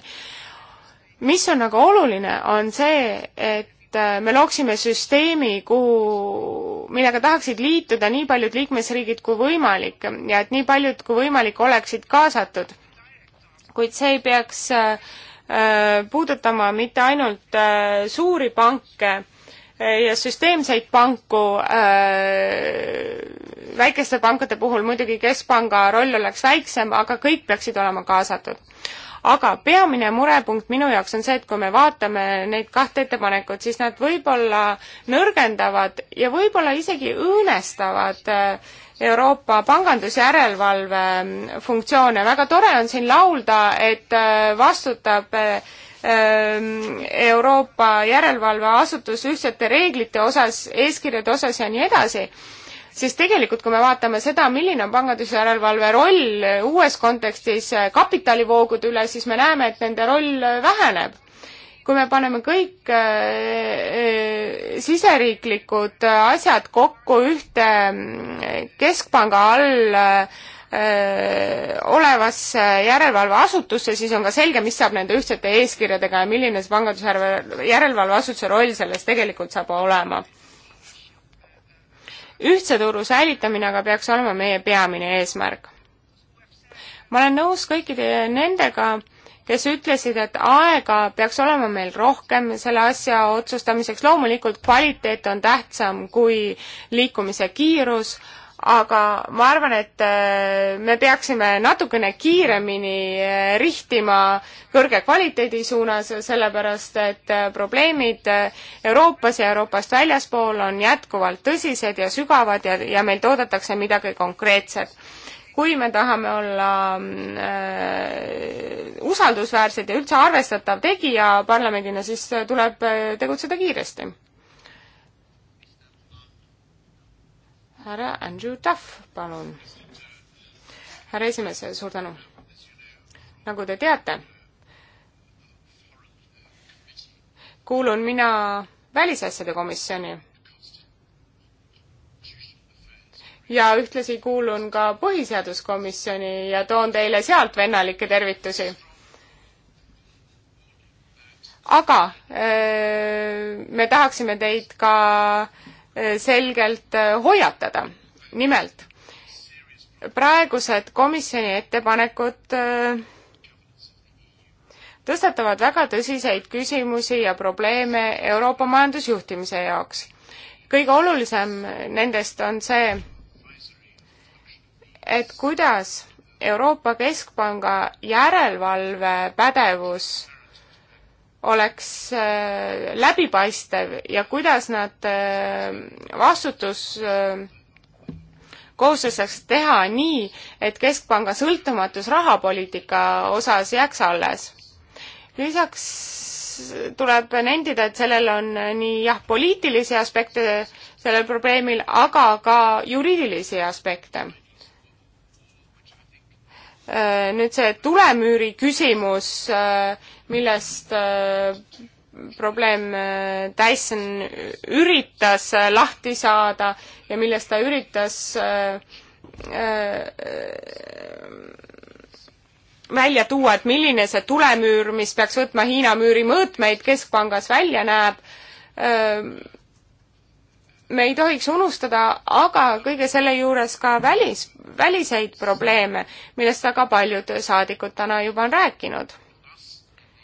mis on aga oluline, on see, et et äh, me looksime süsteemi, kuhu, millega tahaksid liituda nii paljud liikmesriigid kui võimalik ja et nii paljud kui võimalik oleksid kaasatud. kuid see ei peaks äh, äh, puudutama mitte ainult suuri panke ja süsteemseid panku, väikeste pankade puhul muidugi keskpanga roll oleks väiksem, aga kõik peaksid olema kaasatud aga peamine murepunkt minu jaoks on see, et kui me vaatame neid kahte ettepanekut, siis nad võib-olla nõrgendavad ja võib-olla isegi õõnestavad äh, Euroopa pangandusjärelevalve äh, funktsioone. väga tore on siin laulda, et äh, vastutab ähm, Euroopa järelevalveasutus ühtsete reeglite osas, eeskirjade osas ja nii edasi siis tegelikult, kui me vaatame seda, milline on pangandusjärelevalve roll eh, uues kontekstis eh, kapitalivoogude üle, siis me näeme, et nende roll eh, väheneb. kui me paneme kõik äh, siseriiklikud asjad kokku ühte mm, keskpanga all äh, olevasse järelevalveasutusse, siis on ka selge, mis saab nende ühtsete eeskirjadega ja milline see pangandusjärelevalveasutuse roll selles tegelikult saab olema ühtse turu säilitamine aga peaks olema meie peamine eesmärk. ma olen nõus kõikide nendega, kes ütlesid, et aega peaks olema meil rohkem selle asja otsustamiseks, loomulikult kvaliteet on tähtsam kui liikumise kiirus, aga ma arvan, et äh, me peaksime natukene kiiremini äh, rihtima kõrge kvaliteedi suunas, sellepärast et äh, probleemid Euroopas ja Euroopast väljaspool on jätkuvalt tõsised ja sügavad ja, ja meilt oodatakse midagi konkreetset. kui me tahame olla äh, usaldusväärsed ja üldse arvestatav tegija parlamendina, siis tuleb tegutseda kiiresti härra Andrew Duff, palun. härra esimees, suur tänu. nagu te teate, kuulun mina välisasjade komisjoni ja ühtlasi kuulun ka põhiseaduskomisjoni ja toon teile sealt vennalikke tervitusi. aga öö, äh, me tahaksime teid ka öö, Eh, selgelt eh, hoiatada. nimelt, praegused komisjoni ettepanekud eh, tõstatavad väga tõsiseid küsimusi ja probleeme Euroopa majandusjuhtimise jaoks. kõige olulisem nendest on see, et kuidas Euroopa Keskpanga järelevalvepädevus oleks äh, läbipaistev ja kuidas nad äh, vastutus äh, kohustuseks teha nii, et Keskpanga sõltumatus rahapoliitika osas jääks alles. lisaks tuleb nendida, et sellel on nii jah, poliitilisi aspekte sellel probleemil, aga ka juriidilisi aspekte Äh, nüüd see tulemüüri küsimus, äh, millest äh, probleem Dyson üritas lahti saada ja millest ta üritas välja tuua, et milline see tulemüür, mis peaks võtma Hiina müüri mõõtmeid Keskpangas välja näeb. me ei tohiks unustada aga kõige selle juures ka välis, väliseid probleeme, millest väga paljud saadikud täna juba on rääkinud.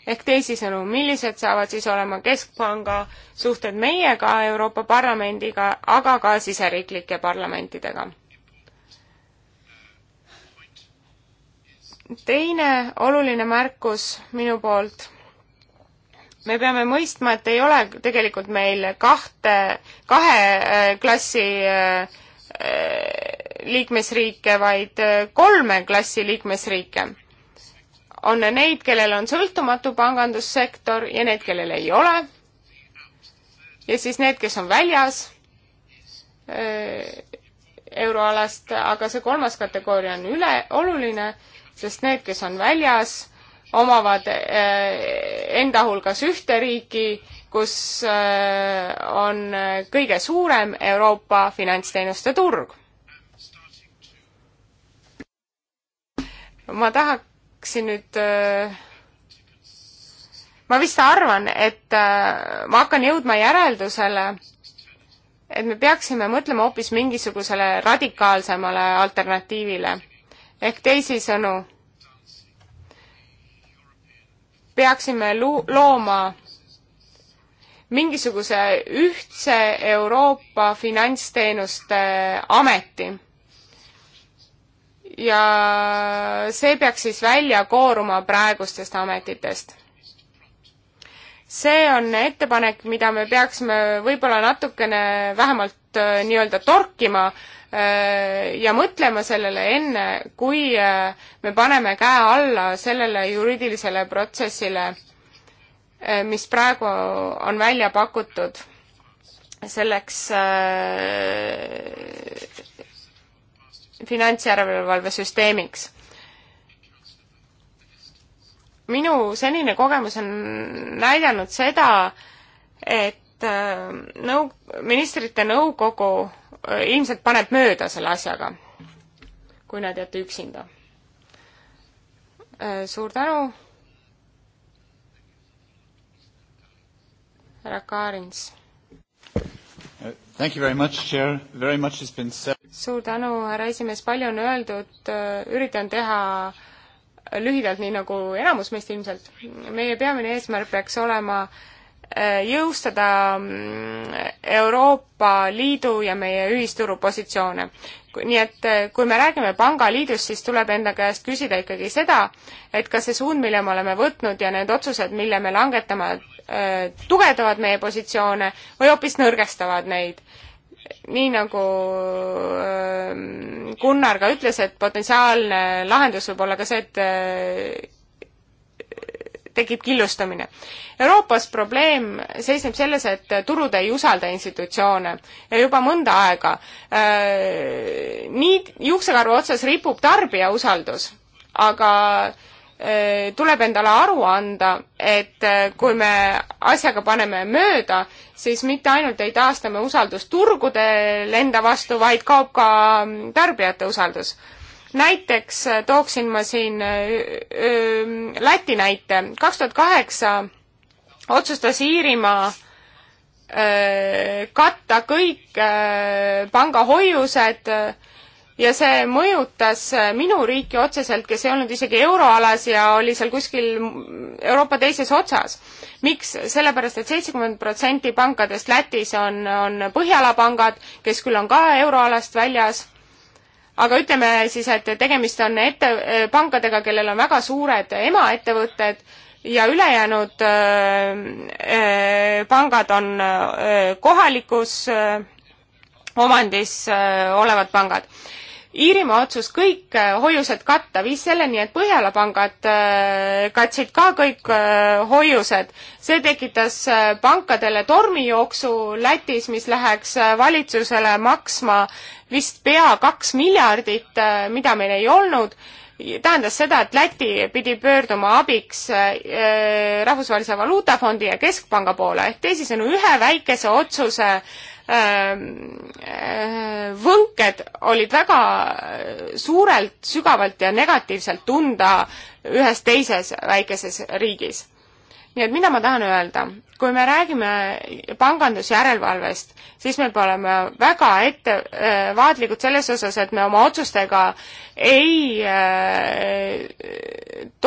ehk teisisõnu, millised saavad siis olema Keskpanga suhted meiega, Euroopa Parlamendiga, aga ka siseriiklike parlamentidega teine oluline märkus minu poolt. me peame mõistma, et ei ole tegelikult meil kahte, kahe äh, klassi äh, liikmesriike, vaid äh, kolme klassi liikmesriike. on neid, kellel on sõltumatu pangandussektor ja need, kellel ei ole. ja siis need, kes on väljas äh, euroalast, aga see kolmas kategooria on üle, oluline, sest need, kes on väljas, omavad äh, enda hulgas ühte riiki, kus on kõige suurem Euroopa finantsteenuste turg ma tahaksin nüüd äh, ma vist arvan, et äh, ma hakkan jõudma järeldusele, et me peaksime mõtlema hoopis mingisugusele radikaalsemale alternatiivile. ehk teisisõnu, peaksime lu-, looma mingisuguse ühtse Euroopa finantsteenuste ameti ja see peaks siis välja kooruma praegustest ametitest. see on ettepanek, mida me peaksime võib-olla natukene vähemalt äh, nii-öelda torkima äh, ja mõtlema sellele enne, kui äh, me paneme käe alla sellele juriidilisele protsessile, mis praegu on välja pakutud selleks finantsjärelevalvesüsteemiks. minu senine kogemus on näidanud seda, et äh, nõu-, ministrite nõukogu äh, ilmselt paneb mööda selle asjaga, kui nad jätta üksinda. Äh, suur tänu. härra Kaarins. Thank you very much, Chair. Very much has been said suur tänu, härra esimees, palju on öeldud, äh, üritan teha lühidalt, nii nagu enamus meist ilmselt. meie peamine eesmärk peaks olema äh, jõustada mm, Euroopa Liidu ja meie ühisturu positsioone. nii et äh, kui me räägime pangaliidust, siis tuleb enda käest küsida ikkagi seda, et kas see suund, mille me oleme võtnud ja need otsused, mille me langetame, tugevdavad meie positsioone või hoopis nõrgestavad neid nii nagu ähm, Gunnar ka ütles, et potentsiaalne lahendus võib olla ka see, et äh, tekib killustamine. Euroopas probleem seisneb selles, et turud ei usalda institutsioone ja juba mõnda aega. Äh, nii juuksekarva otsas ripub tarbija usaldus, aga äh, Äh, tuleb endale aru anda, et äh, kui me asjaga paneme mööda, siis mitte ainult ei taasta me usaldust turgudel enda vastu, vaid kaob ka mm, tarbijate usaldus. näiteks äh, tooksin ma siin Läti näite. kaks tuhat kaheksa otsustas Iirimaa katta kõik pangahoiused ja see mõjutas äh, minu riiki otseselt, kes ei olnud isegi euroalas ja oli seal kuskil Euroopa teises otsas. miks? sellepärast, et seitsekümmend protsenti pankadest Lätis on, on Põhjala pangad, kes küll on ka euroalast väljas, aga ütleme siis, et tegemist on ette, äh, pankadega, kellel on väga suured emaettevõtted ja ülejäänud äh, äh, pangad on äh, kohalikus äh, omandis äh, olevad pangad. Iirimaa otsus kõik äh, hoiused katta viis selleni, et Põhjala pangad äh, katsid ka kõik äh, hoiused. see tekitas pankadele tormijooksu Lätis, mis läheks valitsusele maksma vist pea kaks miljardit, mida meil ei olnud tähendas seda, et Läti pidi pöörduma abiks Rahvusvahelise Valuutafondi ja Keskpanga poole, ehk teisisõnu ühe väikese otsuse Ehm, eh, võnked olid väga eh, suurelt, sügavalt ja negatiivselt tunda ühes teises väikeses riigis. nii et mida ma tahan öelda? kui me räägime pangandusjärelevalvest, siis me oleme väga ettevaatlikud eh, selles osas, et me oma otsustega ei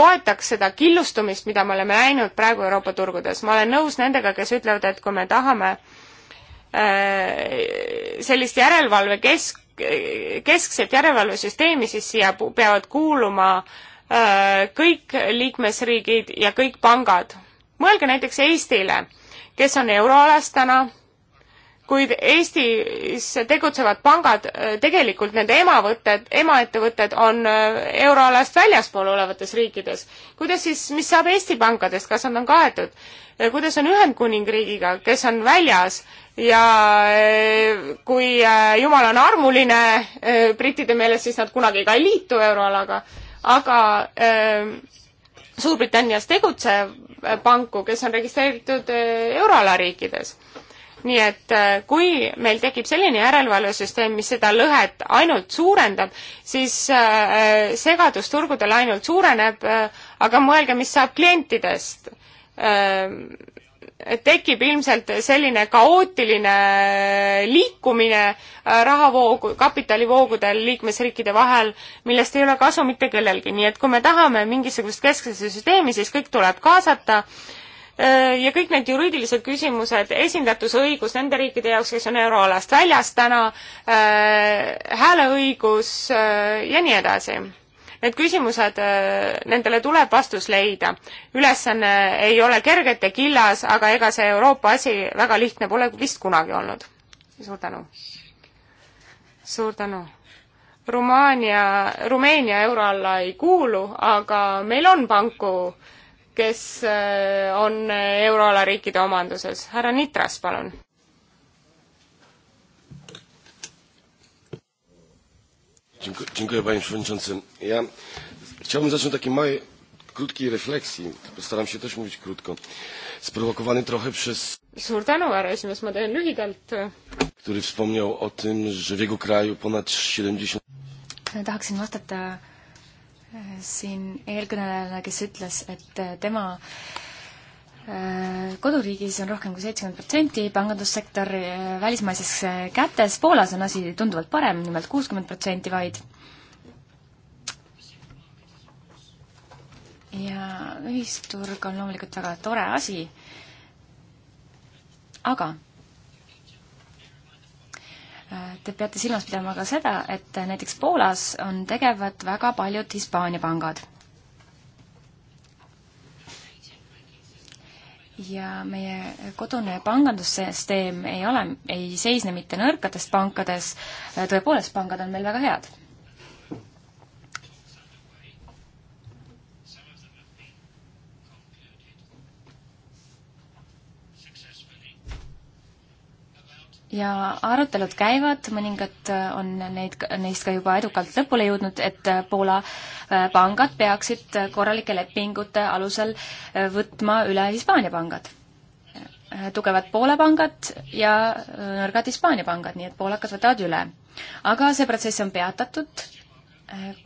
toetaks seda killustumist, mida me oleme näinud praegu Euroopa turgudes. ma olen nõus nendega, kes ütlevad, et kui me tahame äh, Äh, sellist järelevalve kesk, keskset järelevalvesüsteemi, siis siia peavad kuuluma äh, kõik liikmesriigid ja kõik pangad. mõelge näiteks Eestile, kes on euroalas täna, kuid Eestis tegutsevad pangad, äh, tegelikult nende emavõtted, emaettevõtted on euroalast väljaspool olevates riikides. kuidas siis, mis saab Eesti pankadest, kas nad on kaetud? kuidas on Ühendkuningriigiga, kes on väljas ja eh, kui eh, jumal on armuline eh, brittide meelest, siis nad kunagi ka ei liitu euroalaga, aga Suurbritannias tegutsev panku, kes on registreeritud euroala riikides nii et kui meil tekib selline järelevalvesüsteem, mis seda lõhet ainult suurendab, siis segadus turgudel ainult suureneb, aga mõelge, mis saab klientidest tekib ilmselt selline kaootiline liikumine äh, rahavoogu, kapitalivoogudel liikmesriikide vahel, millest ei ole kasu mitte kellelgi, nii et kui me tahame mingisugust kesksesse süsteemi, siis kõik tuleb kaasata äh, ja kõik need juriidilised küsimused, esindatusõigus nende riikide jaoks, kes on euroalast väljas täna, äh, hääleõigus ja nii edasi Need küsimused, äh, nendele tuleb vastus leida. ülesanne ei ole kergete killas, aga ega see Euroopa asi väga lihtne pole vist kunagi olnud. suur tänu! suur tänu! Rumaania, Rumeenia euro alla ei kuulu, aga meil on panku, kes äh, on äh, euroala riikide omanduses. härra Nitras, palun! Dziękuję, dziękuję panie przewodniczący. Ja chciałbym zacząć takiej małej, krótkiej refleksji. Postaram się też mówić krótko. Sprowokowany trochę przez... Suur tänu, härra esimees, ma teen lühidalt. ...który wspomniał o tym, że w jego kraju ponad 70... Tahaksin vastata eh, siin eelkõnelejale, kes ütles, et eh, tema Äh, koduriigis on rohkem kui seitsekümmend protsenti pangandussektor äh, välismaises äh, kätes, Poolas on asi tunduvalt parem, nimelt kuuskümmend protsenti vaid. ja ühisturg on loomulikult väga tore asi, aga te peate silmas pidama ka seda, et näiteks Poolas on tegevad väga paljud Hispaania pangad ja meie kodune pangandussüsteem ei ole, ei seisne mitte nõrkades pankades, tõepoolest, pangad on meil väga head ja arutelud käivad, mõningad äh, on neid, neist ka juba edukalt lõpule jõudnud, et äh, Poola äh, pangad peaksid korralike lepingute alusel võtma üle Hispaania pangad. tugevad Poola pangad ja nõrgad Hispaania pangad, nii et poolakad võtavad üle. aga see protsess on peatatud,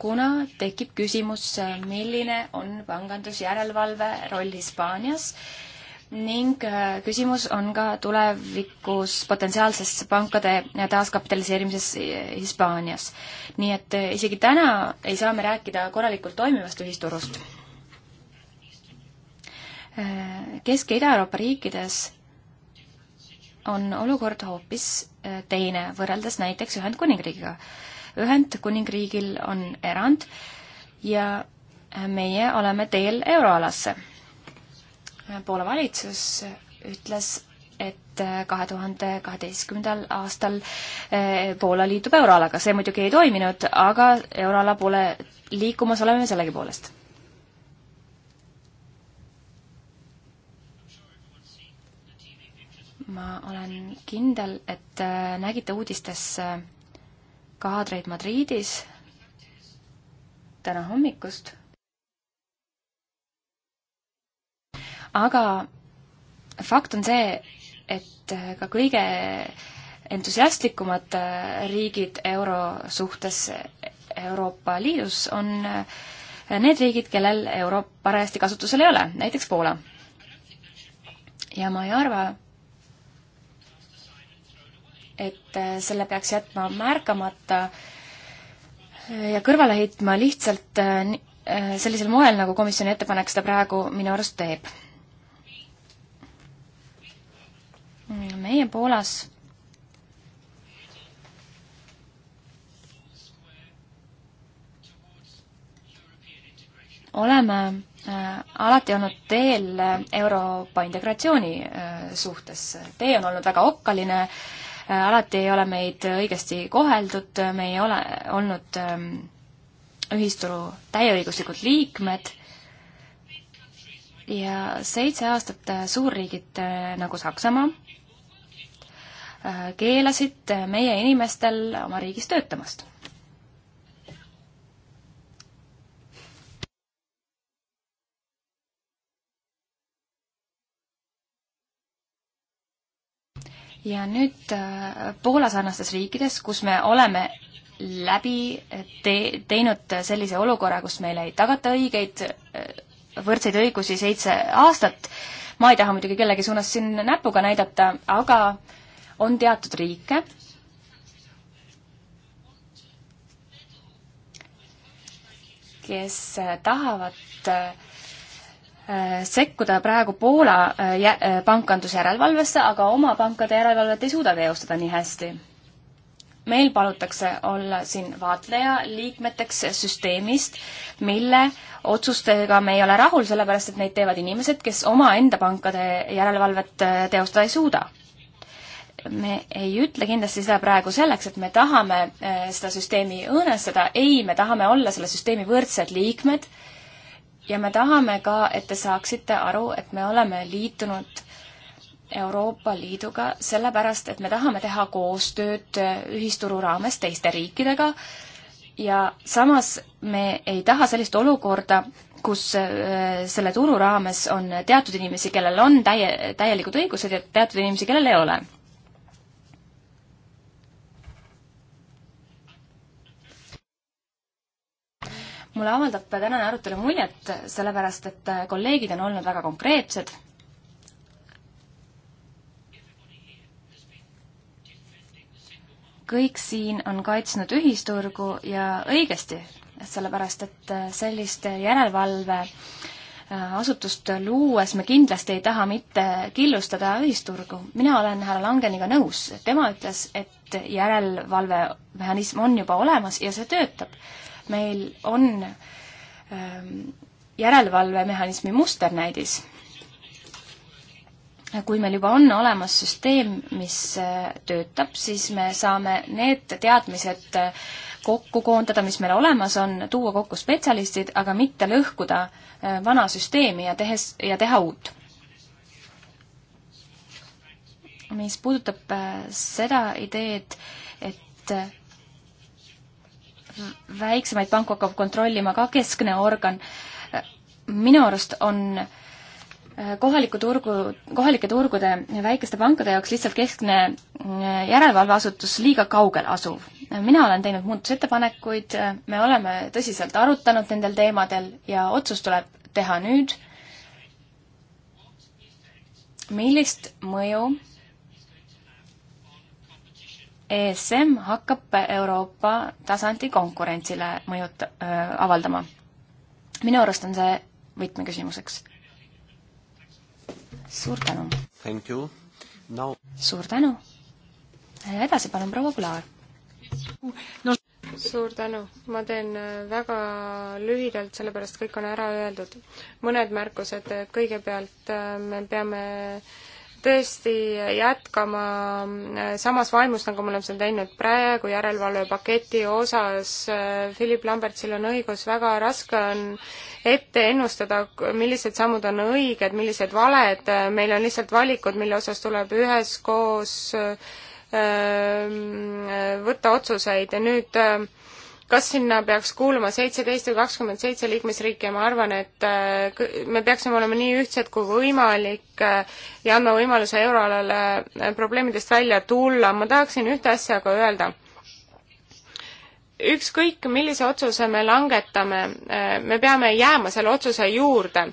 kuna tekib küsimus, milline on pangandusjärelevalve roll Hispaanias ning äh, küsimus on ka tulevikus potentsiaalses pankade taaskapitaliseerimises äh, Hispaanias. nii et äh, isegi täna ei saa me rääkida korralikult toimivast ühisturust. Kesk- ja Ida-Euroopa riikides on olukord hoopis teine, võrreldes näiteks Ühendkuningriigiga. Ühendkuningriigil on erand ja meie oleme teel euroalasse Poola valitsus ütles, et äh, kahe tuhande kaheteistkümnendal aastal äh, Poola liitub euroalaga. see muidugi ei toiminud, aga euroala poole liikumas oleme sellegipoolest. ma olen kindel, et äh, nägite uudistes kaadreid Madridis täna hommikust aga fakt on see, et ka kõige entusiastlikumad äh, riigid euro suhtes äh, Euroopa Liidus on äh, need riigid, kellel euro parajasti kasutusel ei ole, näiteks Poola. ja ma ei arva, et selle peaks jätma märkamata ja kõrvale heitma lihtsalt sellisel moel, nagu komisjoni ettepanek seda praegu minu arust teeb meie Poolas oleme äh, alati olnud teel äh, Euroopa integratsiooni äh, suhtes. tee on olnud väga okkaline, alati ei ole meid õigesti koheldud, me ei ole olnud ähm, ühisturu täieõiguslikud liikmed ja seitse aastat suurriigid nagu Saksamaa Äh, keelasid meie inimestel oma riigis töötamast. ja nüüd äh, Poola sarnastes riikides, kus me oleme läbi te-, teinud sellise olukorra, kus meile ei tagata õigeid äh, võrdseid õigusi seitse aastat, ma ei taha muidugi kellegi suunas siin näpuga näidata, aga äh, on teatud riike, kes äh, tahavad äh, sekkuda praegu Poola äh, pangandusjärelevalvesse, aga oma pankade järelevalvet ei suuda teostada nii hästi. meil palutakse olla siin vaatleja liikmeteks süsteemist, mille otsustega me ei ole rahul, sellepärast et neid teevad inimesed, kes omaenda pankade järelevalvet teostada ei suuda me ei ütle kindlasti seda praegu selleks, et me tahame eh, seda süsteemi õõnestada, ei, me tahame olla selle süsteemi võrdsed liikmed ja me tahame ka, et te saaksite aru, et me oleme liitunud Euroopa Liiduga sellepärast, et me tahame teha koostööd eh, ühisturu raames teiste riikidega ja samas me ei taha sellist olukorda, kus eh, selle turu raames on teatud inimesi, kellel on täie, täielikud õigused ja teatud inimesi, kellel ei ole mulle avaldab tänane arutelu muljet, sellepärast et kolleegid on olnud väga konkreetsed. kõik siin on kaitsnud ühisturgu ja õigesti, sellepärast et sellist järelevalve äh, asutust luues me kindlasti ei taha mitte killustada ühisturgu. mina olen härra Langeniga nõus, tema ütles, et järelevalvemehhanism on juba olemas ja see töötab meil on ähm, järelevalvemehhanismi musternäidis. kui meil juba on olemas süsteem, mis äh, töötab, siis me saame need teadmised äh, kokku koondada, mis meil olemas on, tuua kokku spetsialistid, aga mitte lõhkuda äh, vana süsteemi ja tehes, ja teha uut mis puudutab seda ideed, et väiksemaid panku hakkab kontrollima ka keskne organ. minu arust on äh, kohaliku turgu, kohalike turgude väikeste pankade jaoks lihtsalt keskne äh, järelevalveasutus liiga kaugel asuv. mina olen teinud muudatusettepanekuid, äh, me oleme tõsiselt arutanud nendel teemadel ja otsus tuleb teha nüüd. millist mõju ESM hakkab Euroopa tasandi konkurentsile mõjut- äh,, avaldama. minu arust on see võtmeküsimuseks. suur tänu! Now... suur tänu! edasi palun, proua Kulaar no.! suur tänu, ma teen väga lühidalt, sellepärast kõik on ära öeldud. mõned märkused, kõigepealt me peame äh, tõesti jätkama samas vaimus, nagu me oleme seda teinud praegu järelevalvepaketi osas. Äh, Philip Lambertsil on õigus, väga raske on ette ennustada, millised sammud on õiged, millised valed, äh, meil on lihtsalt valikud, mille osas tuleb üheskoos äh, võtta otsuseid ja nüüd kas sinna peaks kuuluma seitseteist või kakskümmend seitse liikmesriiki ja ma arvan, et äh, me peaksime olema nii ühtsed kui võimalik äh, ja andma võimaluse euroalale äh, probleemidest välja tulla. ma tahaksin ühte asja aga öelda. ükskõik, millise otsuse me langetame, me peame jääma selle otsuse juurde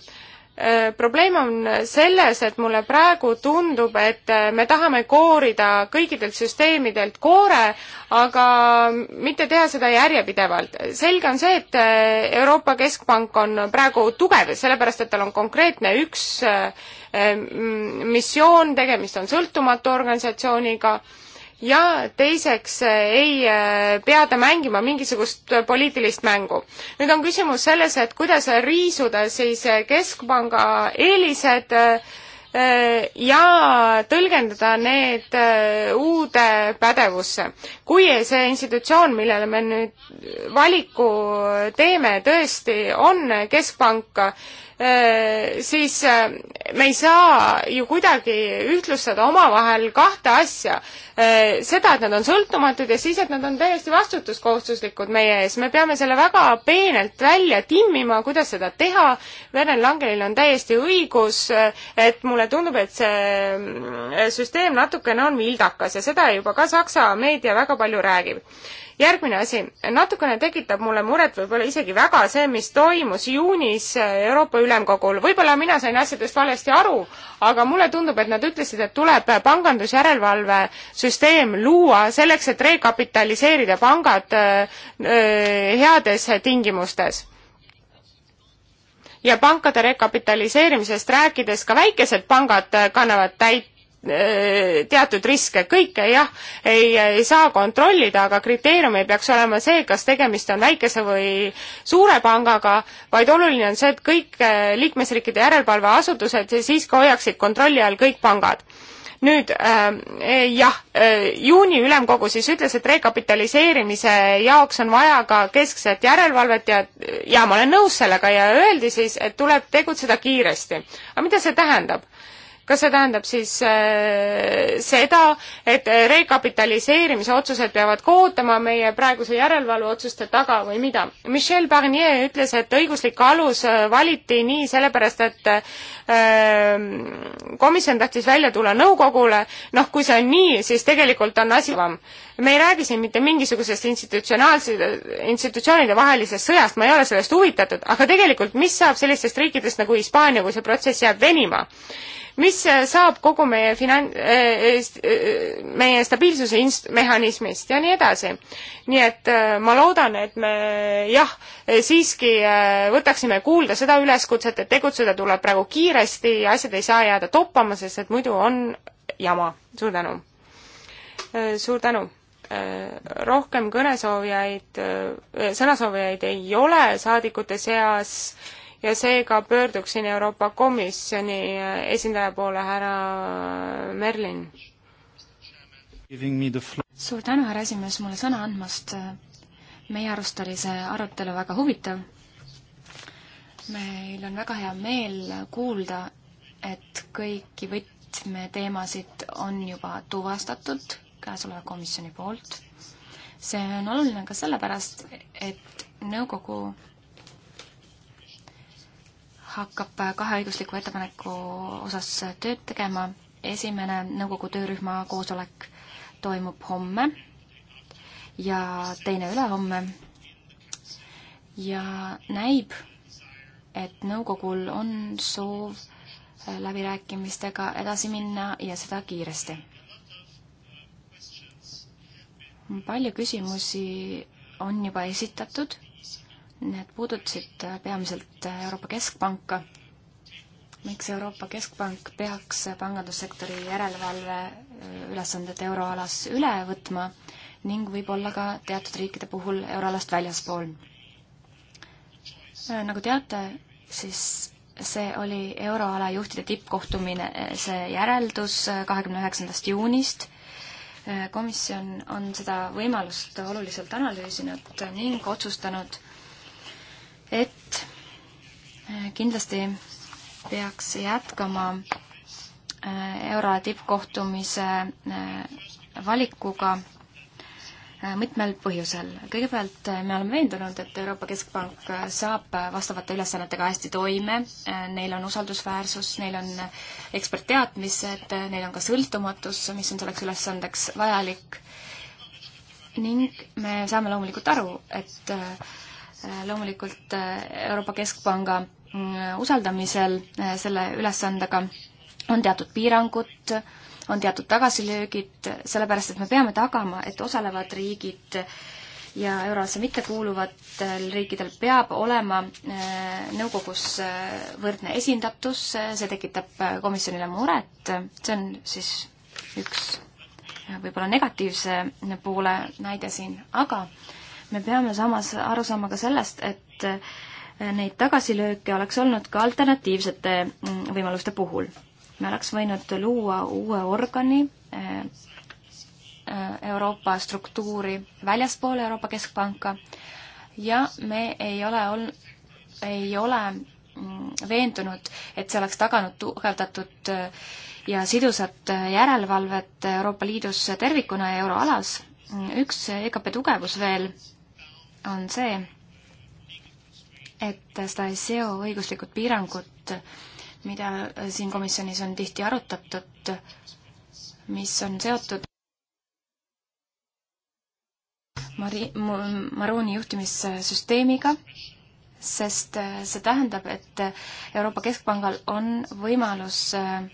Äh, probleem on selles, et mulle praegu tundub, et äh, me tahame koorida kõikidelt süsteemidelt koore, aga mitte teha seda järjepidevalt. selge on see, et äh, Euroopa Keskpank on praegu tugev, sellepärast et tal on konkreetne üks missioon, tegemist on sõltumatu organisatsiooniga ja teiseks eh, ei eh, pea ta mängima mingisugust eh, poliitilist mängu. nüüd on küsimus selles, et kuidas riisuda siis keskpanga eelised ja tõlgendada need uude pädevusse. kui see institutsioon, millele me nüüd valiku teeme, tõesti on keskpank, Äh, siis äh, me ei saa ju kuidagi ühtlustada omavahel kahte asja. Äh, seda, et nad on sõltumatud ja siis, et nad on täiesti vastutuskohustuslikud meie ees. me peame selle väga peenelt välja timmima, kuidas seda teha. Veren Langelil on täiesti õigus, et mulle tundub, et see mm, süsteem natukene on vildakas ja seda juba ka Saksa meedia väga palju räägib järgmine asi, natukene tekitab mulle muret võib-olla isegi väga see, mis toimus juunis äh, Euroopa Ülemkogul, võib-olla mina sain asjadest valesti aru, aga mulle tundub, et nad ütlesid, et tuleb pangandusjärelevalve süsteem luua selleks, et rekapitaliseerida pangad äh, äh, heades tingimustes ja pankade rekapitaliseerimisest rääkides ka väikesed pangad kannavad täit Äh, teatud riske, kõike jah, ei, ei saa kontrollida, aga kriteerium ei peaks olema see, kas tegemist on väikese või suure pangaga, vaid oluline on see, et kõik äh, liikmesriikide järelevalveasutused siiski hoiaksid kontrolli all kõik pangad nüüd äh, jah äh,, juuni ülemkogu siis ütles, et rekapitaliseerimise jaoks on vaja ka keskset järelevalvet ja, ja ma olen nõus sellega ja öeldi siis, et tuleb tegutseda kiiresti. aga mida see tähendab? kas see tähendab siis äh, seda, et äh, rekapitaliseerimise otsused peavad ka ootama meie praeguse järelevalveotsuste taga või mida? Michel Barnier ütles, et õiguslik alus äh, valiti nii sellepärast, et äh, komisjon tahtis välja tulla nõukogule, noh, kui see on nii, siis tegelikult on asi vamm. me ei räägi siin mitte mingisugusest institutsionaalse, institutsioonide vahelisest sõjast, ma ei ole sellest huvitatud, aga tegelikult mis saab sellistest riikidest nagu Hispaania, kui see protsess jääb venima? mis äh, saab kogu meie finan-, äh, äh, meie stabiilsuse inst-, mehhanismist ja nii edasi. nii et ma loodan, et me jah, siiski võtaksime kuulda seda üleskutset, et tegutseda tuleb praegu kiiresti ja asjad ei saa jääda toppama, sest et muidu on jama. suur tänu! suur tänu! rohkem kõnesoovijaid, sõnasoovijaid ei ole saadikute seas ja seega pöörduksin Euroopa Komisjoni esindaja poole, härra Merlin. suur tänu, härra esimees, mulle sõna andmast. meie arust oli see arutelu väga huvitav. meil on väga hea meel kuulda, et kõiki võtmeteemasid on juba tuvastatud käesoleva komisjoni poolt. see on oluline ka sellepärast, et nõukogu hakkab kaheõigusliku ettepaneku osas tööd tegema. esimene nõukogu töörühma koosolek toimub homme ja teine ülehomme. ja näib, et nõukogul on soov läbirääkimistega edasi minna ja seda kiiresti. palju küsimusi on juba esitatud Need puudutasid äh, peamiselt äh, Euroopa Keskpanka. miks Euroopa Keskpank peaks äh, pangandussektori järelevalve ülesanded euroalas üle võtma ning võib-olla ka teatud riikide puhul euroalast väljaspool? nagu teate, siis see oli euroala juhtide tippkohtumine, see järeldus kahekümne üheksandast juunist komisjon on seda võimalust oluliselt analüüsinud ning otsustanud et äh, kindlasti peaks jätkama äh, euro tippkohtumise äh, valikuga mitmel põhjusel. kõigepealt me oleme veendunud, et Euroopa Keskpank saab vastavate ülesannetega hästi toime, neil on usaldusväärsus, neil on ekspertteadmised, neil on ka sõltumatus, mis on selleks ülesandeks vajalik. ning me saame loomulikult aru, et Äh, loomulikult äh, Euroopa Keskpanga mm, usaldamisel äh, selle ülesandega on teatud piirangud, on teatud tagasilöögid, sellepärast et me peame tagama, et osalevad riigid ja euroalasse mittekuuluvatel riikidel peab olema nõukogus võrdne esindatus, see tekitab komisjonile muret, see on siis üks võib-olla negatiivse poole näide siin, aga äh, me peame samas aru saama ka sellest, et äh, neid tagasilööke oleks olnud ka alternatiivsete mm, võimaluste puhul. me oleks võinud luua uue organi äh, äh, Euroopa struktuuri väljaspool Euroopa Keskpanka ja me ei ole olnud, ei ole mm, veendunud, et see oleks taganud tugevdatud ja sidusat järelevalvet Euroopa Liidus tervikuna ja euroalas. Mm, üks EKP tugevus veel on see, et seda ei seo õiguslikud piirangud, mida siin komisjonis on tihti arutatud, mis on seotud Mari-, Maroni juhtimissüsteemiga, sest see tähendab, et Euroopa Keskpangal on võimalus äh,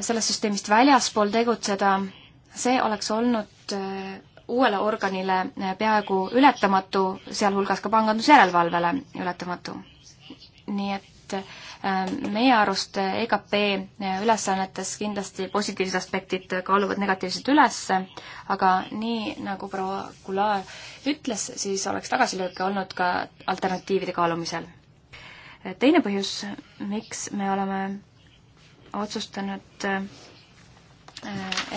sellest süsteemist väljaspool tegutseda, see oleks olnud äh, uuele organile peaaegu ületamatu, sealhulgas ka pangandusjärelevalvele ületamatu. nii et äh, meie arust EKP äh, ülesannetes kindlasti positiivsed aspektid kaaluvad negatiivsed üles, aga nii, nagu proua Goulart ütles, siis oleks tagasilööke olnud ka alternatiivide kaalumisel. Äh, teine põhjus, miks me oleme otsustanud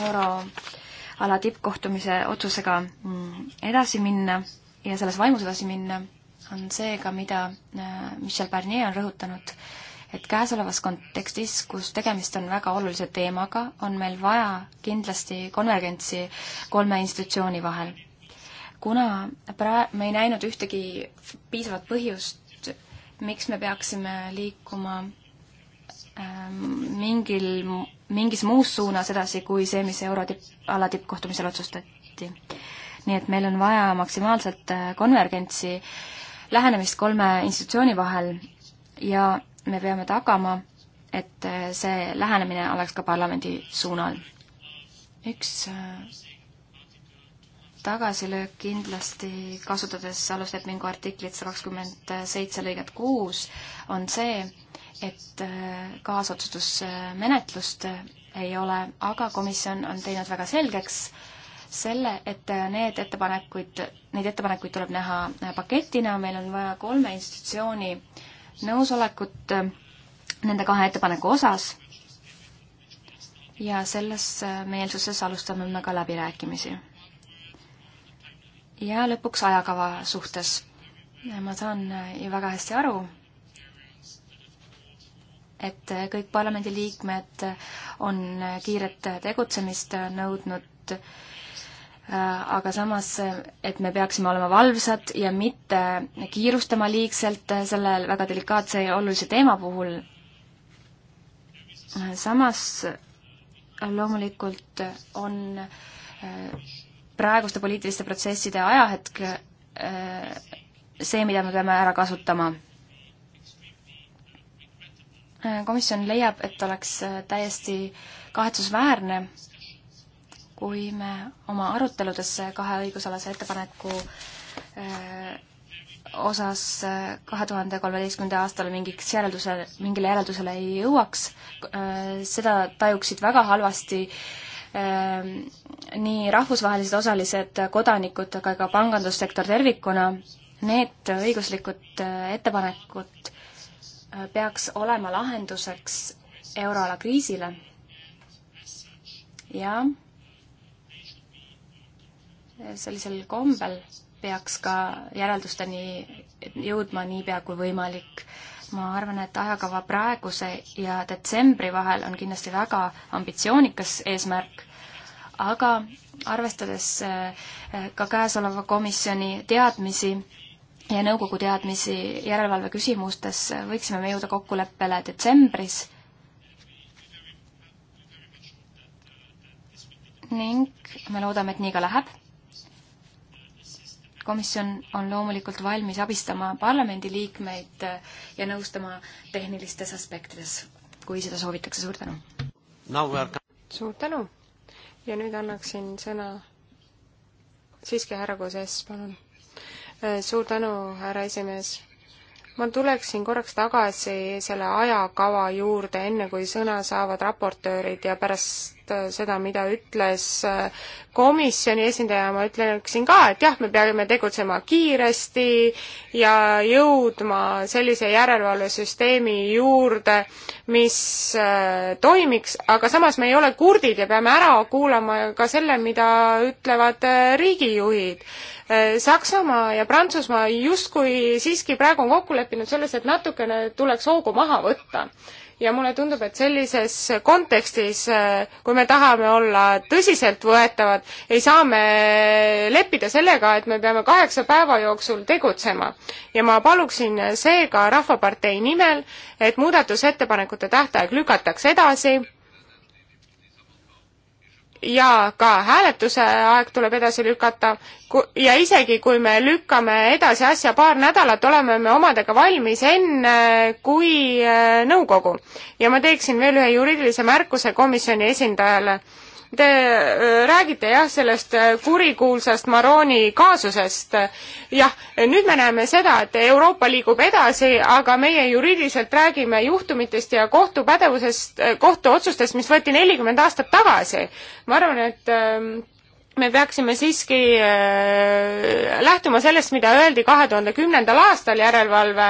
euro äh, ala tippkohtumise otsusega mm, edasi minna ja selles vaimus edasi minna, on see ka, mida äh, Michel Barnier on rõhutanud, et käesolevas kontekstis, kus tegemist on väga olulise teemaga, on meil vaja kindlasti konvergentsi kolme institutsiooni vahel. kuna pra-, me ei näinud ühtegi piisavat põhjust, miks me peaksime liikuma ähm, mingil mingis muus suunas edasi kui see, mis euro tipp, ala tippkohtumisel otsustati. nii et meil on vaja maksimaalselt äh, konvergentsi lähenemist kolme institutsiooni vahel ja me peame tagama, et äh, see lähenemine oleks ka parlamendi suunal. üks äh, tagasilöök kindlasti, kasutades aluslepingu artiklit sada kakskümmend seitse lõiget kuus, on see, et äh, kaasotsustusmenetlust äh, ei ole, aga komisjon on teinud väga selgeks selle, et äh, need ettepanekuid, neid ettepanekuid tuleb näha paketina, meil on vaja kolme institutsiooni nõusolekut nende kahe ettepaneku osas ja selles meelsuses alustame me ka läbirääkimisi. ja lõpuks ajakava suhtes. ma saan ju väga hästi aru, et kõik parlamendiliikmed on kiiret tegutsemist nõudnud, aga samas, et me peaksime olema valvsad ja mitte kiirustama liigselt selle väga delikaatse ja olulise teema puhul. samas loomulikult on äh, praeguste poliitiliste protsesside ajahetk äh, see, mida me peame ära kasutama komisjon leiab, et oleks äh, täiesti kahetsusväärne, kui me oma aruteludesse kahe õigusalase ettepaneku äh, osas äh, kahe tuhande kolmeteistkümnenda aastal mingiks järelduse, mingile järeldusele ei jõuaks, seda tajuksid väga halvasti nii rahvusvahelised osalised, kodanikud, aga ka pangandussektor tervikuna, need õiguslikud ettepanekud peaks olema lahenduseks euroala kriisile ja sellisel kombel peaks ka järeldusteni jõudma niipea kui võimalik. ma arvan, et ajakava praeguse ja detsembri vahel on kindlasti väga ambitsioonikas eesmärk, aga arvestades äh, ka käesoleva komisjoni teadmisi ja nõukogu teadmisi järelevalve küsimustes võiksime me jõuda kokkuleppele detsembris ning me loodame, et nii ka läheb. komisjon on loomulikult valmis abistama parlamendiliikmeid ja nõustama tehnilistes aspektides, kui seda soovitakse, suur tänu! suur tänu! ja nüüd annaksin sõna siiski härra Koses, palun Äh, suur tänu, härra esimees. ma tuleksin korraks tagasi selle ajakava juurde, enne kui sõna saavad raportöörid ja pärast täpselt äh, seda, mida ütles äh, komisjoni esindaja, ma ütleksin ka, et jah, me peame tegutsema kiiresti ja jõudma sellise järelevalvesüsteemi juurde, mis äh, toimiks, aga samas me ei ole kurdid ja peame ära kuulama ka selle, mida ütlevad riigijuhid Saksamaa ja Prantsusmaa justkui siiski praegu on kokku leppinud selles, et natukene tuleks hoogu maha võtta ja mulle tundub, et sellises kontekstis, äh, kui me tahame olla tõsiseltvõetavad, ei saa me leppida sellega, et me peame kaheksa päeva jooksul tegutsema. ja ma paluksin seega Rahvapartei nimel, et muudatusettepanekute tähtaeg lükatakse edasi ja ka hääletuse aeg tuleb edasi lükata ja isegi, kui me lükkame edasi asja paar nädalat, oleme me omadega valmis enne kui äh, nõukogu. ja ma teeksin veel ühe juriidilise märkuse komisjoni esindajale Te äh, räägite jah, sellest äh, kurikuulsast Maroni kaasusest. jah, nüüd me näeme seda, et Euroopa liigub edasi, aga meie juriidiliselt räägime juhtumitest ja kohtupädevusest, äh, kohtuotsustest, mis võeti nelikümmend aastat tagasi. ma arvan, et ähm, me peaksime siiski lähtuma sellest, mida öeldi kahe tuhande kümnendal aastal järelevalve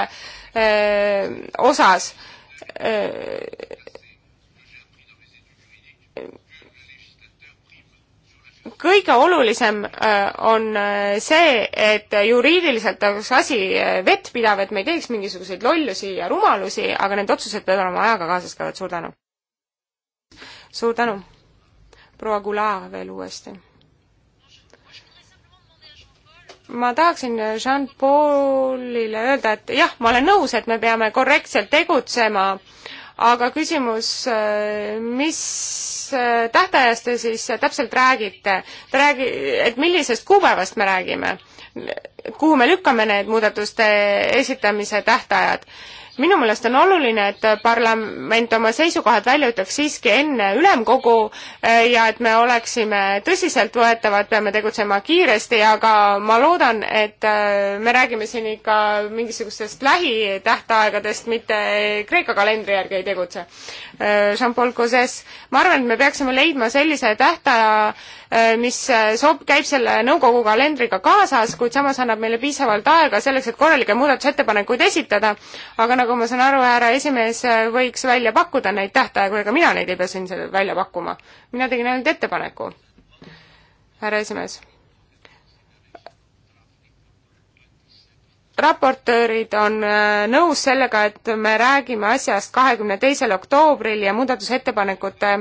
osas kõige olulisem äh, on äh, see, et juriidiliselt oleks asi äh, vettpidav, et me ei teeks mingisuguseid lollusi ja rumalusi, aga need otsused peavad olema ajaga kaasas käivad, suur tänu! suur tänu! proua Goulart veel uuesti. ma tahaksin Jean-Paulile öelda, et jah, ma olen nõus, et me peame korrektselt tegutsema äh, aga küsimus, äh, mis äh, tähtajast te siis täpselt räägite? Te räägi-, et millisest kuupäevast me räägime? kuhu me lükkame need muudatuste esitamise tähtajad? minu meelest on oluline, et parlament oma seisukohad välja ütleks siiski enne ülemkogu eh, ja et me oleksime tõsiseltvõetavad, peame tegutsema kiiresti, aga ma loodan, et eh, me räägime siin ikka mingisugustest lähitähtaegadest, mitte Kreeka kalendri järgi ei tegutse. Eh, Jean-Paul Gauzes, ma arvan, et me peaksime leidma sellise tähtaja, Äh, mis äh, sob-, käib selle nõukogu kalendriga kaasas, kuid samas annab meile piisavalt aega selleks, et korralikke muudatusettepanekuid esitada, aga nagu ma saan aru, härra esimees äh, võiks välja pakkuda neid tähtaegu, ega mina neid ei pea siin välja pakkuma. mina tegin ainult ettepaneku, härra esimees raportöörid on nõus sellega, et me räägime asjast kahekümne teisel oktoobril ja muudatusettepanekute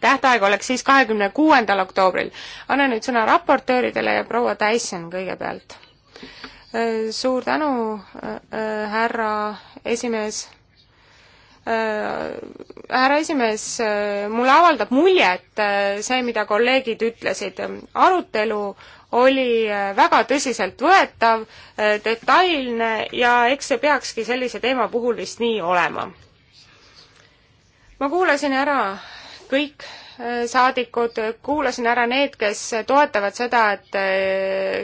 tähtaeg oleks siis kahekümne kuuendal oktoobril. annan nüüd sõna raportööridele ja proua Tyson kõigepealt. Äh, suur tänu, äh, äh, härra esimees härra esimees, mulle avaldab muljet see, mida kolleegid ütlesid. arutelu oli väga tõsiseltvõetav, detailne ja eks see peakski sellise teema puhul vist nii olema. ma kuulasin ära kõik äh, saadikud, kuulasin ära need, kes toetavad seda, et äh,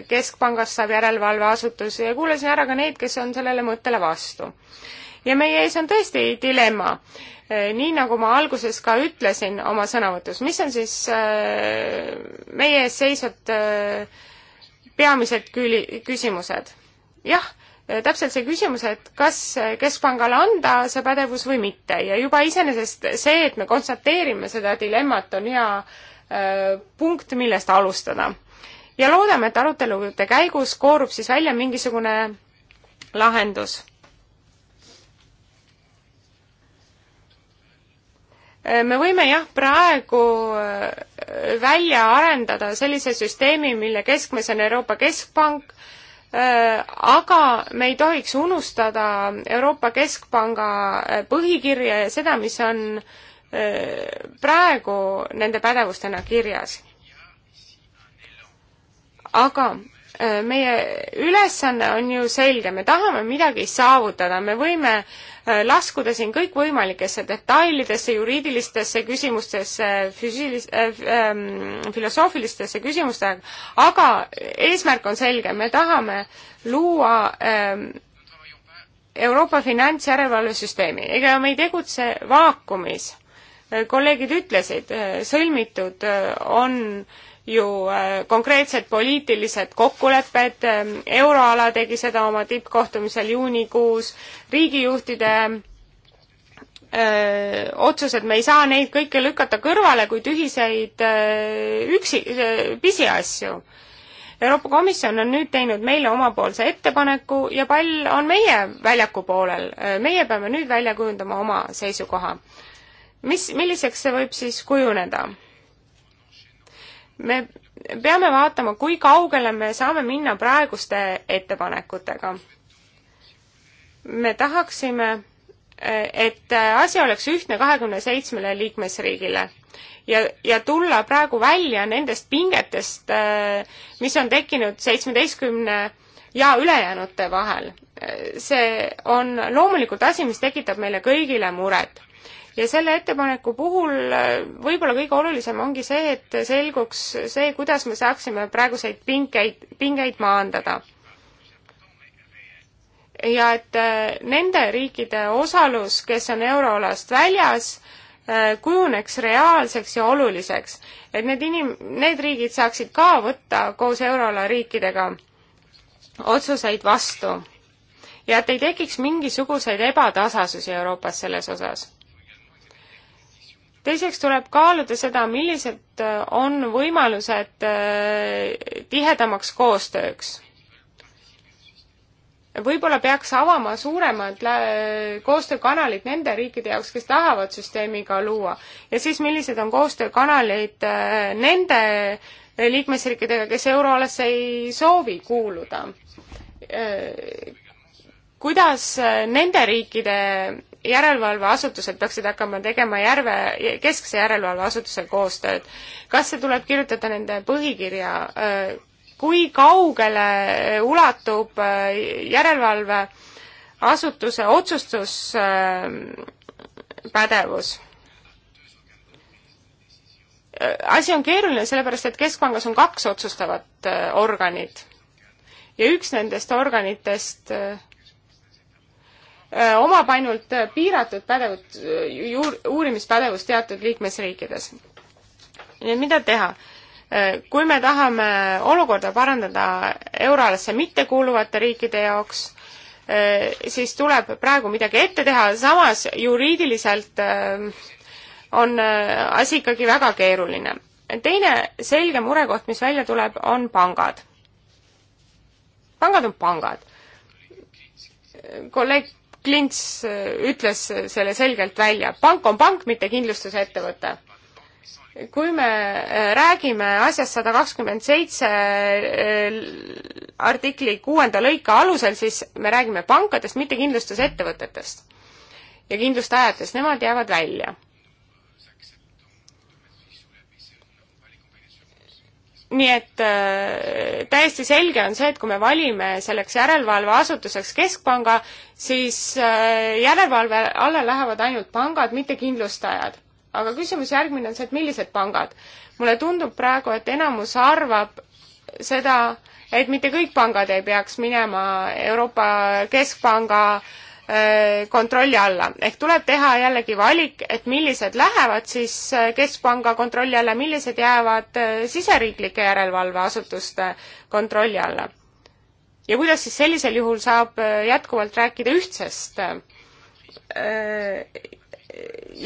Keskpangast saab järelevalveasutus ja kuulasin ära ka need, kes on sellele mõttele vastu. ja meie ees on tõesti dilemma. Äh, nii, nagu ma alguses ka ütlesin oma sõnavõtus, mis on siis meie ees seisvad peamised küli-, küsimused? jah Äh, täpselt see küsimus, et kas Keskpangale anda see pädevus või mitte ja juba iseenesest see, et me konstateerime seda dilemmat, on hea äh, punkt, millest alustada. ja loodame, et arutelude käigus koorub siis välja mingisugune lahendus. Äh, me võime jah, praegu välja arendada sellise süsteemi, mille keskmes on Euroopa Keskpank, Äh, aga me ei tohiks unustada Euroopa Keskpanga äh, põhikirja ja seda, mis on äh, praegu nende pädevustena kirjas. aga meie ülesanne on ju selge, me tahame midagi saavutada, me võime äh, Äh, laskuda siin kõikvõimalikesse detailidesse, juriidilistesse küsimustesse, füüsilis- äh,, ähm, filosoofilistesse küsimustega, aga eesmärk on selge, me tahame luua äh, Euroopa finantsjärelevalvesüsteemi, ega me ei tegutse vaakumis. kolleegid ütlesid, äh, sõlmitud äh, on äh, ju äh, konkreetsed poliitilised kokkulepped, ähm, euroala tegi seda oma tippkohtumisel juunikuus, riigijuhtide öö, äh, otsused, me ei saa neid kõike lükata kõrvale kui tühiseid öö, äh, üksi, pisiasju. Euroopa Komisjon on nüüd teinud meile omapoolse ettepaneku ja pall on meie väljaku poolel. meie peame nüüd välja kujundama oma seisukoha. mis, milliseks see võib siis kujuneda? me peame vaatama, kui kaugele me saame minna praeguste ettepanekutega. me tahaksime, et asi oleks ühtne kahekümne seitsmele liikmesriigile ja, ja tulla praegu välja nendest pingetest, mis on tekkinud seitsmeteistkümne ja ülejäänute vahel. see on loomulikult asi, mis tekitab meile kõigile muret ja selle ettepaneku puhul äh, võib-olla kõige olulisem ongi see, et selguks see, kuidas me saaksime praeguseid pingeid, pingeid maandada ja et äh, nende riikide osalus, kes on euroalast väljas, äh, kujuneks reaalseks ja oluliseks, et need inim-, need riigid saaksid ka võtta koos euroala riikidega otsuseid vastu. ja et ei tekiks mingisuguseid ebatasasusi Euroopas selles osas teiseks tuleb kaaluda seda, millised äh, on võimalused äh, tihedamaks koostööks. võib-olla peaks avama suuremad koostöökanalid nende riikide jaoks, kes tahavad süsteemiga luua ja siis millised on koostöökanalid äh, nende liikmesriikidega, kes euroalasse ei soovi kuuluda. kuidas nende riikide järelevalveasutused peaksid hakkama tegema järve, keskse järelevalveasutuse koostööd. kas see tuleb kirjutada nende põhikirja, äh, kui kaugele ulatub äh, järelevalveasutuse otsustuspädevus? Äh, asi on keeruline, sellepärast et Keskpangas on kaks otsustavat organit ja üks nendest organitest omab ainult piiratud pädevut, uurimispädevust teatud liikmesriikides. nii et mida teha? kui me tahame olukorda parandada euroalasse mittekuuluvate riikide jaoks, siis tuleb praegu midagi ette teha, samas juriidiliselt on asi ikkagi väga keeruline. teine selge murekoht, mis välja tuleb, on pangad. pangad on pangad. kolleeg Klints äh, ütles selle selgelt välja. pank on pank, mitte kindlustusettevõte. kui me äh, räägime asjast sada kakskümmend seitse äh, artikli kuuenda lõike alusel, siis me räägime pankadest, mitte kindlustusettevõtetest ja kindlustajatest, nemad jäävad välja. nii et äh, täiesti selge on see, et kui me valime selleks järelevalveasutuseks keskpanga, siis äh, järelevalve alla lähevad ainult pangad, mitte kindlustajad. aga küsimus järgmine on see, et millised pangad. mulle tundub praegu, et enamus arvab seda, et mitte kõik pangad ei peaks minema Euroopa Keskpanga äh, Äh, kontrolli alla. ehk tuleb teha jällegi valik, et millised lähevad siis äh, Keskpanga kontrolli alla, millised jäävad äh, siseriiklike järelevalveasutuste kontrolli alla. ja kuidas siis sellisel juhul saab jätkuvalt rääkida ühtsest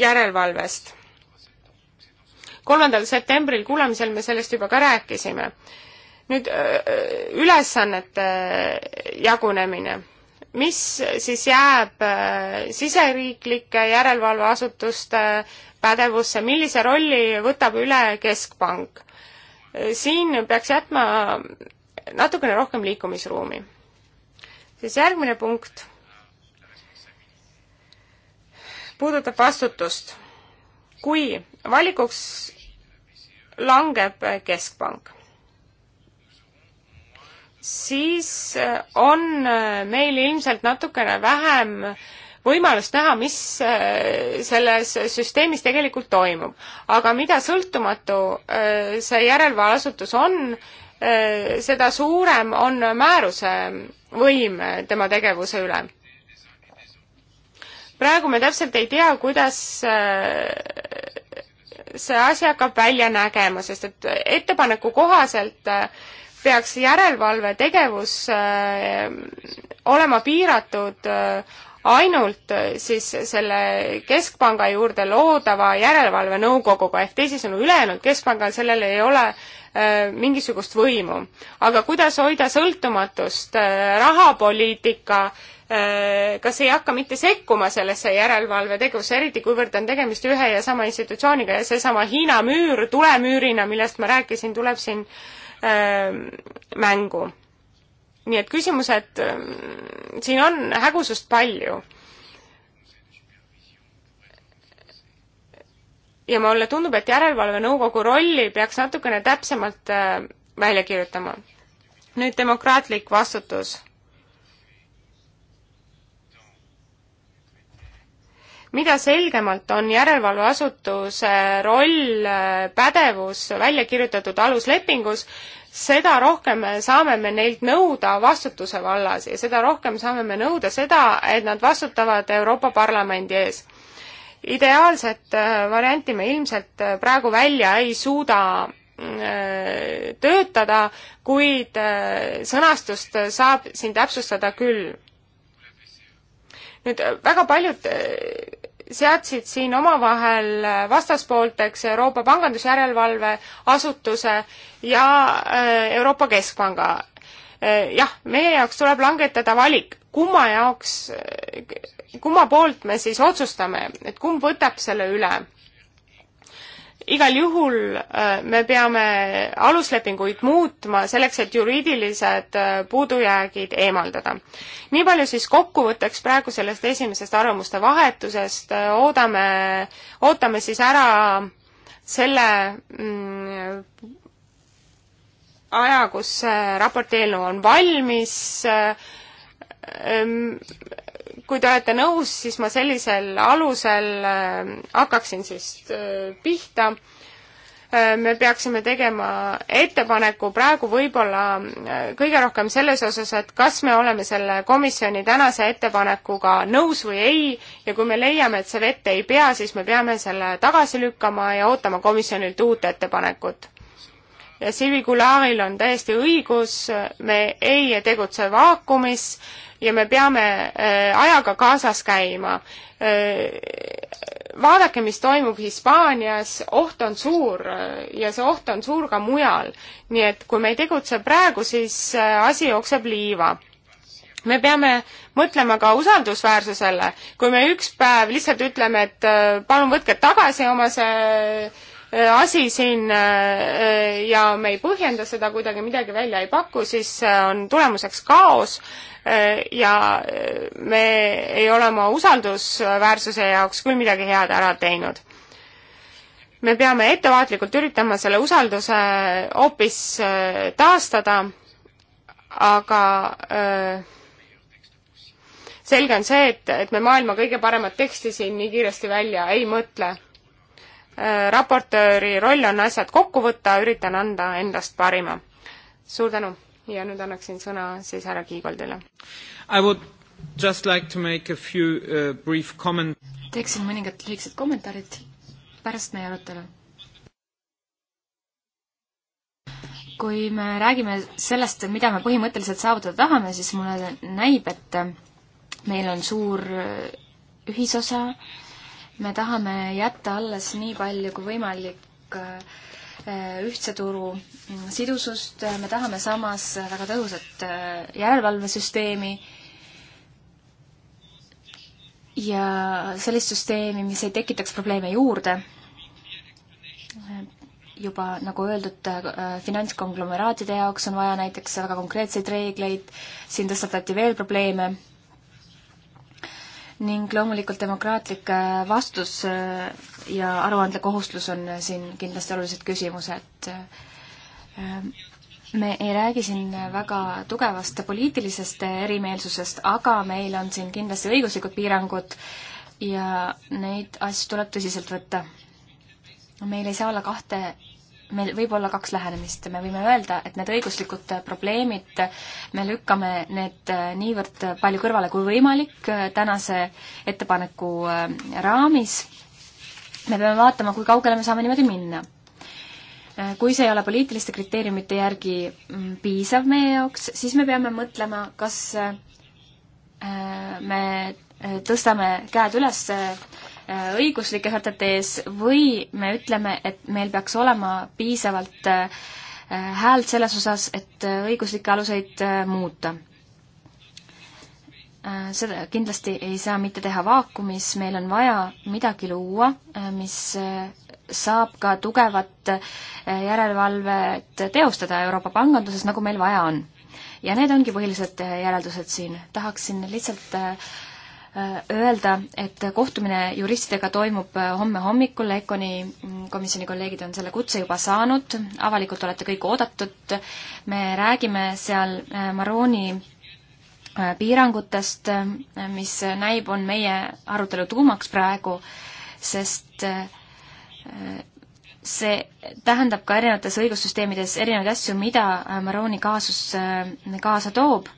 järelevalvest? kolmandal septembril kuulamisel me sellest juba ka rääkisime. nüüd ülesannete jagunemine mis siis jääb äh, siseriiklike järelevalveasutuste äh, pädevusse, millise rolli võtab üle Keskpank? Äh, siin peaks jätma natukene rohkem liikumisruumi. siis järgmine punkt puudutab vastutust. kui valikuks langeb Keskpank, siis eh, on eh, meil ilmselt natukene vähem võimalust näha, mis eh, selles süsteemis tegelikult toimub. aga mida sõltumatu see järelevalveasutus on, seda suurem on määruse võim tema tegevuse üle. praegu me täpselt ei tea, kuidas see asi hakkab välja nägema, sest et ettepaneku kohaselt äh, peaks järelevalvetegevus äh, olema piiratud äh, ainult äh, siis selle keskpanga juurde loodava järelevalvenõukoguga, ehk teisisõnu, ülejäänud keskpangal sellel ei ole äh, mingisugust võimu. aga kuidas hoida sõltumatust äh,, rahapoliitika äh,, kas ei hakka mitte sekkuma sellesse järelevalvetegevusse, eriti kuivõrd on tegemist ühe ja sama institutsiooniga ja seesama Hiina müür tulemüürina, millest ma rääkisin, tuleb siin äh, Ähm, mängu. nii et küsimused, ähm, siin on hägusust palju. ja mulle tundub, et Järelevalvenõukogu rolli peaks natukene täpsemalt äh, välja kirjutama. nüüd demokraatlik vastutus mida selgemalt on järelevalveasutuse roll, äh, pädevus välja kirjutatud aluslepingus, seda rohkem saame me neilt nõuda vastutuse vallas ja seda rohkem saame me nõuda seda, et nad vastutavad Euroopa Parlamendi ees. ideaalset äh, varianti me ilmselt äh, praegu välja ei suuda töötada, kuid sõnastust saab siin täpsustada küll nüüd äh, väga paljud äh, seadsid siin omavahel äh, vastaspoolteks Euroopa Pangandusjärelevalve asutuse ja Euroopa Keskpanga. jah, meie jaoks tuleb langetada valik, kumma jaoks, kumma poolt me siis otsustame, et kumb võtab selle üle igal juhul äh, me peame aluslepinguid muutma selleks, et juriidilised äh, puudujäägid eemaldada. nii palju siis kokkuvõtteks praegu sellest esimesest arvamuste vahetusest, äh, oodame, ootame siis ära selle mm, aja, kus raporti eelnõu on valmis mm,, kui te olete nõus, siis ma sellisel alusel äh, hakkaksin siis äh, pihta. Äh, me peaksime tegema ettepaneku praegu võib-olla kõige rohkem selles osas, et kas me oleme selle komisjoni tänase ettepanekuga nõus või ei ja kui me leiame, et see vette ei pea, siis me peame selle tagasi lükkama ja ootama komisjonilt uut ettepanekut ja Sivi Kulaaril on täiesti õigus, me ei tegutse vaakumis, ja me peame äh, ajaga kaasas käima. Äh, vaadake, mis toimub Hispaanias, oht on suur äh, ja see oht on suur ka mujal. nii et kui me ei tegutse praegu, siis asi jookseb liiva me peame mõtlema ka usaldusväärsusele, kui me üks päev lihtsalt ütleme, et palun võtke tagasi oma see Äh, asi siin äh, äh, ja me ei põhjenda seda kuidagi, midagi välja ei paku, siis on tulemuseks kaos ja me ei ole oma usaldusväärsuse jaoks küll midagi head ära teinud. me peame ettevaatlikult üritama selle usalduse hoopis taastada, aga selge on see, et, et me maailma kõige paremat teksti siin nii kiiresti välja ei mõtle Äh, raportööri roll on asjad kokku võtta, üritan anda endast parima. suur tänu ja nüüd annaksin sõna siis härra Kiigoldile. I would just like to make a few uh, brief comment. teeksin mõningad lühikesed kommentaarid pärast meie arutelu. kui me räägime sellest, mida me põhimõtteliselt saavutada tahame, siis mulle näib, et meil on suur äh, ühisosa äh, me tahame jätta alles nii palju kui võimalik äh, äh, ühtse turu mm, sidusust, me tahame samas väga tõhusat äh, järelevalvesüsteemi ja sellist süsteemi, mis ei tekitaks probleeme juurde. juba nagu öeldud, finantskonglomeraatide jaoks on vaja näiteks väga konkreetseid reegleid, siin tõstatati veel probleeme ning loomulikult demokraatlik äh, vastus äh, ja aruandekohustus on äh, siin kindlasti olulised küsimused. me ei räägi siin väga tugevast poliitilisest erimeelsusest, aga meil on siin kindlasti õiguslikud piirangud ja neid asju tuleb tõsiselt võtta. meil ei saa olla kahte meil võib olla kaks lähenemist, me võime öelda, et need õiguslikud probleemid, me lükkame need äh, niivõrd palju kõrvale kui võimalik äh, tänase ettepaneku äh, raamis. me peame vaatama, kui kaugele me saame niimoodi minna. kui see ei ole poliitiliste kriteeriumite järgi mm, piisav meie jaoks, siis me peame mõtlema, kas me tõstame käed üles Äh, õiguslike sätete ees või me ütleme, et meil peaks olema piisavalt äh, häält selles osas, et äh, õiguslikke aluseid muuta. seda kindlasti ei saa mitte teha vaakumis, meil on vaja midagi luua, mis saab ka tugevat järelevalvet teostada Euroopa panganduses, nagu meil vaja on ja need ongi põhilised järeldused siin. tahaksin lihtsalt Äh, öelda, et kohtumine juristidega toimub äh, homme hommikul, EKONi mm, komisjoni kolleegid on selle kutse juba saanud, avalikult olete kõik oodatud, me räägime seal äh, Maroni piirangutest, mis näib, on meie arutelu tuumaks praegu, sest see tähendab ka erinevates õigussüsteemides erinevaid asju, mida Maroni kaasus kaasa toob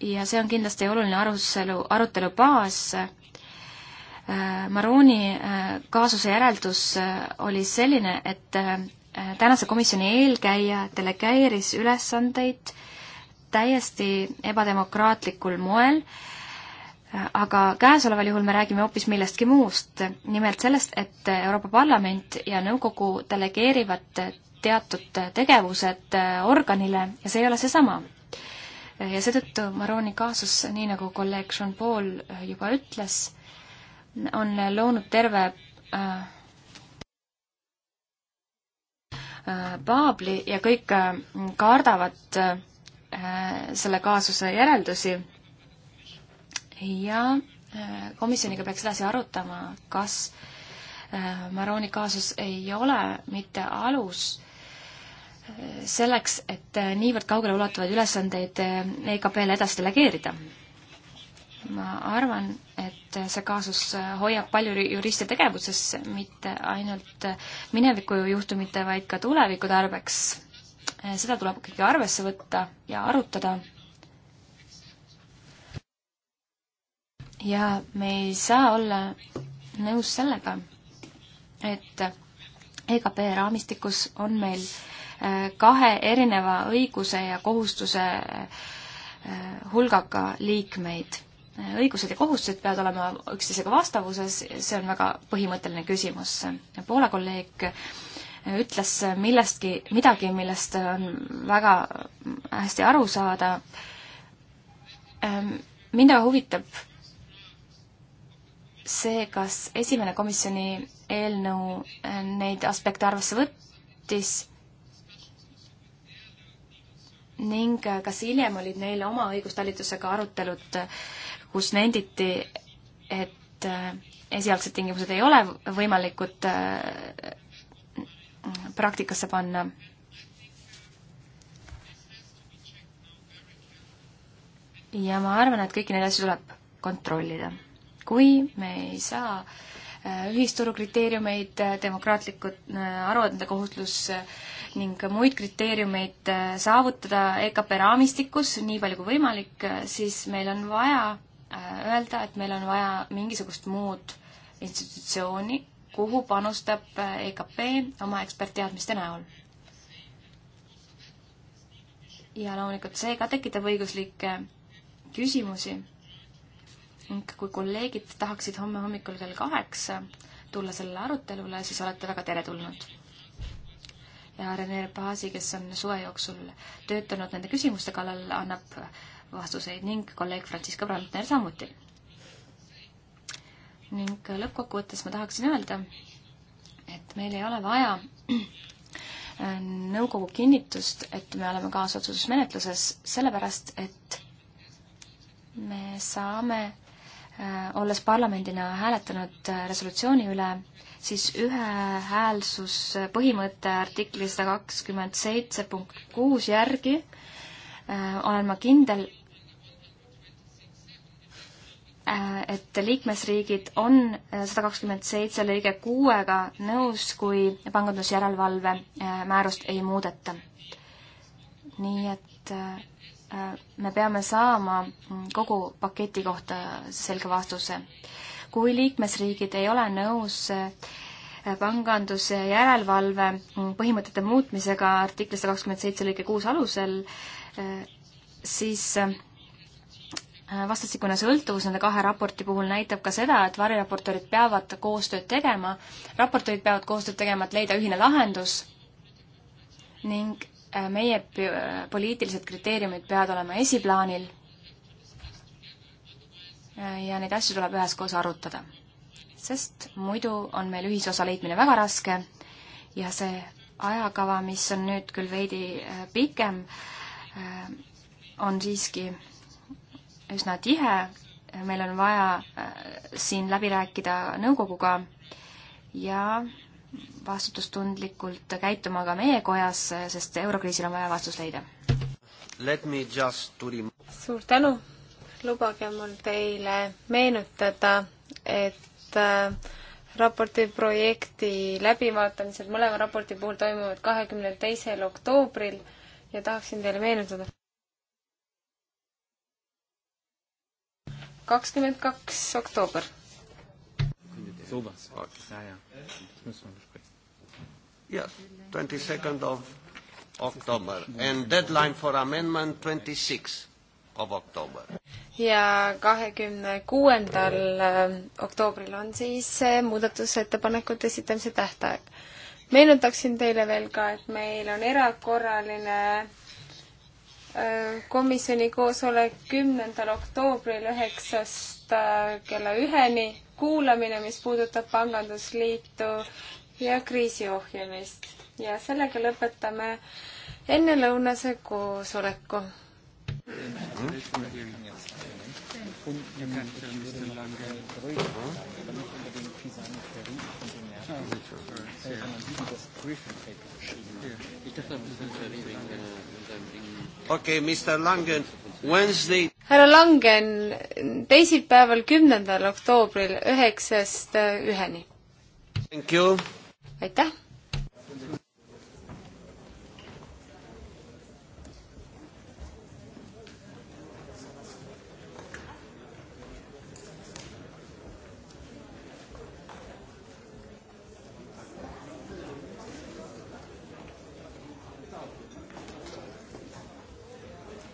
ja see on kindlasti oluline aruselu, arutelu baas. Äh, Maroni äh, kaasuse järeldus äh, oli selline, et tänase komisjoni eelkäija delegeeris ülesandeid täiesti ebademokraatlikul moel, aga käesoleval juhul me räägime hoopis millestki muust, nimelt sellest, et Euroopa Parlament ja Nõukogu delegeerivad teatud tegevused organile ja see ei ole seesama ja seetõttu Maroni kaasus, nii nagu kolleeg Jean Paul juba ütles, on loonud terve äh, paabli äh, ja kõik äh, kardavad äh, selle kaasuse järeldusi. ja komisjoniga peaks edasi arutama, kas Maroni kaasus ei ole mitte alus selleks, et eh, niivõrd kaugele ulatuvaid ülesandeid EKP-le eh, e edasi delegeerida. ma arvan, et see kaasus eh, hoiab palju juriste tegevuses, mitte ainult minevikujuhtumite, vaid ka tuleviku tarbeks. seda tuleb ikkagi arvesse võtta ja arutada. ja me ei saa olla nõus sellega, et EKP raamistikus on meil äh, kahe erineva õiguse ja kohustuse eh, hulgaga liikmeid. õigused ja kohustused peavad olema üksteisega vastavuses, see on väga põhimõtteline küsimus. Poola kolleeg ütles millestki, midagi, millest on väga hästi aru saada. mind väga huvitab see, kas esimene komisjoni eelnõu neid aspekte arvesse võttis ning kas hiljem olid neil oma õigustalitusega arutelud, kus nenditi, et äh, esialgsed tingimused ei ole võimalikud äh, praktikasse panna. ja ma arvan, et kõiki neid asju tuleb kontrollida. kui me ei saa äh, ühisturu kriteeriumeid, demokraatlikud aruandluskohustus, ning muid kriteeriumeid äh, saavutada EKP raamistikus nii palju kui võimalik, äh, siis meil on vaja äh, öelda, et meil on vaja mingisugust muud institutsiooni, kuhu panustab EKP oma ekspertteadmiste näol. ja loomulikult see ka tekitab õiguslikke küsimusi. kui kolleegid tahaksid homme hommikul kell kaheksa tulla sellele arutelule, siis olete väga teretulnud ja Rene Paasi, kes on suve jooksul töötanud nende küsimuste kallal, annab vastuseid ning kolleeg Francisco Brandner samuti. ning lõppkokkuvõttes ma tahaksin öelda, et meil ei ole vaja [CLEARS THROAT] nõukogu kinnitust, et me oleme kaasotsustusmenetluses, sellepärast et me saame, äh, olles parlamendina hääletanud äh, resolutsiooni üle, siis ühehäälsuspõhimõte artikli sada kakskümmend seitse punkt kuus järgi äh, olen ma kindel, äh, et liikmesriigid on äh, sada kakskümmend seitse lõige kuuega nõus, kui pangandusjärelevalve määrust ei muudeta. nii et me peame saama mm, kogu paketi kohta selge vastuse kui liikmesriigid ei ole nõus äh, panganduse järelevalve põhimõtete muutmisega artikli sada kakskümmend seitse lõike kuus alusel, äh, siis äh, vastastikune sõltuvus nende kahe raporti puhul näitab ka seda, et variraportöörid peavad koostööd tegema, raportöörid peavad koostööd tegema, et leida ühine lahendus ning meie poliitilised kriteeriumid peavad olema esiplaanil ja neid asju tuleb üheskoos arutada. sest muidu on meil ühisosa leidmine väga raske ja see ajakava, mis on nüüd küll veidi äh, pikem, äh, on siiski üsna tihe, meil on vaja äh, siin läbi rääkida nõukoguga ja vastutustundlikult käituma ka meie kojas, sest eurokriisil on vaja vastus leida. suur tänu lubage mul teile meenutada, et äh, raporti projekti läbivaatamised mõlema raporti puhul toimuvad kahekümne teisel oktoobril ja tahaksin teile meenutada. kakskümmend kaks oktoober. jah, twenty second of October and deadline for amendment twenty six of October. ja kahekümne kuuendal äh, oktoobril on siis äh, muudatusettepanekute esitamise tähtaeg. meenutaksin teile veel ka, et meil on erakorraline äh, komisjoni koosolek kümnendal oktoobril üheksast kella üheni, kuulamine, mis puudutab pangandusliitu ja kriisi ohjamist. ja sellega lõpetame ennelõunase koosoleku okei okay,, Mr Langen, Wednesday. härra Langen, teisipäeval, kümnendal oktoobril üheksast üheni. aitäh